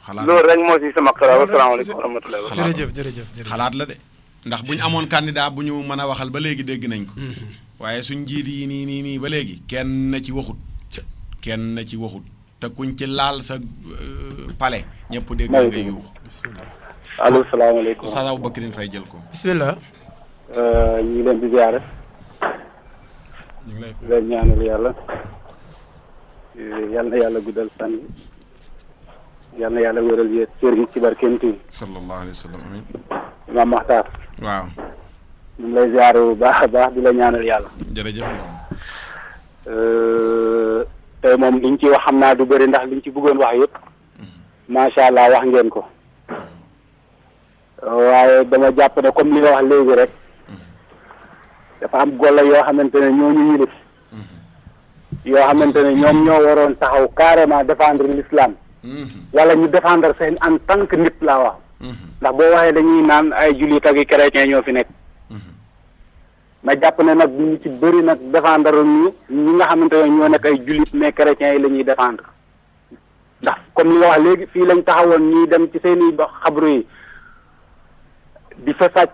xalaat loolu rek moo si sama xalaat asalaamaaleykum wa rahmatulah. jërëjëf jërëjëf xalaat la de. ndax bu ñu amoon candidat bu ñu mën a waxal ba léegi dégg nañ ko. Hmm. waaye suñ njiit yi nii nii nii ba léegi kenn na ci waxut. kenn na ci waxut te ci laal sa euh, palais. ñëpp dégg nga ngay yuux. bisimilah allo salaamaaleykum. Oustaz Aboubacrin jël ko. bisimilah. Euh, ñu ngi leen di ziare. ñu ngi lay fay yàlla yal na yàlla guddal fan yi yal yàlla wéral yéen cër yi ci barkeenti yi. sallallahu alayhi wa sallam waaw. ñu lay ziare bu baax a baax di la ñaanal yàlla. jërëjëf. Euh, moom liñ ci wax xam naa du bëri ndax liñ ci bëggoon wax yëpp. Mm-hmm. macha allah wax ngeen ko. Mm-hmm. waaye dama jàpp ne comme li nga wax léegi rek. dafa am golo yoo xamante ne ñoo ñu yilif mm-hmm. yoo xamante ne ñoom ñoo waroon taxaw carrément défendre l'islam mm-hmm. wala ñu defendre seen en tant nit laa wax mm-hmm. ndax boo waxee dañuy naan ay jullit ak i chrétien ñoo fi nekk na jàpp ne nag ñu ci bëri nag défendre ñu ñi nga xamante ne ñoo nekk ay jullit mais chrétiens yi la ñuy défendre ndax comme li nga wax léegi fii lañ taxawoon ñuy dem ci seen i xabru yi di fa sàcc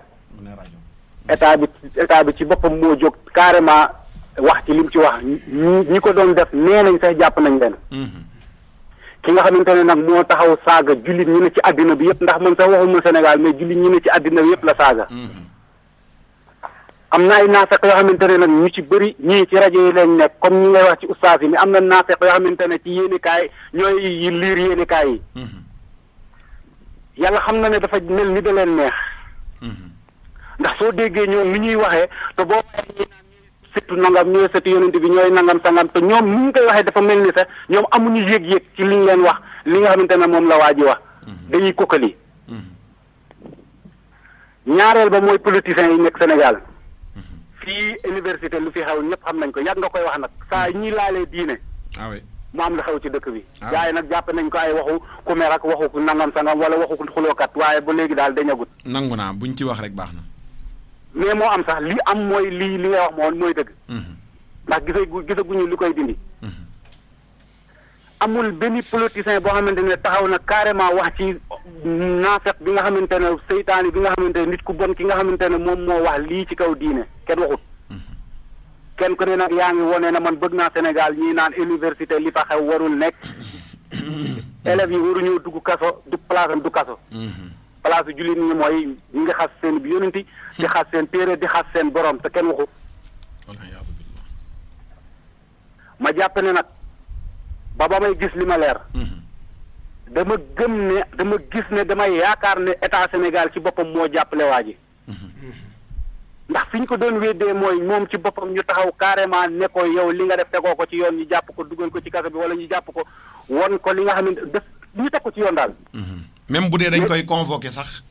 état bi état bi ci boppam moo jóg carrément wax ci lim ci wax ñi ñi ko doon def nee nañ sax jàpp nañ leen. ki nga xamante ne nag moo taxaw saaga jullit ñu ne ci àddina bi yëpp ndax man sax waxuma Sénégal mais jullit ñu ne ci àddina bi yëpp la saaga. am na ay naafeq yoo xamante ne nag ñu ci bëri ñii ci rajo yi lañ nekk comme ñi ngay wax ci ustaas yi mi am na naafeq yoo xamante ne ci yéenekaay ñooy liir yéenekaay yi. Mm-hmm. yàlla xam na ne dafa mel ni da leen ndax soo déggee ñoom ni ñuy waxee te boo waxee surtout nangam ñooy sëtu yonent bi ñooy nangam sangam te ñoom ni ñu koy waxee dafa mel ni sax ñoom amuñu yëg-yëg ci li ñu leen wax li nga xamante ne moom la waa ji wax. Mhm. dañuy kokkali. Mhm. ñaareel ba mooy politiciens yi nekk Sénégal. Mhm. fii université lu fi xew ñëpp xam nañ ko yàgg nga koy wax nag saa ñi laalee diine. Ah mu am la xew ci dëkk bi. waaw ah nag jàpp nañ ko ay waxu ku mer ak ku nangam sangam wala waxu xulookat waaye ba léegi daal dañagut nangu naa buñ ci wax rek baax na. mais moo am sax li am mooy lii li nga wax moom mooy dëgg. Mhm. ndax gisagu gisaguñu li koy dindi. Mhm. amul benn politicien boo xamante ne taxaw na carrément wax ci naafeq bi nga xamante ne seytaane bi nga xamante ne nit ku bon ki nga xamante ne moom moo wax lii ci kaw diine kenn waxut. Mhm. kenn ku ne nag yaa ngi wone na man bëgg naa Sénégal ñi naan université li fa xew warul nekk élèves yi waruñoo dugg kaso du place am du kaso. place yu jullit ñi mooy ñi nga xas seen bi yónanti di xas seen téere di xas seen boroom te kenn waxu ma jàpp ne nag ba ba may gis li ma leer mhm. dama gëm ne dama gis ne damay yaakaar ne état senegal ci boppam moo jàppale waa ji mhm. ndax fi ñu ko doon weddee mooy moom ci boppam ñu taxaw carrément ne ko yow li nga def tegoo ko ci yoon ñu jàpp ko dugal ko ci kaso bi wala ñu jàpp ko won ko li nga xam ne def ñu teg ko ci yoon daal mhm. même bu dee dañ koy convoqué sax.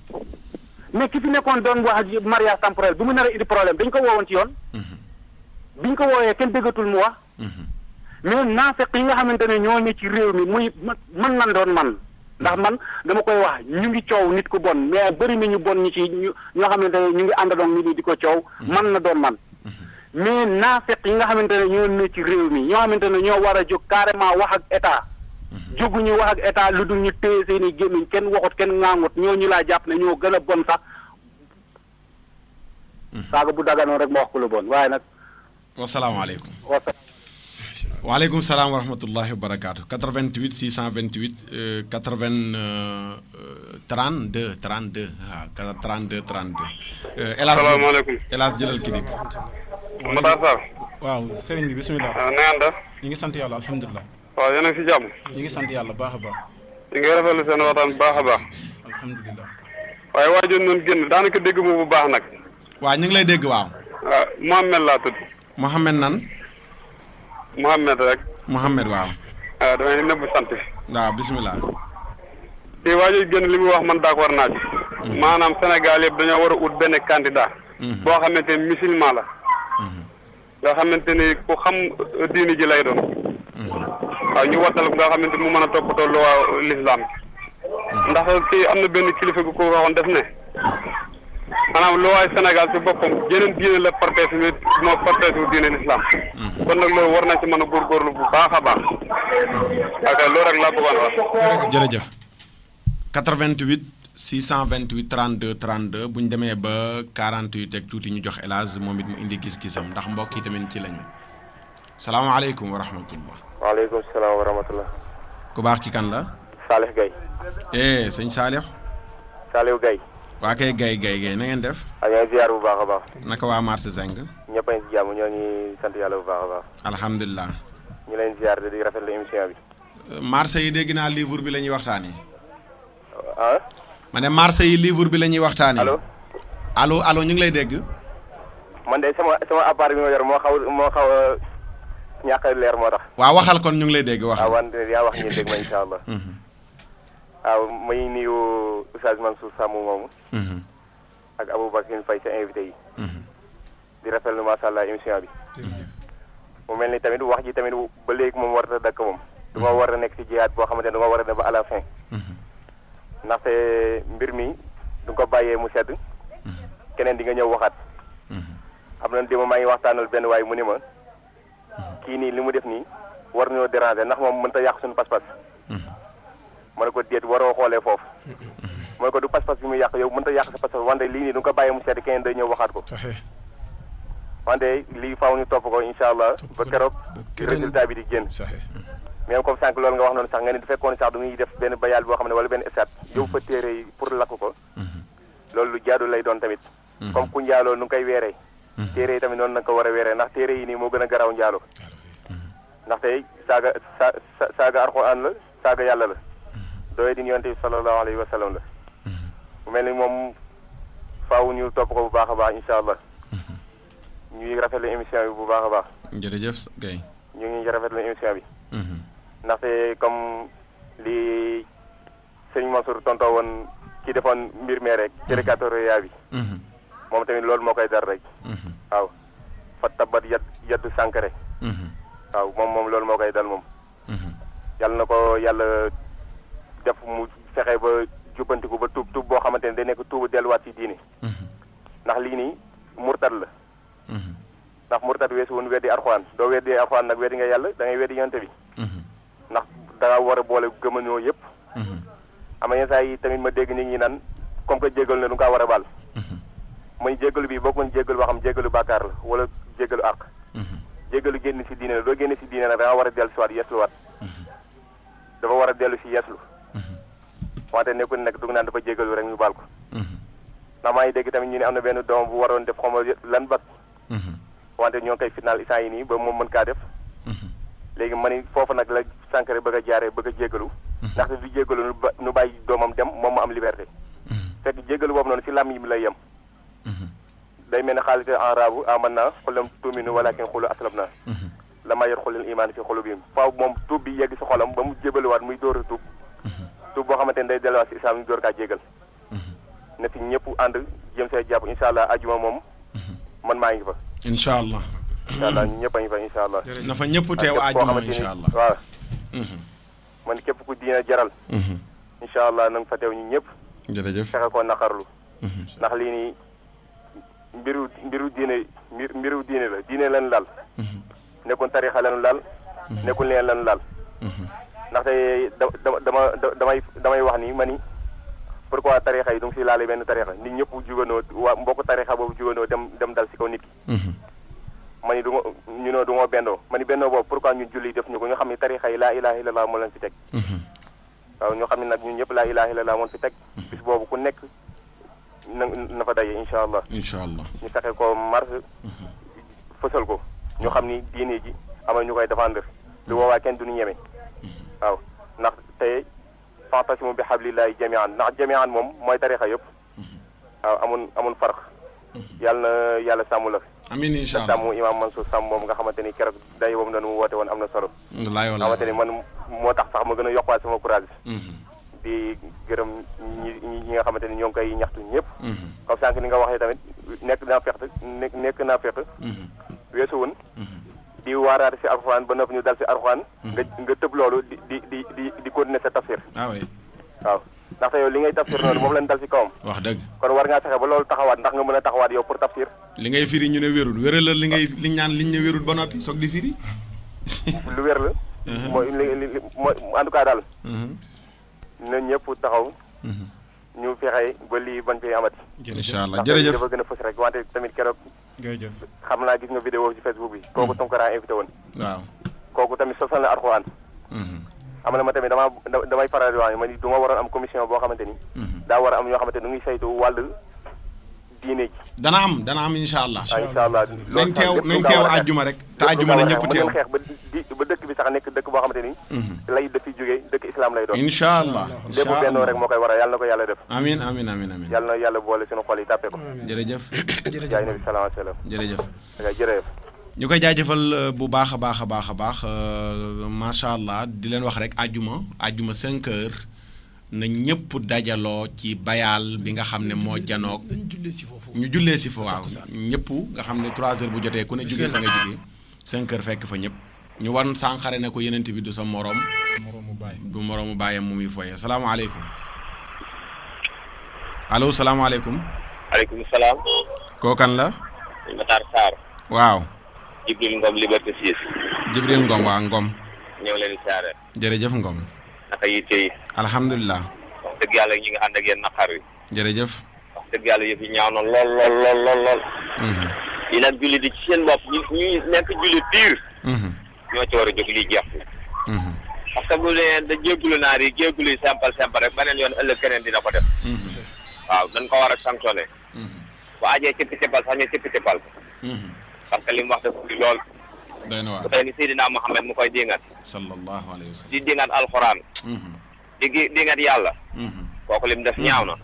mais ki fi nekkoon doon wax ak mariage temporel bi mu nar a indi problème dañ ko woowoon ci yoon. Mhm. biñ ko woowee kenn déggatul mu wax. Mhm. mais naafeq yi nga xamante ne ñoo ne ci réew mi muy man man doon man ndax mhm. man dama koy wax ñu ngi coow nit ku bon mais bëri na ñu bon ñi ci ñoo xamante ne ñu ngi àndaloon nit di ko coow. man na doon man mais naafeq yi nga xamante ne ñoo ci réew mi ñoo xamante ne ñoo war a jóg carrément wax ak état. jóguñu wax ak état lu du ñu téye seen gémmiñ kenn waxut kenn ŋaangut ñooñu laa jàpp ne ñoo gën a bon sax. Mhm. saaga bu daganoon rek ma wax ko lu bon waaye nag. wasalaamaaleykum. waaleykum salaam wa rahmatullahi wa barakaatu 88 628 80 32 32 waaw 32 32. El Hadj salaamaaleykum El jëlal ki dikk. Moussa Sarr. waaw sëriñ bi bisimilah. Ah, na ñu ngi sant yàlla alhamdulilah. waaw yéen si jàmm. ñu ngi sant yàlla baax a baax. ñu ngi rafetlu seen waxtaan baax a baax. alhamdulilah. waaye waa jooju noonu génn daanaka dégg mu bu baax nag. waaw ñu ngi lay dégg waaw. waaw ah, Mouhamed laa tudd. Mouhamed nan. Mouhamed rek. Mouhamed waaw. waaw ah, damay nëbb sant. waaw bisimilah. te waa génn li mu wax man d'accord naa ci. Mhm. maanaam Sénégal yëpp dañoo war a ut benn candidat. Mhm. boo xamante ni musulman la. Mhm. nga xamante ni ku xam diini ji lay doon. waaw ñu wattal nga xamante ni mu mën a toppatoo loi l'islam ndax kii am na benn kilifa gu ko waxoon def ne maanaam loi Sénégal ci boppam jeneen diine la partage bi moo partage wu diine l'islam kon nag loolu war na ci mën a góorgóorlu bu baax a baax ak loolu rek laa bëggoon wax. jërëjëf 88 628 32 32 bu ñu demee ba 48 ak tuuti ñu jox El moom it mu indi gis-gisam ndax mbokk yi tamit ci lañu salaamaaleykum waaleykum salaam wa rahmatullah ku baax ki kan la. Salih Gaye. eh sëñ Salih. Salih Gaye. waa kay gay Gaye Gaye na ngeen def. ak ñooy ziar bu baax a baax. naka waa marché Zeng. ñëpp a ngi si jàmm ñoo ngi sant yàlla bu baax a baax. alhamdulilah. ñu leen ziar di rafetlu émission bi. Euh, marché yi dégg naa livre bi la ñuy waxtaanee. ah. ma ne marché yi livre bi la waxtaanee. allo allo allo ñu ngi lay dégg. man de sama sama appareil bi ma yor moo xaw moo xaw ñàkk leer moo tax. waaw waxal kon ñu ngi lay dégg waxal. yaa wax ñu dégg ma incha allah. Mm-hmm. waaw may nuyu Oustaz Mansour Samb moomu. Mm-hmm. ak Aboubacar Faye sa invité yi. Mm-hmm. di rafetlu macha allah émission bi. mu mel ni tamit wax ji tamit ba léegi moom warta dakk moom. du ma war a nekk ci jihaat boo xamante ne du ma war a dem ba à la fin. ndaxte mbir mi du ko bàyyee mu sedd. keneen di nga ñëw waxaat. xam na démb maa ngi waxtaanal benn waay mu ni ma. kii nii li mu def nii war ñoo déranger ndax moom mënta yàq suñu pas-pas ma ne ko déet waroo xoolee foofu ma ne ko du pas-pas bi muy yàq yow mënta yàq sa pas-pas wante lii nii du nga ko bàyyi mu seet keneen day ñëw waxaat ko wante lii faaw ñu topp ko incha allah ba keroog résultat bi di génn même comme sànq lool nga wax noonu sax nga ne du fekkoon sax du muy def benn bayaal boo xam ne wala benn état hmm. yow fa téere yi pour lakk ko hmm. loolu lu jaadu lay doon tamit hmm. comme ku njaaloo nu koy weeree Mm-hmm. téere yi tamit noonu na nga ko war a weeree ndax téere yi nii moo gën a garaaw njaalo mm-hmm. ndaxte tey saaga sa saaga alxuraan la saaga yàlla la mm-hmm. dooy din yonte bi sallallahu alayhi wa sallam la mu mel ni moom faw ñu topp ko bu baax a baax incha allah ñuy rafet émission bi bu baax a baax ñu ngi rafetlu émission bi ndaxte comme li sëñ Mansour tontoo woon kii defoon mbir mee rek caricature yaa bi moom tamit loolu moo koy dar rek waaw fa tabat yad yaddu Sankare. Mhm. waaw moom moom loolu moo koy dal moom. Mhm. yàlla na ko yàlla def mu fexe ba jubbantiku ba tuub tuub boo xamante ne day nekk tuubu delluwaat ci diini. Mhm. ndax lii nii murtad la. ndax murtad wees woon weddi arxuwaan doo weddi arxuwaan nag weddi nga yàlla da ngay weddi yonte bi. ndax dangaa war a boole gëmëñoo yëpp. am na yenn saa yi tamit ma dégg ni ñi naan comme que jégal na du nga war a baal. muy jégalu bi bokkoon jégalu boo xam jégalu bàkkaar la wala jégalu àq. Mhm. jégalu génn si diine la doo génn si diine nag da nga war a dellu si waat yesluwaat. Mhm. dafa war a dellu si yeslu. Mhm. wante nekkul nag dugg naan dafa jégalu rek ñu baal ko. ndax maa ngi dégg tamit ñu ne am na benn doom bu waroon def xaw ma lan bag. wante ñoo ngi koy fitnaal isaan yi nii ba moom mën kaa def. léegi ma ni foofu nag la Sankharé bëgg a jaaree bëgg a jégalu. ndaxte du jégalu nu bàyyi doomam dem moom am liberté. fekk jégalu boobu noonu si lam yi lay yem. day mel ne xaalis bi en raabu aman naa xolam tuminu mhm. tuub bi yegg si xolam ba mu jébaliwaat muy dóor a tuub mhm. tuub boo xamante ne day delluwaat si islam ñu door kaa jégal mhm. na fi ñëpp ànd jëm see jàpp incha allah ajuma moom man maa ngi fa incha allah incha ñu ñëpp a ngi fa incha allah na fa ñëpp teew ajuma incha allah waaw man képp ku diina jaral incha allah na nga fa teew ñu ñëpp fexe ko naqarlu ndax lii nii mbiru mbiru diine mbiru diine la diine lan laal. nekkul tarixa lan laal. nekkul leen lan laal. ndaxte da dama damay damay wax ni ma ni pourquoi tarixa yi du mu fi laale benn tarixa nit ñëpp juganoo waa mbokk tarixa boobu juganoo dem dem dal si ko nit ki. ma ni du ma ñu noo du moo bennoo ma ni bennoo boobu pourquoi ñun julli def ñu ko ñu xam ne tarixa yi laa ilaha illallah moo leen fi teg. Mhm. waaw ñoo xam ne nag ñun ñëpp laa ilaha illallah moo fi teg. bis boobu ku nekk. na fa daje incha allah. incha allah ñu fexe ko mars. fësal ko ñu xam ni diine ji amal ñu koy défendre. lu boobaa kenn du ñu ñeme. waaw ndax tey fa'tasimu bi hablillahi jami'an ndax jami'an moom mooy tarixa yëpp. waaw amun amun farq. na yàlla sàmm la. amiin incha allah sàmm imaam moom nga xamante ni keroog day boobu noonu mu woote woon am na solo. wallaahi moo tax sax ma gën a yokkuwaat sama courage. Mm-hmm. di gërëm ñi ñi nga xamante ni ñoo ngi koy ñaxtu ñëpp. Mm-hmm. comme sànq ni nga waxee tamit nekk naa fexe nekk nekk naa fexe. Mm-hmm. weesu woon. Mm-hmm. di waaraate si alxuraan ba noppi ñu dal si alxuraan. nga nga tëb loolu di di di di di continuer sa tafsir. Ah waaw ndaxte yow li ngay tafsir noonu moom lañ dal si kawam. wax dëgg kon war ngaa fexe ba loolu taxawaat ndax nga mën a taxawaat yow pour tafsir. li ngay firi ñu ne wérul wéralal li ngay li ñaan liñ ne wérul ba noppi soog di firi. lu wér la. Uh-huh. mooy li li na ñëpp taxaw. Mhm. ñu fexe ba lii bañ fi amati. incha allah jërëjëf dafa gën a fës rek wante tamit keroog. jërëjëf xam naa gis nga vidéo ci Facebook bi. kooku mhm. Tunkara invité woon. waaw kooku tamit sosal na Alxuraan. Mhm. am na ma tamit damaa damay faral di wax ma ni du ma waroon am commission boo xamante ni. daa war a am ñoo xamante ni ñu ngi saytu wàll. diine ji. dana am dana am incha allah. incha allah nañ teew nañ teew àjjuma rek. te àjjuma na ñëpp teew ba di ba dëkk bi sax nekk dëkk boo xamante ni. Mhm. lay dafiy jógee dëkk islam lay doon. incha allah incha allah lépp bennoo rek moo koy waral yàlla na ko yàlla def. amiin amiin amiin amiin. yàlla na yàlla boole sunu xol yi tàppe ko. jërëjëf. jërëjëf jaay nabi ñu koy jaajëfal euh, bu baax a baax a baax a baax euh, macha allah di leen wax rek àjjuma àjjuma 5 heures na ñëpp dajaloo ci bayaal bi nga xam ne moo janoog ñu jullee si fa waaw ñëpp nga xam ne trois heures bu jotee ku ne jógee fa nga jógee fekk fa ñëpp ñu wan sànqare ne ko yenent bi du sa moroom du moroomu bàyyam mu muy foye salaamaaleykum allo salaamaaleykum aleykum salaam la Matar waaw Jibril Ngom Liberté 6 Jibril waa Ngom jërëjëf Ngom naka yitte yi. alhamdulilah. wax dëgg yàlla ñu ngi ànd ak yéen naqar a jërëjëf. wax dëgg yàlla yëf yi ñaaw na lool lool lool lool lool. yi mhm. nag jullit yi ci seen bopp ñu ñu nekk jullit diir. Mhm. ñoo ci war a jóg lii jeex mhm. parce que bu dee da jéggulu naar yi jéggulu simple simple rek beneen yoon ëllëg keneen dina ko def. waaw dañ ko war a sanctionné. bu aajee cëppi cëppal sax ñu cëppi cëppal. parce que li mu wax lool. day na waar ku mel ni mu koy dingat sallallahu alayhi wa dingat alxuraan mhm. di dingat yàlla mhm. kooku lim def ñaaw na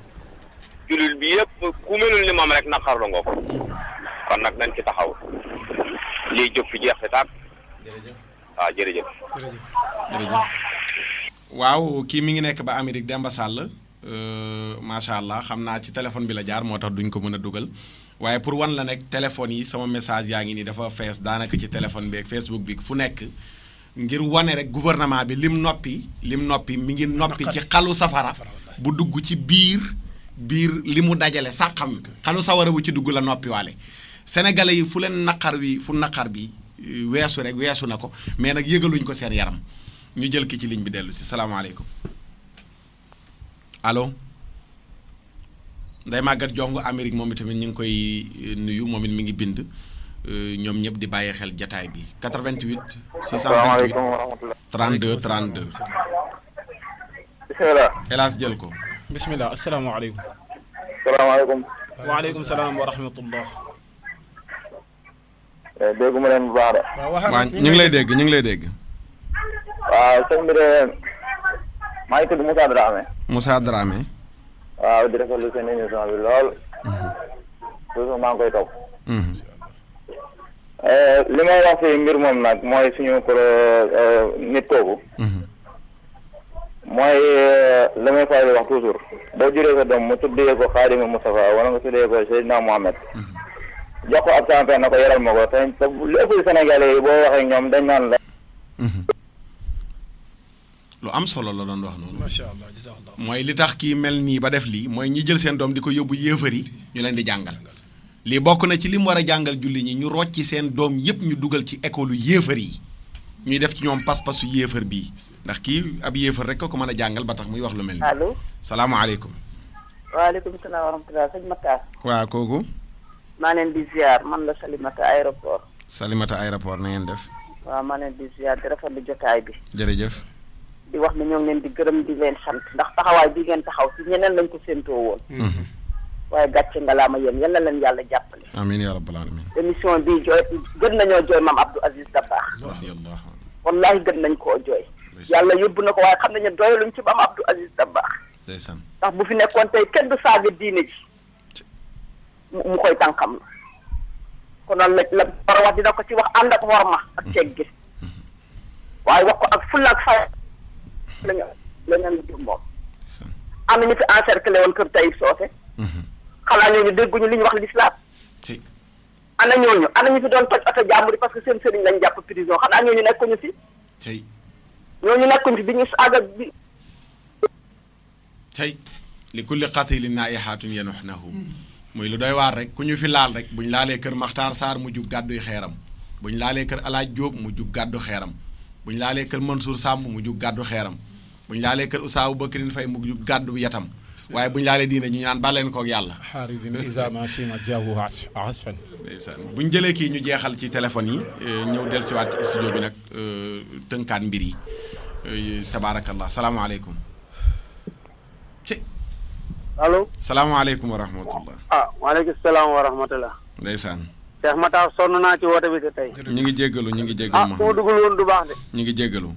julul bi yëpp ku melul ni moom rek naqarlu nga ko kon nag nañ ci taxaw li jóg fi jeex fi tàkk ah, waaw kii mi ngi nekk ba Amérique Demba Sall euh, macha allah xam naa ci téléphone bi la jaar moo tax duñ ko mën a dugal waaye pour wan la nekk téléphone yi sama message yaa ngi nii dafa fees daanaka ci téléphone bi ak Facebook bi fu nekk ngir wane rek gouvernement bi lim noppi lim noppi mi ngi noppi ci xalu safara bu dugg ci biir biir li mu dajale sax xam xalu safara bu ci dugg la noppi waale sénégalais yi fu leen naqar wi fu naqar bi euh, weesu rek weesu na ko mais nag yëgaluñ ko seen yaram ñu jël ki ci ligne bi dellu si salaamaaleykum allo nday màggat jong Amérique moom itamit ñu ngi koy euh, nuyu moom it mi ngi bind euh, ñoom ñëpp di bàyyi xel jataay bi 88 628 32 32 bismillah hélas jël ko bismillah asalaamaaleykum salaamaaleykum waaleykum salaam wa rahmatullah eh, déggu ma leen bu baax de ñu ngi lay dégg ñu ngi lay dégg waaw sëñ bi de maa ngi tudd Moussa Dramé Moussa waaw di rafetlu seen émission bi lool. Mhm. toujours maa ngi koy topp. Mhm. Euh, li may wax si mbir moom nag mooy suñu pro euh, nit kooku. Mhm. mooy euh, li may faral di wax boo juree sa doom mu tuddee ko Xaadimu Mustafa wala nga tuddee ko Seydina Mohamed. jox ko ab ko yaral ma ko li ëpp Sénégalais yi boo waxee ñoom dañ naan la. lu am solo la doon wax noonu. macha allah jazakallah mooy li tax kii mel nii ba def lii mooy ñi jël seen doom di ko yóbbu yéefar yi ñu leen di jàngal. lii bokk na ci li mu war a jàngal julli ñi ñu rocc seen doom yëpp ñu dugal ci école yéefar yi ñuy def ci ñoom pas-pasu yéefar bii ndax kii ab yéefar rek ko ko mën a jàngal ba tax muy wax lu mel nii. allo salaamaaleykum. waaleykum salaam wa rahmatulah sëñ Makhtar. waaw kooku. maa leen di man la Salimata aéroport. Salimata aéroport na ngeen def. waaw maa leen di ziar di rafetlu jotaay jërëjëf. di wax ne ñoo ngi leen di gërëm di leen sant ndax taxawaay bi ngeen taxaw ti ñeneen lañ ko séentoo woon. Mm-hmm. waaye gàcce nga laa ma yéen yal na leen yàlla jàppale. amiin yaa rabbal aalamiin. émission bii jooy gën nañoo jooy maam Abdou Aziz Dabakh. wallaahi gën nañ koo jooy. yàlla yóbbu na ko waaye xam nañu doyaluñ ci maam Abdou Aziz Dabakh. ndeysaan ndax bu fi nekkoon tey kenn du saaga diine ji. mu koy tànkam na kon nag la la war a wax dina ko ci wax ànd ak worma ak ceeg mm-hmm. mm-hmm. waaye lañu leneen lu moom am na ñu fi encerclé woon kër Taïb Socé mm-hmm. xanaa ñooñu dégguñu li ñu wax lislaam ana ñooñu ana ñu fi doon toj oto jàmbur parce que seen sëriñ lañ jàpp prison xanaa ñooñu nekkuñu fi ñooñu nekkuñu fi bi ñu saaga bi tey li kulli qatilin naa'ihaatun yanuunahu mm. muy lu doy waar rek ku ñu fi laal rek buñ laalee kër Maxtaar Sarr mu jug gàdduy xeeram buñ laalee kër Alaaj Jóob mu jug gàddu xeeram buñ laalee kër Mansour Samb mu jug gàddu xeeram bu ñu laalee kër Oustaz Aboubacrin Faye mu gàddu yatam waaye bu ñu laalee diine ñu naan bàlleen koog yàlla bu ñu jëlee kii ñu jeexal ci téléphone yi e, ñëw del siwaat ci studio bi nag e, tënkaat mbir yi e, tabaarakallah salaamaaleykum ci allo salaamaaleykum wa rahmatullah ah waaleykum salaam wa rahmatullah ndeysaan Cheikh Matar sonn naa ci woote bi de tey ñu ngi jéggalu ñu ngi jéggalu ah moo dugal woon du baax de ñu ngi jéggalu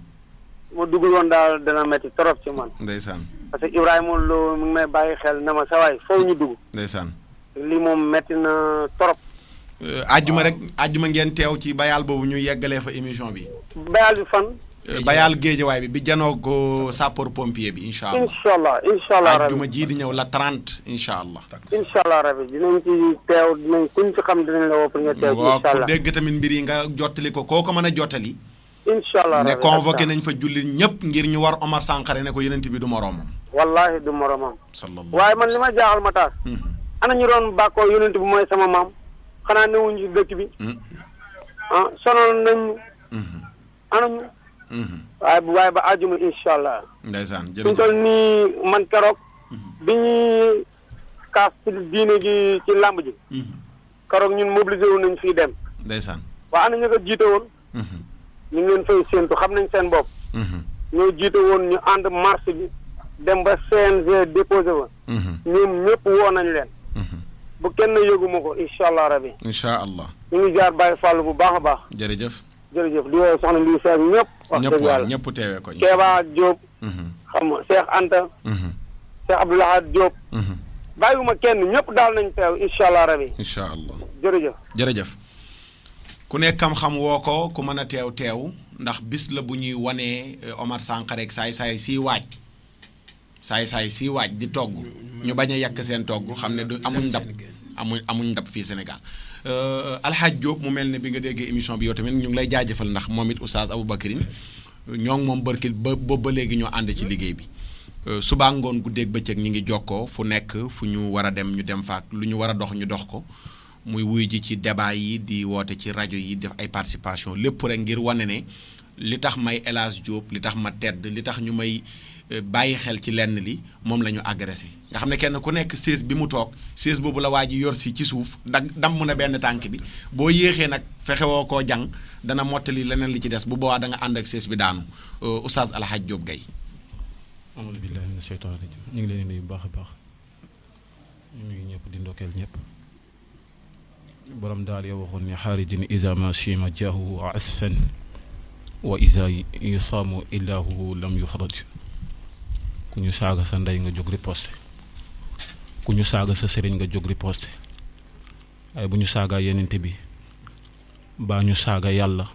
ma duggul woon daal dana métti trop ci man. ndeysaan. parce que Ibrahima Lo mu ngi may bàyyi xel na ma sa waay foofu ñu dugg. ndeysaan. lii moom métti na trop. Euh, àjjuma rek àjjuma ngeen teew ci bayal boobu ñu yeggalee fa émission bi. bayal bi fan. Euh, bayal géejawaay bi bi janoo ko euh, sapeur pompier bi incha allah. incha allah incha allah rabi di ñëw la 30 incha allah. incha allah ci teew dinañ kuñ ci xam dinañ la woo pour teew. incha allah ku dégg tamit mbir yi nga jottali ko koo ko mën a jottali. incha allah ne convoqué nañ fa jullit ñëpp ngir ñu war Omar Sankare ne ko yeneen bi du moroomam. wallaahi du moroomam. sallallahu waaye man li ma jaaxal ma taas. Mhm. ana ñu doon bàkkoo yeneen bi mooy sama maam xanaa newuñu ci dëkk bi. Mhm. ah sonal nañ. Mhm. ana ñu. waaye bu waaye ba àjjuma incha allah. ndeysaan jërëjëf toll nii man keroog. bi ñuy kaas ci diine gi ci làmb ji. keroog ñun mobilisé wu nañ fii dem. ndeysaan waaye ana ñu ko jiite ñu ngi leen fay séentu xam nañ seen bopp. Mhm. ñoo jiite woon ñu ànd marche bi dem ba CNG déposé ba. Mhm. ñoom ñëpp woo nañ leen. Mhm. bu kenn yëguma ko incha allah rabi. incha allah ñu ngi jaar bàyyi fàll bu baax a baax. jërëjëf. jërëjëf di woowe soxna Ndoye Seck ñëpp. wax dëgg yàlla teewee ko. Kéba Diop. xam nga Cheikh Anta. Cheikh Abdoulahad Diop. ma kenn ñëpp daal nañ teew incha allah rabi. incha jërëjëf jërëjëf. ku nekk xam woo ko ku mën a teew teew ndax bis la bu ñuy wanee eh, Omar Sankara ak saay-saay siy waaj saay-saay siy waaj di togg ñu bañ a yàq seen togg xam ne du amuñ ndab amuñ amuñ ndab fii Sénégal euh, Alxaaj Diop mu mel ni bi nga déggee émission bi yow tamit ñu ngi lay jëfal ndax moom it Oustaz Aboubacrin ñoo ngi moom barkil ba ba léegi ñoo ànd ci liggéey bi euh, subaa ngoon guddeeg bëccëg ñi ngi jokkoo fu nekk fu ñu war a dem ñu dem faak lu ñu war a dox ñu dox ko muy wuy ji ci débat yi di woote ci rajo yi def ay participation lépp rek ngir wane ne li tax may El Hadj li tax ma tedd li tax ñu may eh, bàyyi xel ci lenn li moom lañu ñu agressé nga xam ne kenn ku nekk siis bi mu toog siis boobu la waa ji yor si ci suuf dag damm na benn tànk bi boo yéexee nag fexewoo ko jàng dana mottali leneen li ci des bu boobaa da nga ànd ak siis bi daanu euh, Oustaz El Hadj Diop Gaye ñu ngi leen di nuyu bu a baax ñu ngi ñëpp di ñëpp borom daal ya waxoon ni xaarijin ida ma chima jaahu asfan wa ku ñu saaga sa ndey nga jóg riposte ku ñu saaga sa sëriñ nga jóg riposte waaye bu ñu saagaa yenente bi baa ñu saaga yàlla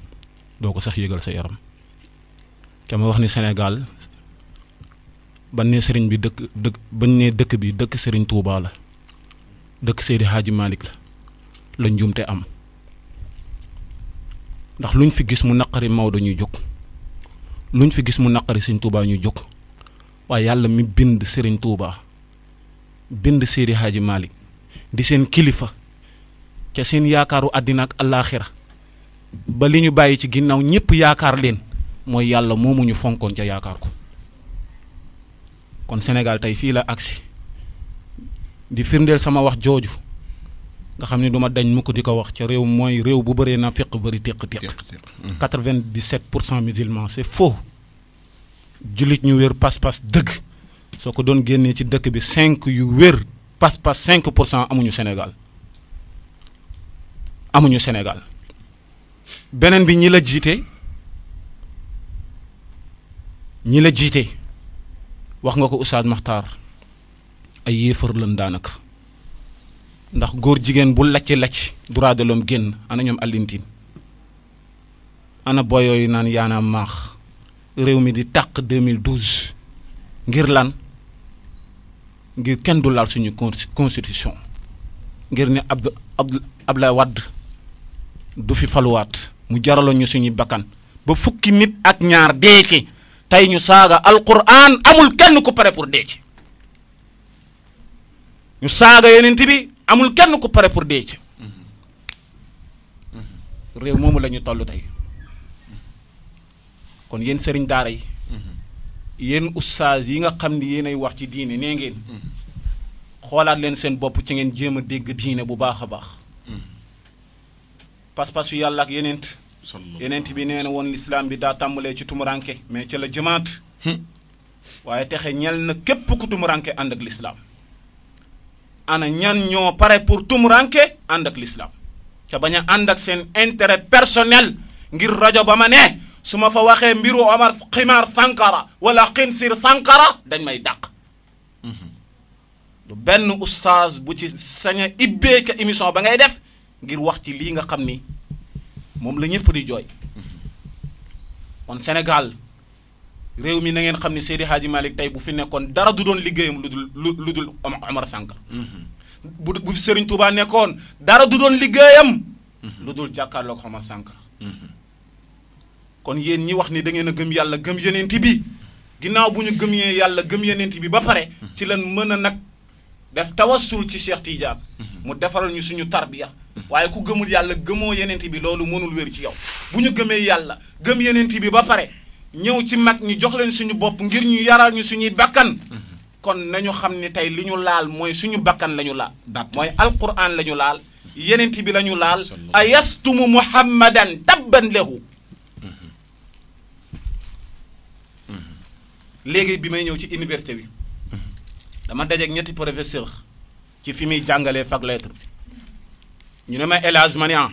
doo ko sax yëgal sa yaram te ma wax ni Sénégal ba ne sëriñ bi dëkk dëkk ban ne dëkk bi dëkk sëriñ Touba la dëkk Seydi Hadji Malick la la njuumte am ndax lu luñ fi gis mu naqari Maodo ñu jóg luñ fi gis mu naqari Sëñ Tuubaa ñu jóg waaye yàlla mi bind Sëriñ Tuubaa bind Seydi Hadji Malick di seen kilifa ca seen yaakaaru àddina ak àllaaxira ba li ñu bàyyi ci ginnaaw ñëpp yaakaar leen mooy yàlla moomu ñu fonkoon ca yaakaar ko kon Sénégal tey fii la agsi di firndeel sama wax jooju nga xam ne du ma dañ mukk di ko wax ca réew mooy réew bu bëree na fiq bëri téq téq mm-hmm. quatre-vingt-dix-sept pour cent musulmans c'est faux jullit ñu wér pas-pas dëgg soo ko doon génnee ci dëkk bi cinq yu wér pas-pas cinq pour cent amuñu Sénégal amuñu Sénégal beneen bi ñi la jiite ñi la jiite wax nga ko Oustaz maxtar ay yéefar lan daanaka ndax góor jigéen bu lacc lacc droit de l'homme génn ana ñoom allintin ana boy yooyu naan yaana maax réew mi di tàq 2012 ngir lan ngir kenn du laal suñu constitution ngir ne Abdou Abdou Abdoulaye Wade du fi faluwaat mu jaraloon ñu suñuy bakkan ba fukki nit ak ñaar dee ci tey ñu saaga alquran amul kenn ku pare pour dee ci ñu saaga yeneen bi amul kenn ku pare pour dee ci mm-hmm. réew moomu la ñu toll tey kon yéen sëriñ daara yi mm-hmm. yéen ustaas yi nga xam ni yéen ay wax ci diine nee ngeen mm-hmm. xoolaat leen seen bopp ci ngeen jéem a dégg diine bu baax a baax pas-pas yu yàlla ak yeneent yeneent bi nee na woon lislaam bi daa tàmbalee ci tumuranke mais ci la jëmaat hmm. waaye texe ñel na képp ku tumuranke ànd ak lislaam ana ñan ñoo pare pour tumuranke ànd ak l'islam te bañ a ànd ak seen intérêt personnel ngir rajo ba ma ne su ma fa waxee mbiru Omar Ximaar Sankara wala Xinsir Sankara dañ may dàq mhm. du benn oustaz bu ci sañ a ibbee ca émission ba ngay def ngir wax ci lii nga xam ni moom la ñëpp di jooy mhm. kon Sénégal réew mi na ngeen xam ne Seydi xaaji Malick tey bu fi nekkoon dara du doon liggéeyam lu dul lu dul Omar Sankara mm-hmm. bu bu fi Serigne Touba nekkoon dara du doon liggéeyam. Mm-hmm. lu dul jàkkaarloog Omar Sankara mm-hmm. kon yéen ñi wax ni da ngeen a gëm yàlla gëm yeneenti bi ginnaaw bu ñu gëmee yàlla gëm yeneenti bi ba pare. ci lan mën a nag def tawassul ci Cheikh Tidiane. mu defaral ñu suñu tarbiya waaye ku gëmul yàlla gëmoo yeneenti bi loolu mënul wér ci yow bu ñu gëmee yàlla gëm yeneenti bi ba pare. ñëw ci mag ñu jox leen suñu bopp ngir ñu yaral ñu suñuy bakkan kon nañu xam ne tey li ñu laal mooy suñu bakkan lañu laal laal mooy alquran la ñu laal yenent bi la ñu laal ayastumu muhammadan tabban lahu mhm. léegi bi may ñëw ci université bi mhm. dama dajeeg ñetti professeur ci fi muy jàngalee fac lettre ñu ne ma élage mania ah,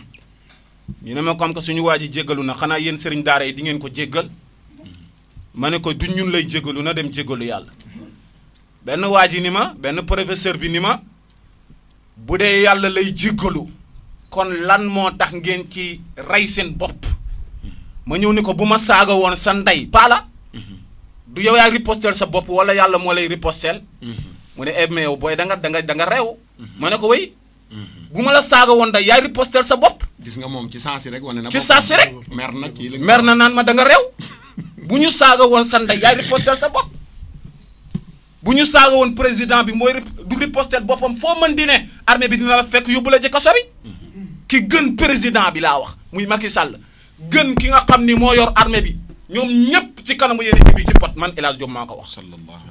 ñu ne ma comme que suñu waa ji jéggalu na xanaa yéen sëriñ daara yi di ngeen ko jéggal ma ne ko du ñun lay jégalu na dem jégalu yàlla benn waa ji ni ma benn professeur bi ni ma bu dee yàlla lay jégalu kon lan moo tax ngeen ci rey seen bopp ma ñëw ni ko bu ma saaga woon sa ndey paala du yow yaay ripostel sa bopp wala yàlla moo lay ripostel mu ne eh, mais yow booy da nga da nga da nga reew ma ne ko wéy bu ma la saaga woon day yaay ripostel sa bopp gis nga ci saa rek wane na ci saa si rek mer na kii mer na naan ma danga nga reew bu ñu saaga woon sa ndey yaay ripostel sa bopp bu ñu saaga woon président bi mooy du ripostel boppam foo man di ne armée bi dina la fekk yóbbu la ci kaso bi ki gën président bi laa wax muy Macky Sall gën ki nga xam ni moo yor armée bi ñoom ñëpp ci kanamu yéen bi ci pot man El Hadj Diop maa ko wax.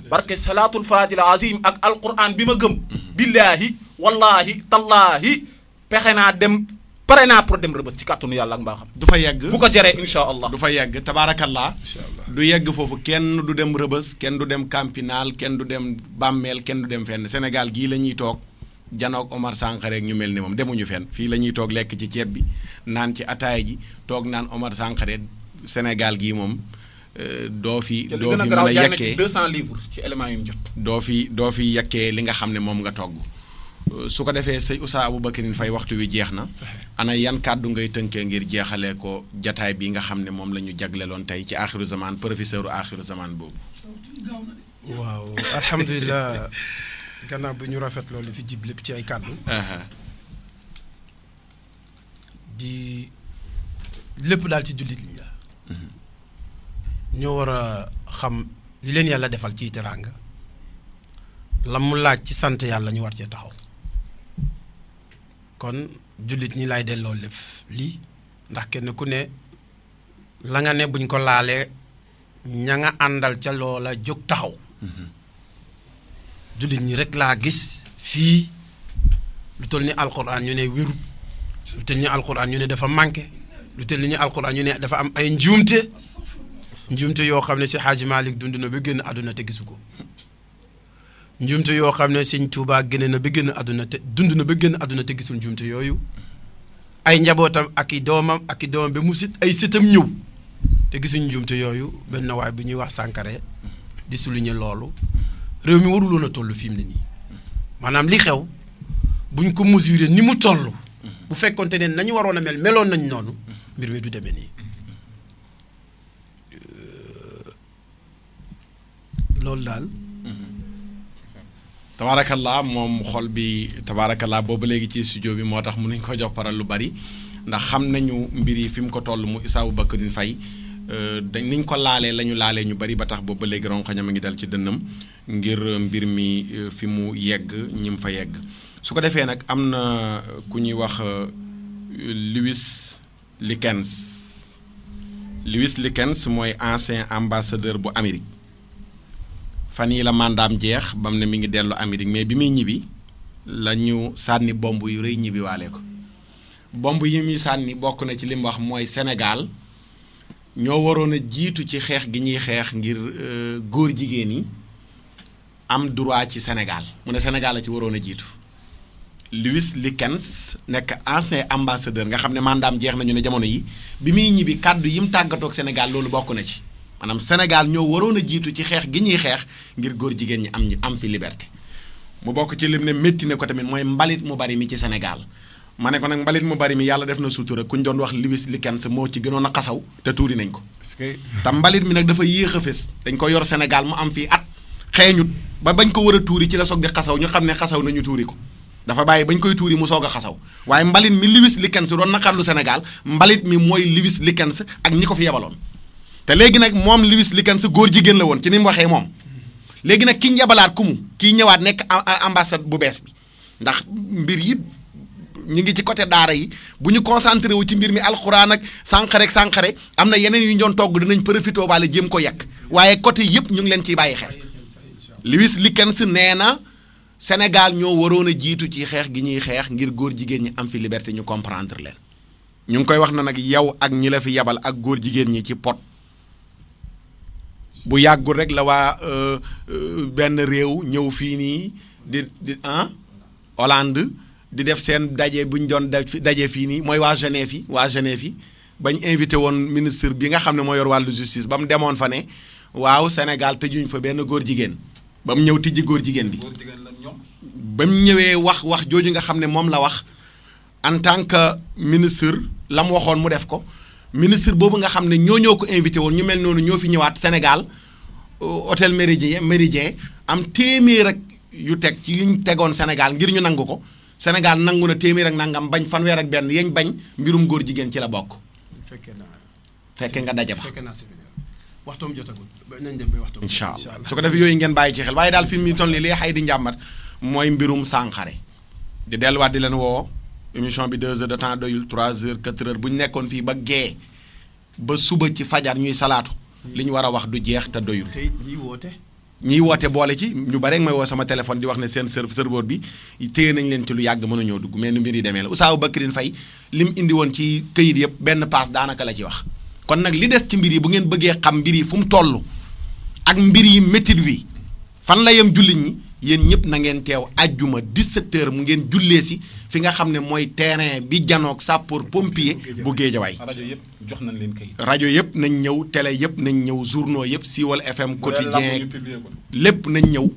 barke salaatul faatihil azim ak alquran bi ma gëm. Mhm. billaahi wallaahi tallaahi pexe naa dem. pare naa pour dem rëbës ci kàttanu yàlla ak mbaaxam. du fa yegg bu ko jëree incha allah. du fa yegg tabaarakallah. du yegg foofu kenn du dem rëbës kenn du dem campinal kenn du dem bàmmeel kenn du dem fenn Sénégal gii la ñuy toog janook Omar Sankhare ak ñu mel ni moom demuñu fenn fii la ñuy toog lekk ci ceeb bi naan ci ataay ji toog naan Omar Sankhare Sénégal gii moom. Euh, doo fi doo fi mën a yekkee ci éléments yu ñu jot. doo fi doo fi yekkee li nga xam ne moom nga togg. su ko defee sëñ Oussa Aboubacrin fay waxtu wi jeex na ana yan kàddu ngay tënkee ngir jeexale ko jataay bi nga xam ne moom la ñu jagleloon tey ci axiru zaman professeur u axiru zaman boobu waaw alhamdulilah gannaaw bi ñu rafet loolu fi jib lépp ci ay kàddu di lépp daal ci jullit li la mhm. ñoo war a xam li leen yàlla defal ciy teraanga la mu laaj ci sant yàlla ñu war cee taxaw kon jullit ñi lay delloo lépp lii ndax kenn ku ne la nga ne buñ ko laalee ña nga àndal ca loola jóg taxaw mhm. jullit ñi rek laa gis fii lu toll ni alxuraan ñu ne wérut lu toll ni alxuraan ñu ne dafa manqué lu toll ni alxuraan ñu ne dafa am ay njuumte njuumte yoo xam ne si xaaji Malick dund na ba génn àdduna te gisu ko njumte yoo xam ne sëñ Touba génne na ba génn àdduna te dund na ba génn àdduna te gisul njumte yooyu ay njabootam ak i doomam ak i doomam ba mu sit ay sëtam ñëw te gisuñu njumte yooyu benn waay bu ñuy wax Sankaré di souligner loolu réew mi waruloon a toll fi mu ne nii maanaam li xew buñ ko mesurer ni mu toll bu fekkonte ne nañu waroon a mel meloon nañ noonu mbir mi du demee nii euh, loolu daal. tabaarakallaa moom xol bi tabaarakallaa boobu léegi ci studio bi moo tax mënuñ ko jox paral lu bari ndax xam nañu mbir yi fi mu ko toll mu Issaawu Bakkarin Faye euh, dañ niñ ko laalee la ñu laalee ñu bari ba tax boobu ba léegi ronxañam a ngi dal ci dënnam ngir mbir mi euh, fi mu yegg ñi fa yegg su ko defee nag am na euh, ku ñuy wax Lewis Likens Lewis Likens mooy ancien ambassadeur bu Amérique fan yii la màndaam jeex bam ne mi ngi dellu Amérique mais bi muy ñibbi la ñu sànni bomb yu rëy ñibbi ko bomb yi muy sànni bokk na ci lim mu wax mooy Sénégal ñoo waroon a jiitu ci xeex gi ñuy xeex ngir euh, góor jigéen yi am droit ci Sénégal mu ne Sénégal la ci waroon a jiitu Louis Likens nekk ancien ambassadeur nga xam ne mandaam jeex nañu ne jamono yi bi muy ñibbi kàddu yi mu tàggatoo ak Sénégal loolu bokk na ci. maanaam Sénégal ñoo waroon a jiitu ci xeex gi ñuy xeex ngir góor jigéen ñi am ñu am fi liberté mu bokk ci lim ne métti na ko tamit mooy mbalit mu bari mi ci Sénégal ma ne ko nag mu bari mi yàlla def na sutura ku ñu doon wax Lewis Likens moo ci gënoon a xasaw te tuuri nañ ko te mbalit mi nag dafa yéex a fés dañ ko yor Sénégal mu am fii at xeeñut ba bañ ko war a tuuri ci la soog di xasaw ñu xam ne xasaw nañu tuuri ko dafa bàyyi bañ koy tuuri mu soog xasaw waaye mbalit mi Lewis Likens doon naqarlu Sénégal mbalit mi mooy Lewis Likens ak ñi ko fi yebaloon te léegi nag moom Lewis Likan sa góor jigéen la woon ci ni mu waxee moom léegi nag ki njabalaat kumu kii ñëwaat nekk ambassade bu bees bi ndax mbir yi ñu ngi ci côté daara yi bu ñu concentré wu ci mbir mi alxuraan ak sànqare ak sànqare am na yeneen yu ñu doon togg dinañ profité waale jéem ko yàq waaye côté yëpp ñu ngi leen ciy bàyyi xel. Lewis Likan si nee na Sénégal ñoo waroon a jiitu ci xeex gi ñuy xeex ngir góor jigéen ñi am fi liberté ñu comprendre leen ñu ngi koy wax na nag yow ak ñi la fi yabal ak góor jigéen ñi ci pot. bu yàggul rek la waa euh, euh, benn réew ñëw fii nii di di ah Hollande di def seen daje bu ñu doon daje fii nii mooy waa Genève fi waa Genève yi bañ invité woon ministre bi nga xam ne moo yor wàllu justice ba mu demoon fa ne waaw te tëjuñ fa benn góor jigéen ba mu ñëw tijji góor jigéen bi ba mu ñëwee wax wax jooju nga xam ne moom la wax en tant que ministre la mu waxoon mu def ko ministre boobu nga xam ne ñoo ñoo ko invité woon ñu mel noonu ñoo fi ñëwaat Sénégal euh, hôtel Méridien Méridien am téeméer ak yu teg ci yuñ tegoon Sénégal ngir ñu nangu ko Sénégal nangu na téeméer ak nangam bañ fanweer ak benn yeñ bañ mbirum góor jigéen ci la bokk. fekke naa fekke nga daje ba fekke naa waxtoom jotagul nañ dem ba waxtoom. incha allah su ko defee yooyu ngeen bàyyi ci xel waaye daal fi mu toll nii li xay di njàmbat mooy mbirum sànqare di delluwaat di leen woo. émission bi deux heures de temps doyul trois heures quatre heures bu ñu nekkoon fii ba gee ba suba ci fajar ñuy salaatu li ñu war a wax du jeex te doyul. tey ñiy woote. ñiy woote boole ci ñu bare mooy wax sama téléphone di wax ne seen serveur bi téye nañ leen ci lu yàgg mën a dugg mee nu mbir yi demee la Oustaz Aboubacry Faye li mu indi woon ci këyit yëpp benn paas daanaka la ci wax. kon nag li des ci mbir yi bu ngeen bëggee xam mbir yi fu mu toll ak mbir yi métit wi fan la yem jullit ñi. yéen ñëpp na ngeen teew ajjuma 17 septeur mu ngeen jullee si fi nga xam ne mooy terrain bi janoog sapeur pompier bu Géejawaay rajo yëpp jox nañ leen rajo yëpp nañ ñëw télé yëpp nañ ñëw journaux si siiwal FM quotidien lépp nañ ñëw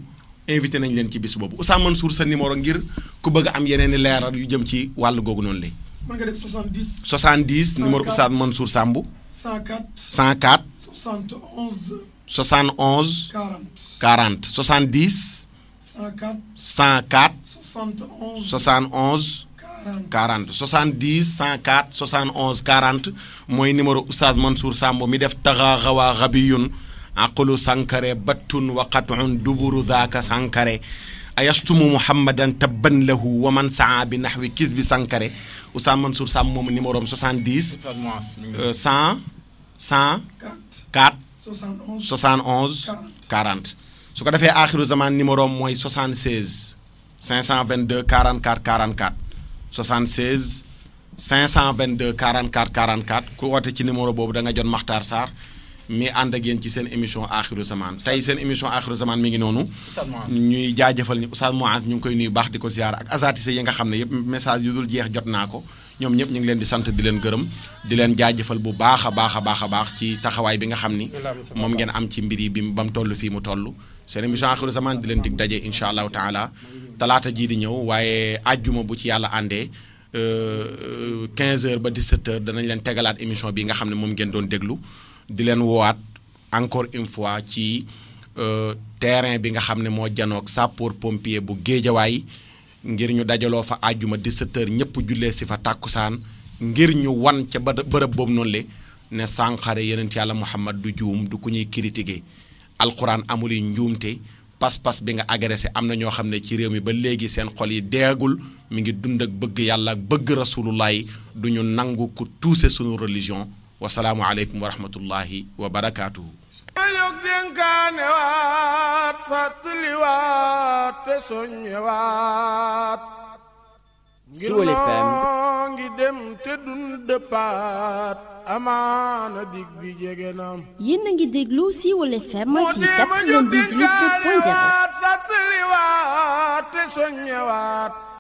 invité nañ leen ci bis boobu Ousmane Mansour sa numéro ngir ku bëgg am yeneen i leeral yu jëm ci wàll googu noonu la. mën nga def 70. 70 numéro Ousmane Mansour Samb. 104. 104. 71. 71. 40. 40 70. 104 104 71 71 40 70 104 71 40 mooy numéro oustaz Mansour Samb mi def taxa xawaa xabiyun aqlu sankare battun waqatun duburu daaka sankare ayastumu muhammadan tabban lahu wa man saa bi naxwi kis bi sankare oustaz Mansour Samb moomu numéro am 70 100 100 4 71 40 su ko defee aaxiru zaman numéro mooy 76 522 44 44 76 522 44 44 ku woote ci numéro boobu da nga jot Makhtar Sarr mi ànd ak yéen ci seen émission aaxiru zaman tey seen émission aaxiru zaman mi ngi noonu. ñuy jaajëfal ni Oustaz Mouaz ñu ngi koy nuyu baax di ko ziar ak azatise yi nga xam ne yëpp message yu dul jeex jot naa ko ñoom ñëpp ñu ngi leen di sant di leen gërëm di leen jaajëfal bu baax a baax a baax a baax ci taxawaay bi nga xam ni moom ngeen am ci mbir yi bi ba mu toll fii mu toll. seen émission axiru zaman di leen dig daje incha allahu taala talaata jii di ñëw waaye àjjuma bu ci yàlla àndee 15 euh, euh, heures ba 17 heures danañ leen tegalaat émission bi nga xam ne moom ngeen doon déglu di leen woowaat encore une fois ci euh, terrain bi nga xam ne moo janook sappoor pompier bu géejawaay ngir ñu dajaloo fa àjjuma 17 heures ñëpp jullee si fa tàkkusaan ngir ñu wan ca bërëb boobu noonu le ne sànqare yeneen yàlla Muhammad du juum du ku ñuy critiquer alxuraan amul yi njuumte pas-pas bi nga agressé am na ñoo xam ne ci réew mi ba léegi seen xol yi deegul mu ngi dund ak bëgg yàlla ak bëgg rasulullah yi du ñu nangu ku tuuse sunu religion wasalaamu aleykum wa rahmatullahi wa barakaatuhu yog dénkaane waat fàttaliwaat te soññewaat Siwel FM ngi dem te dun dëppaat amaana dig bi jege naam yéen a déglu Siwel te soññewaat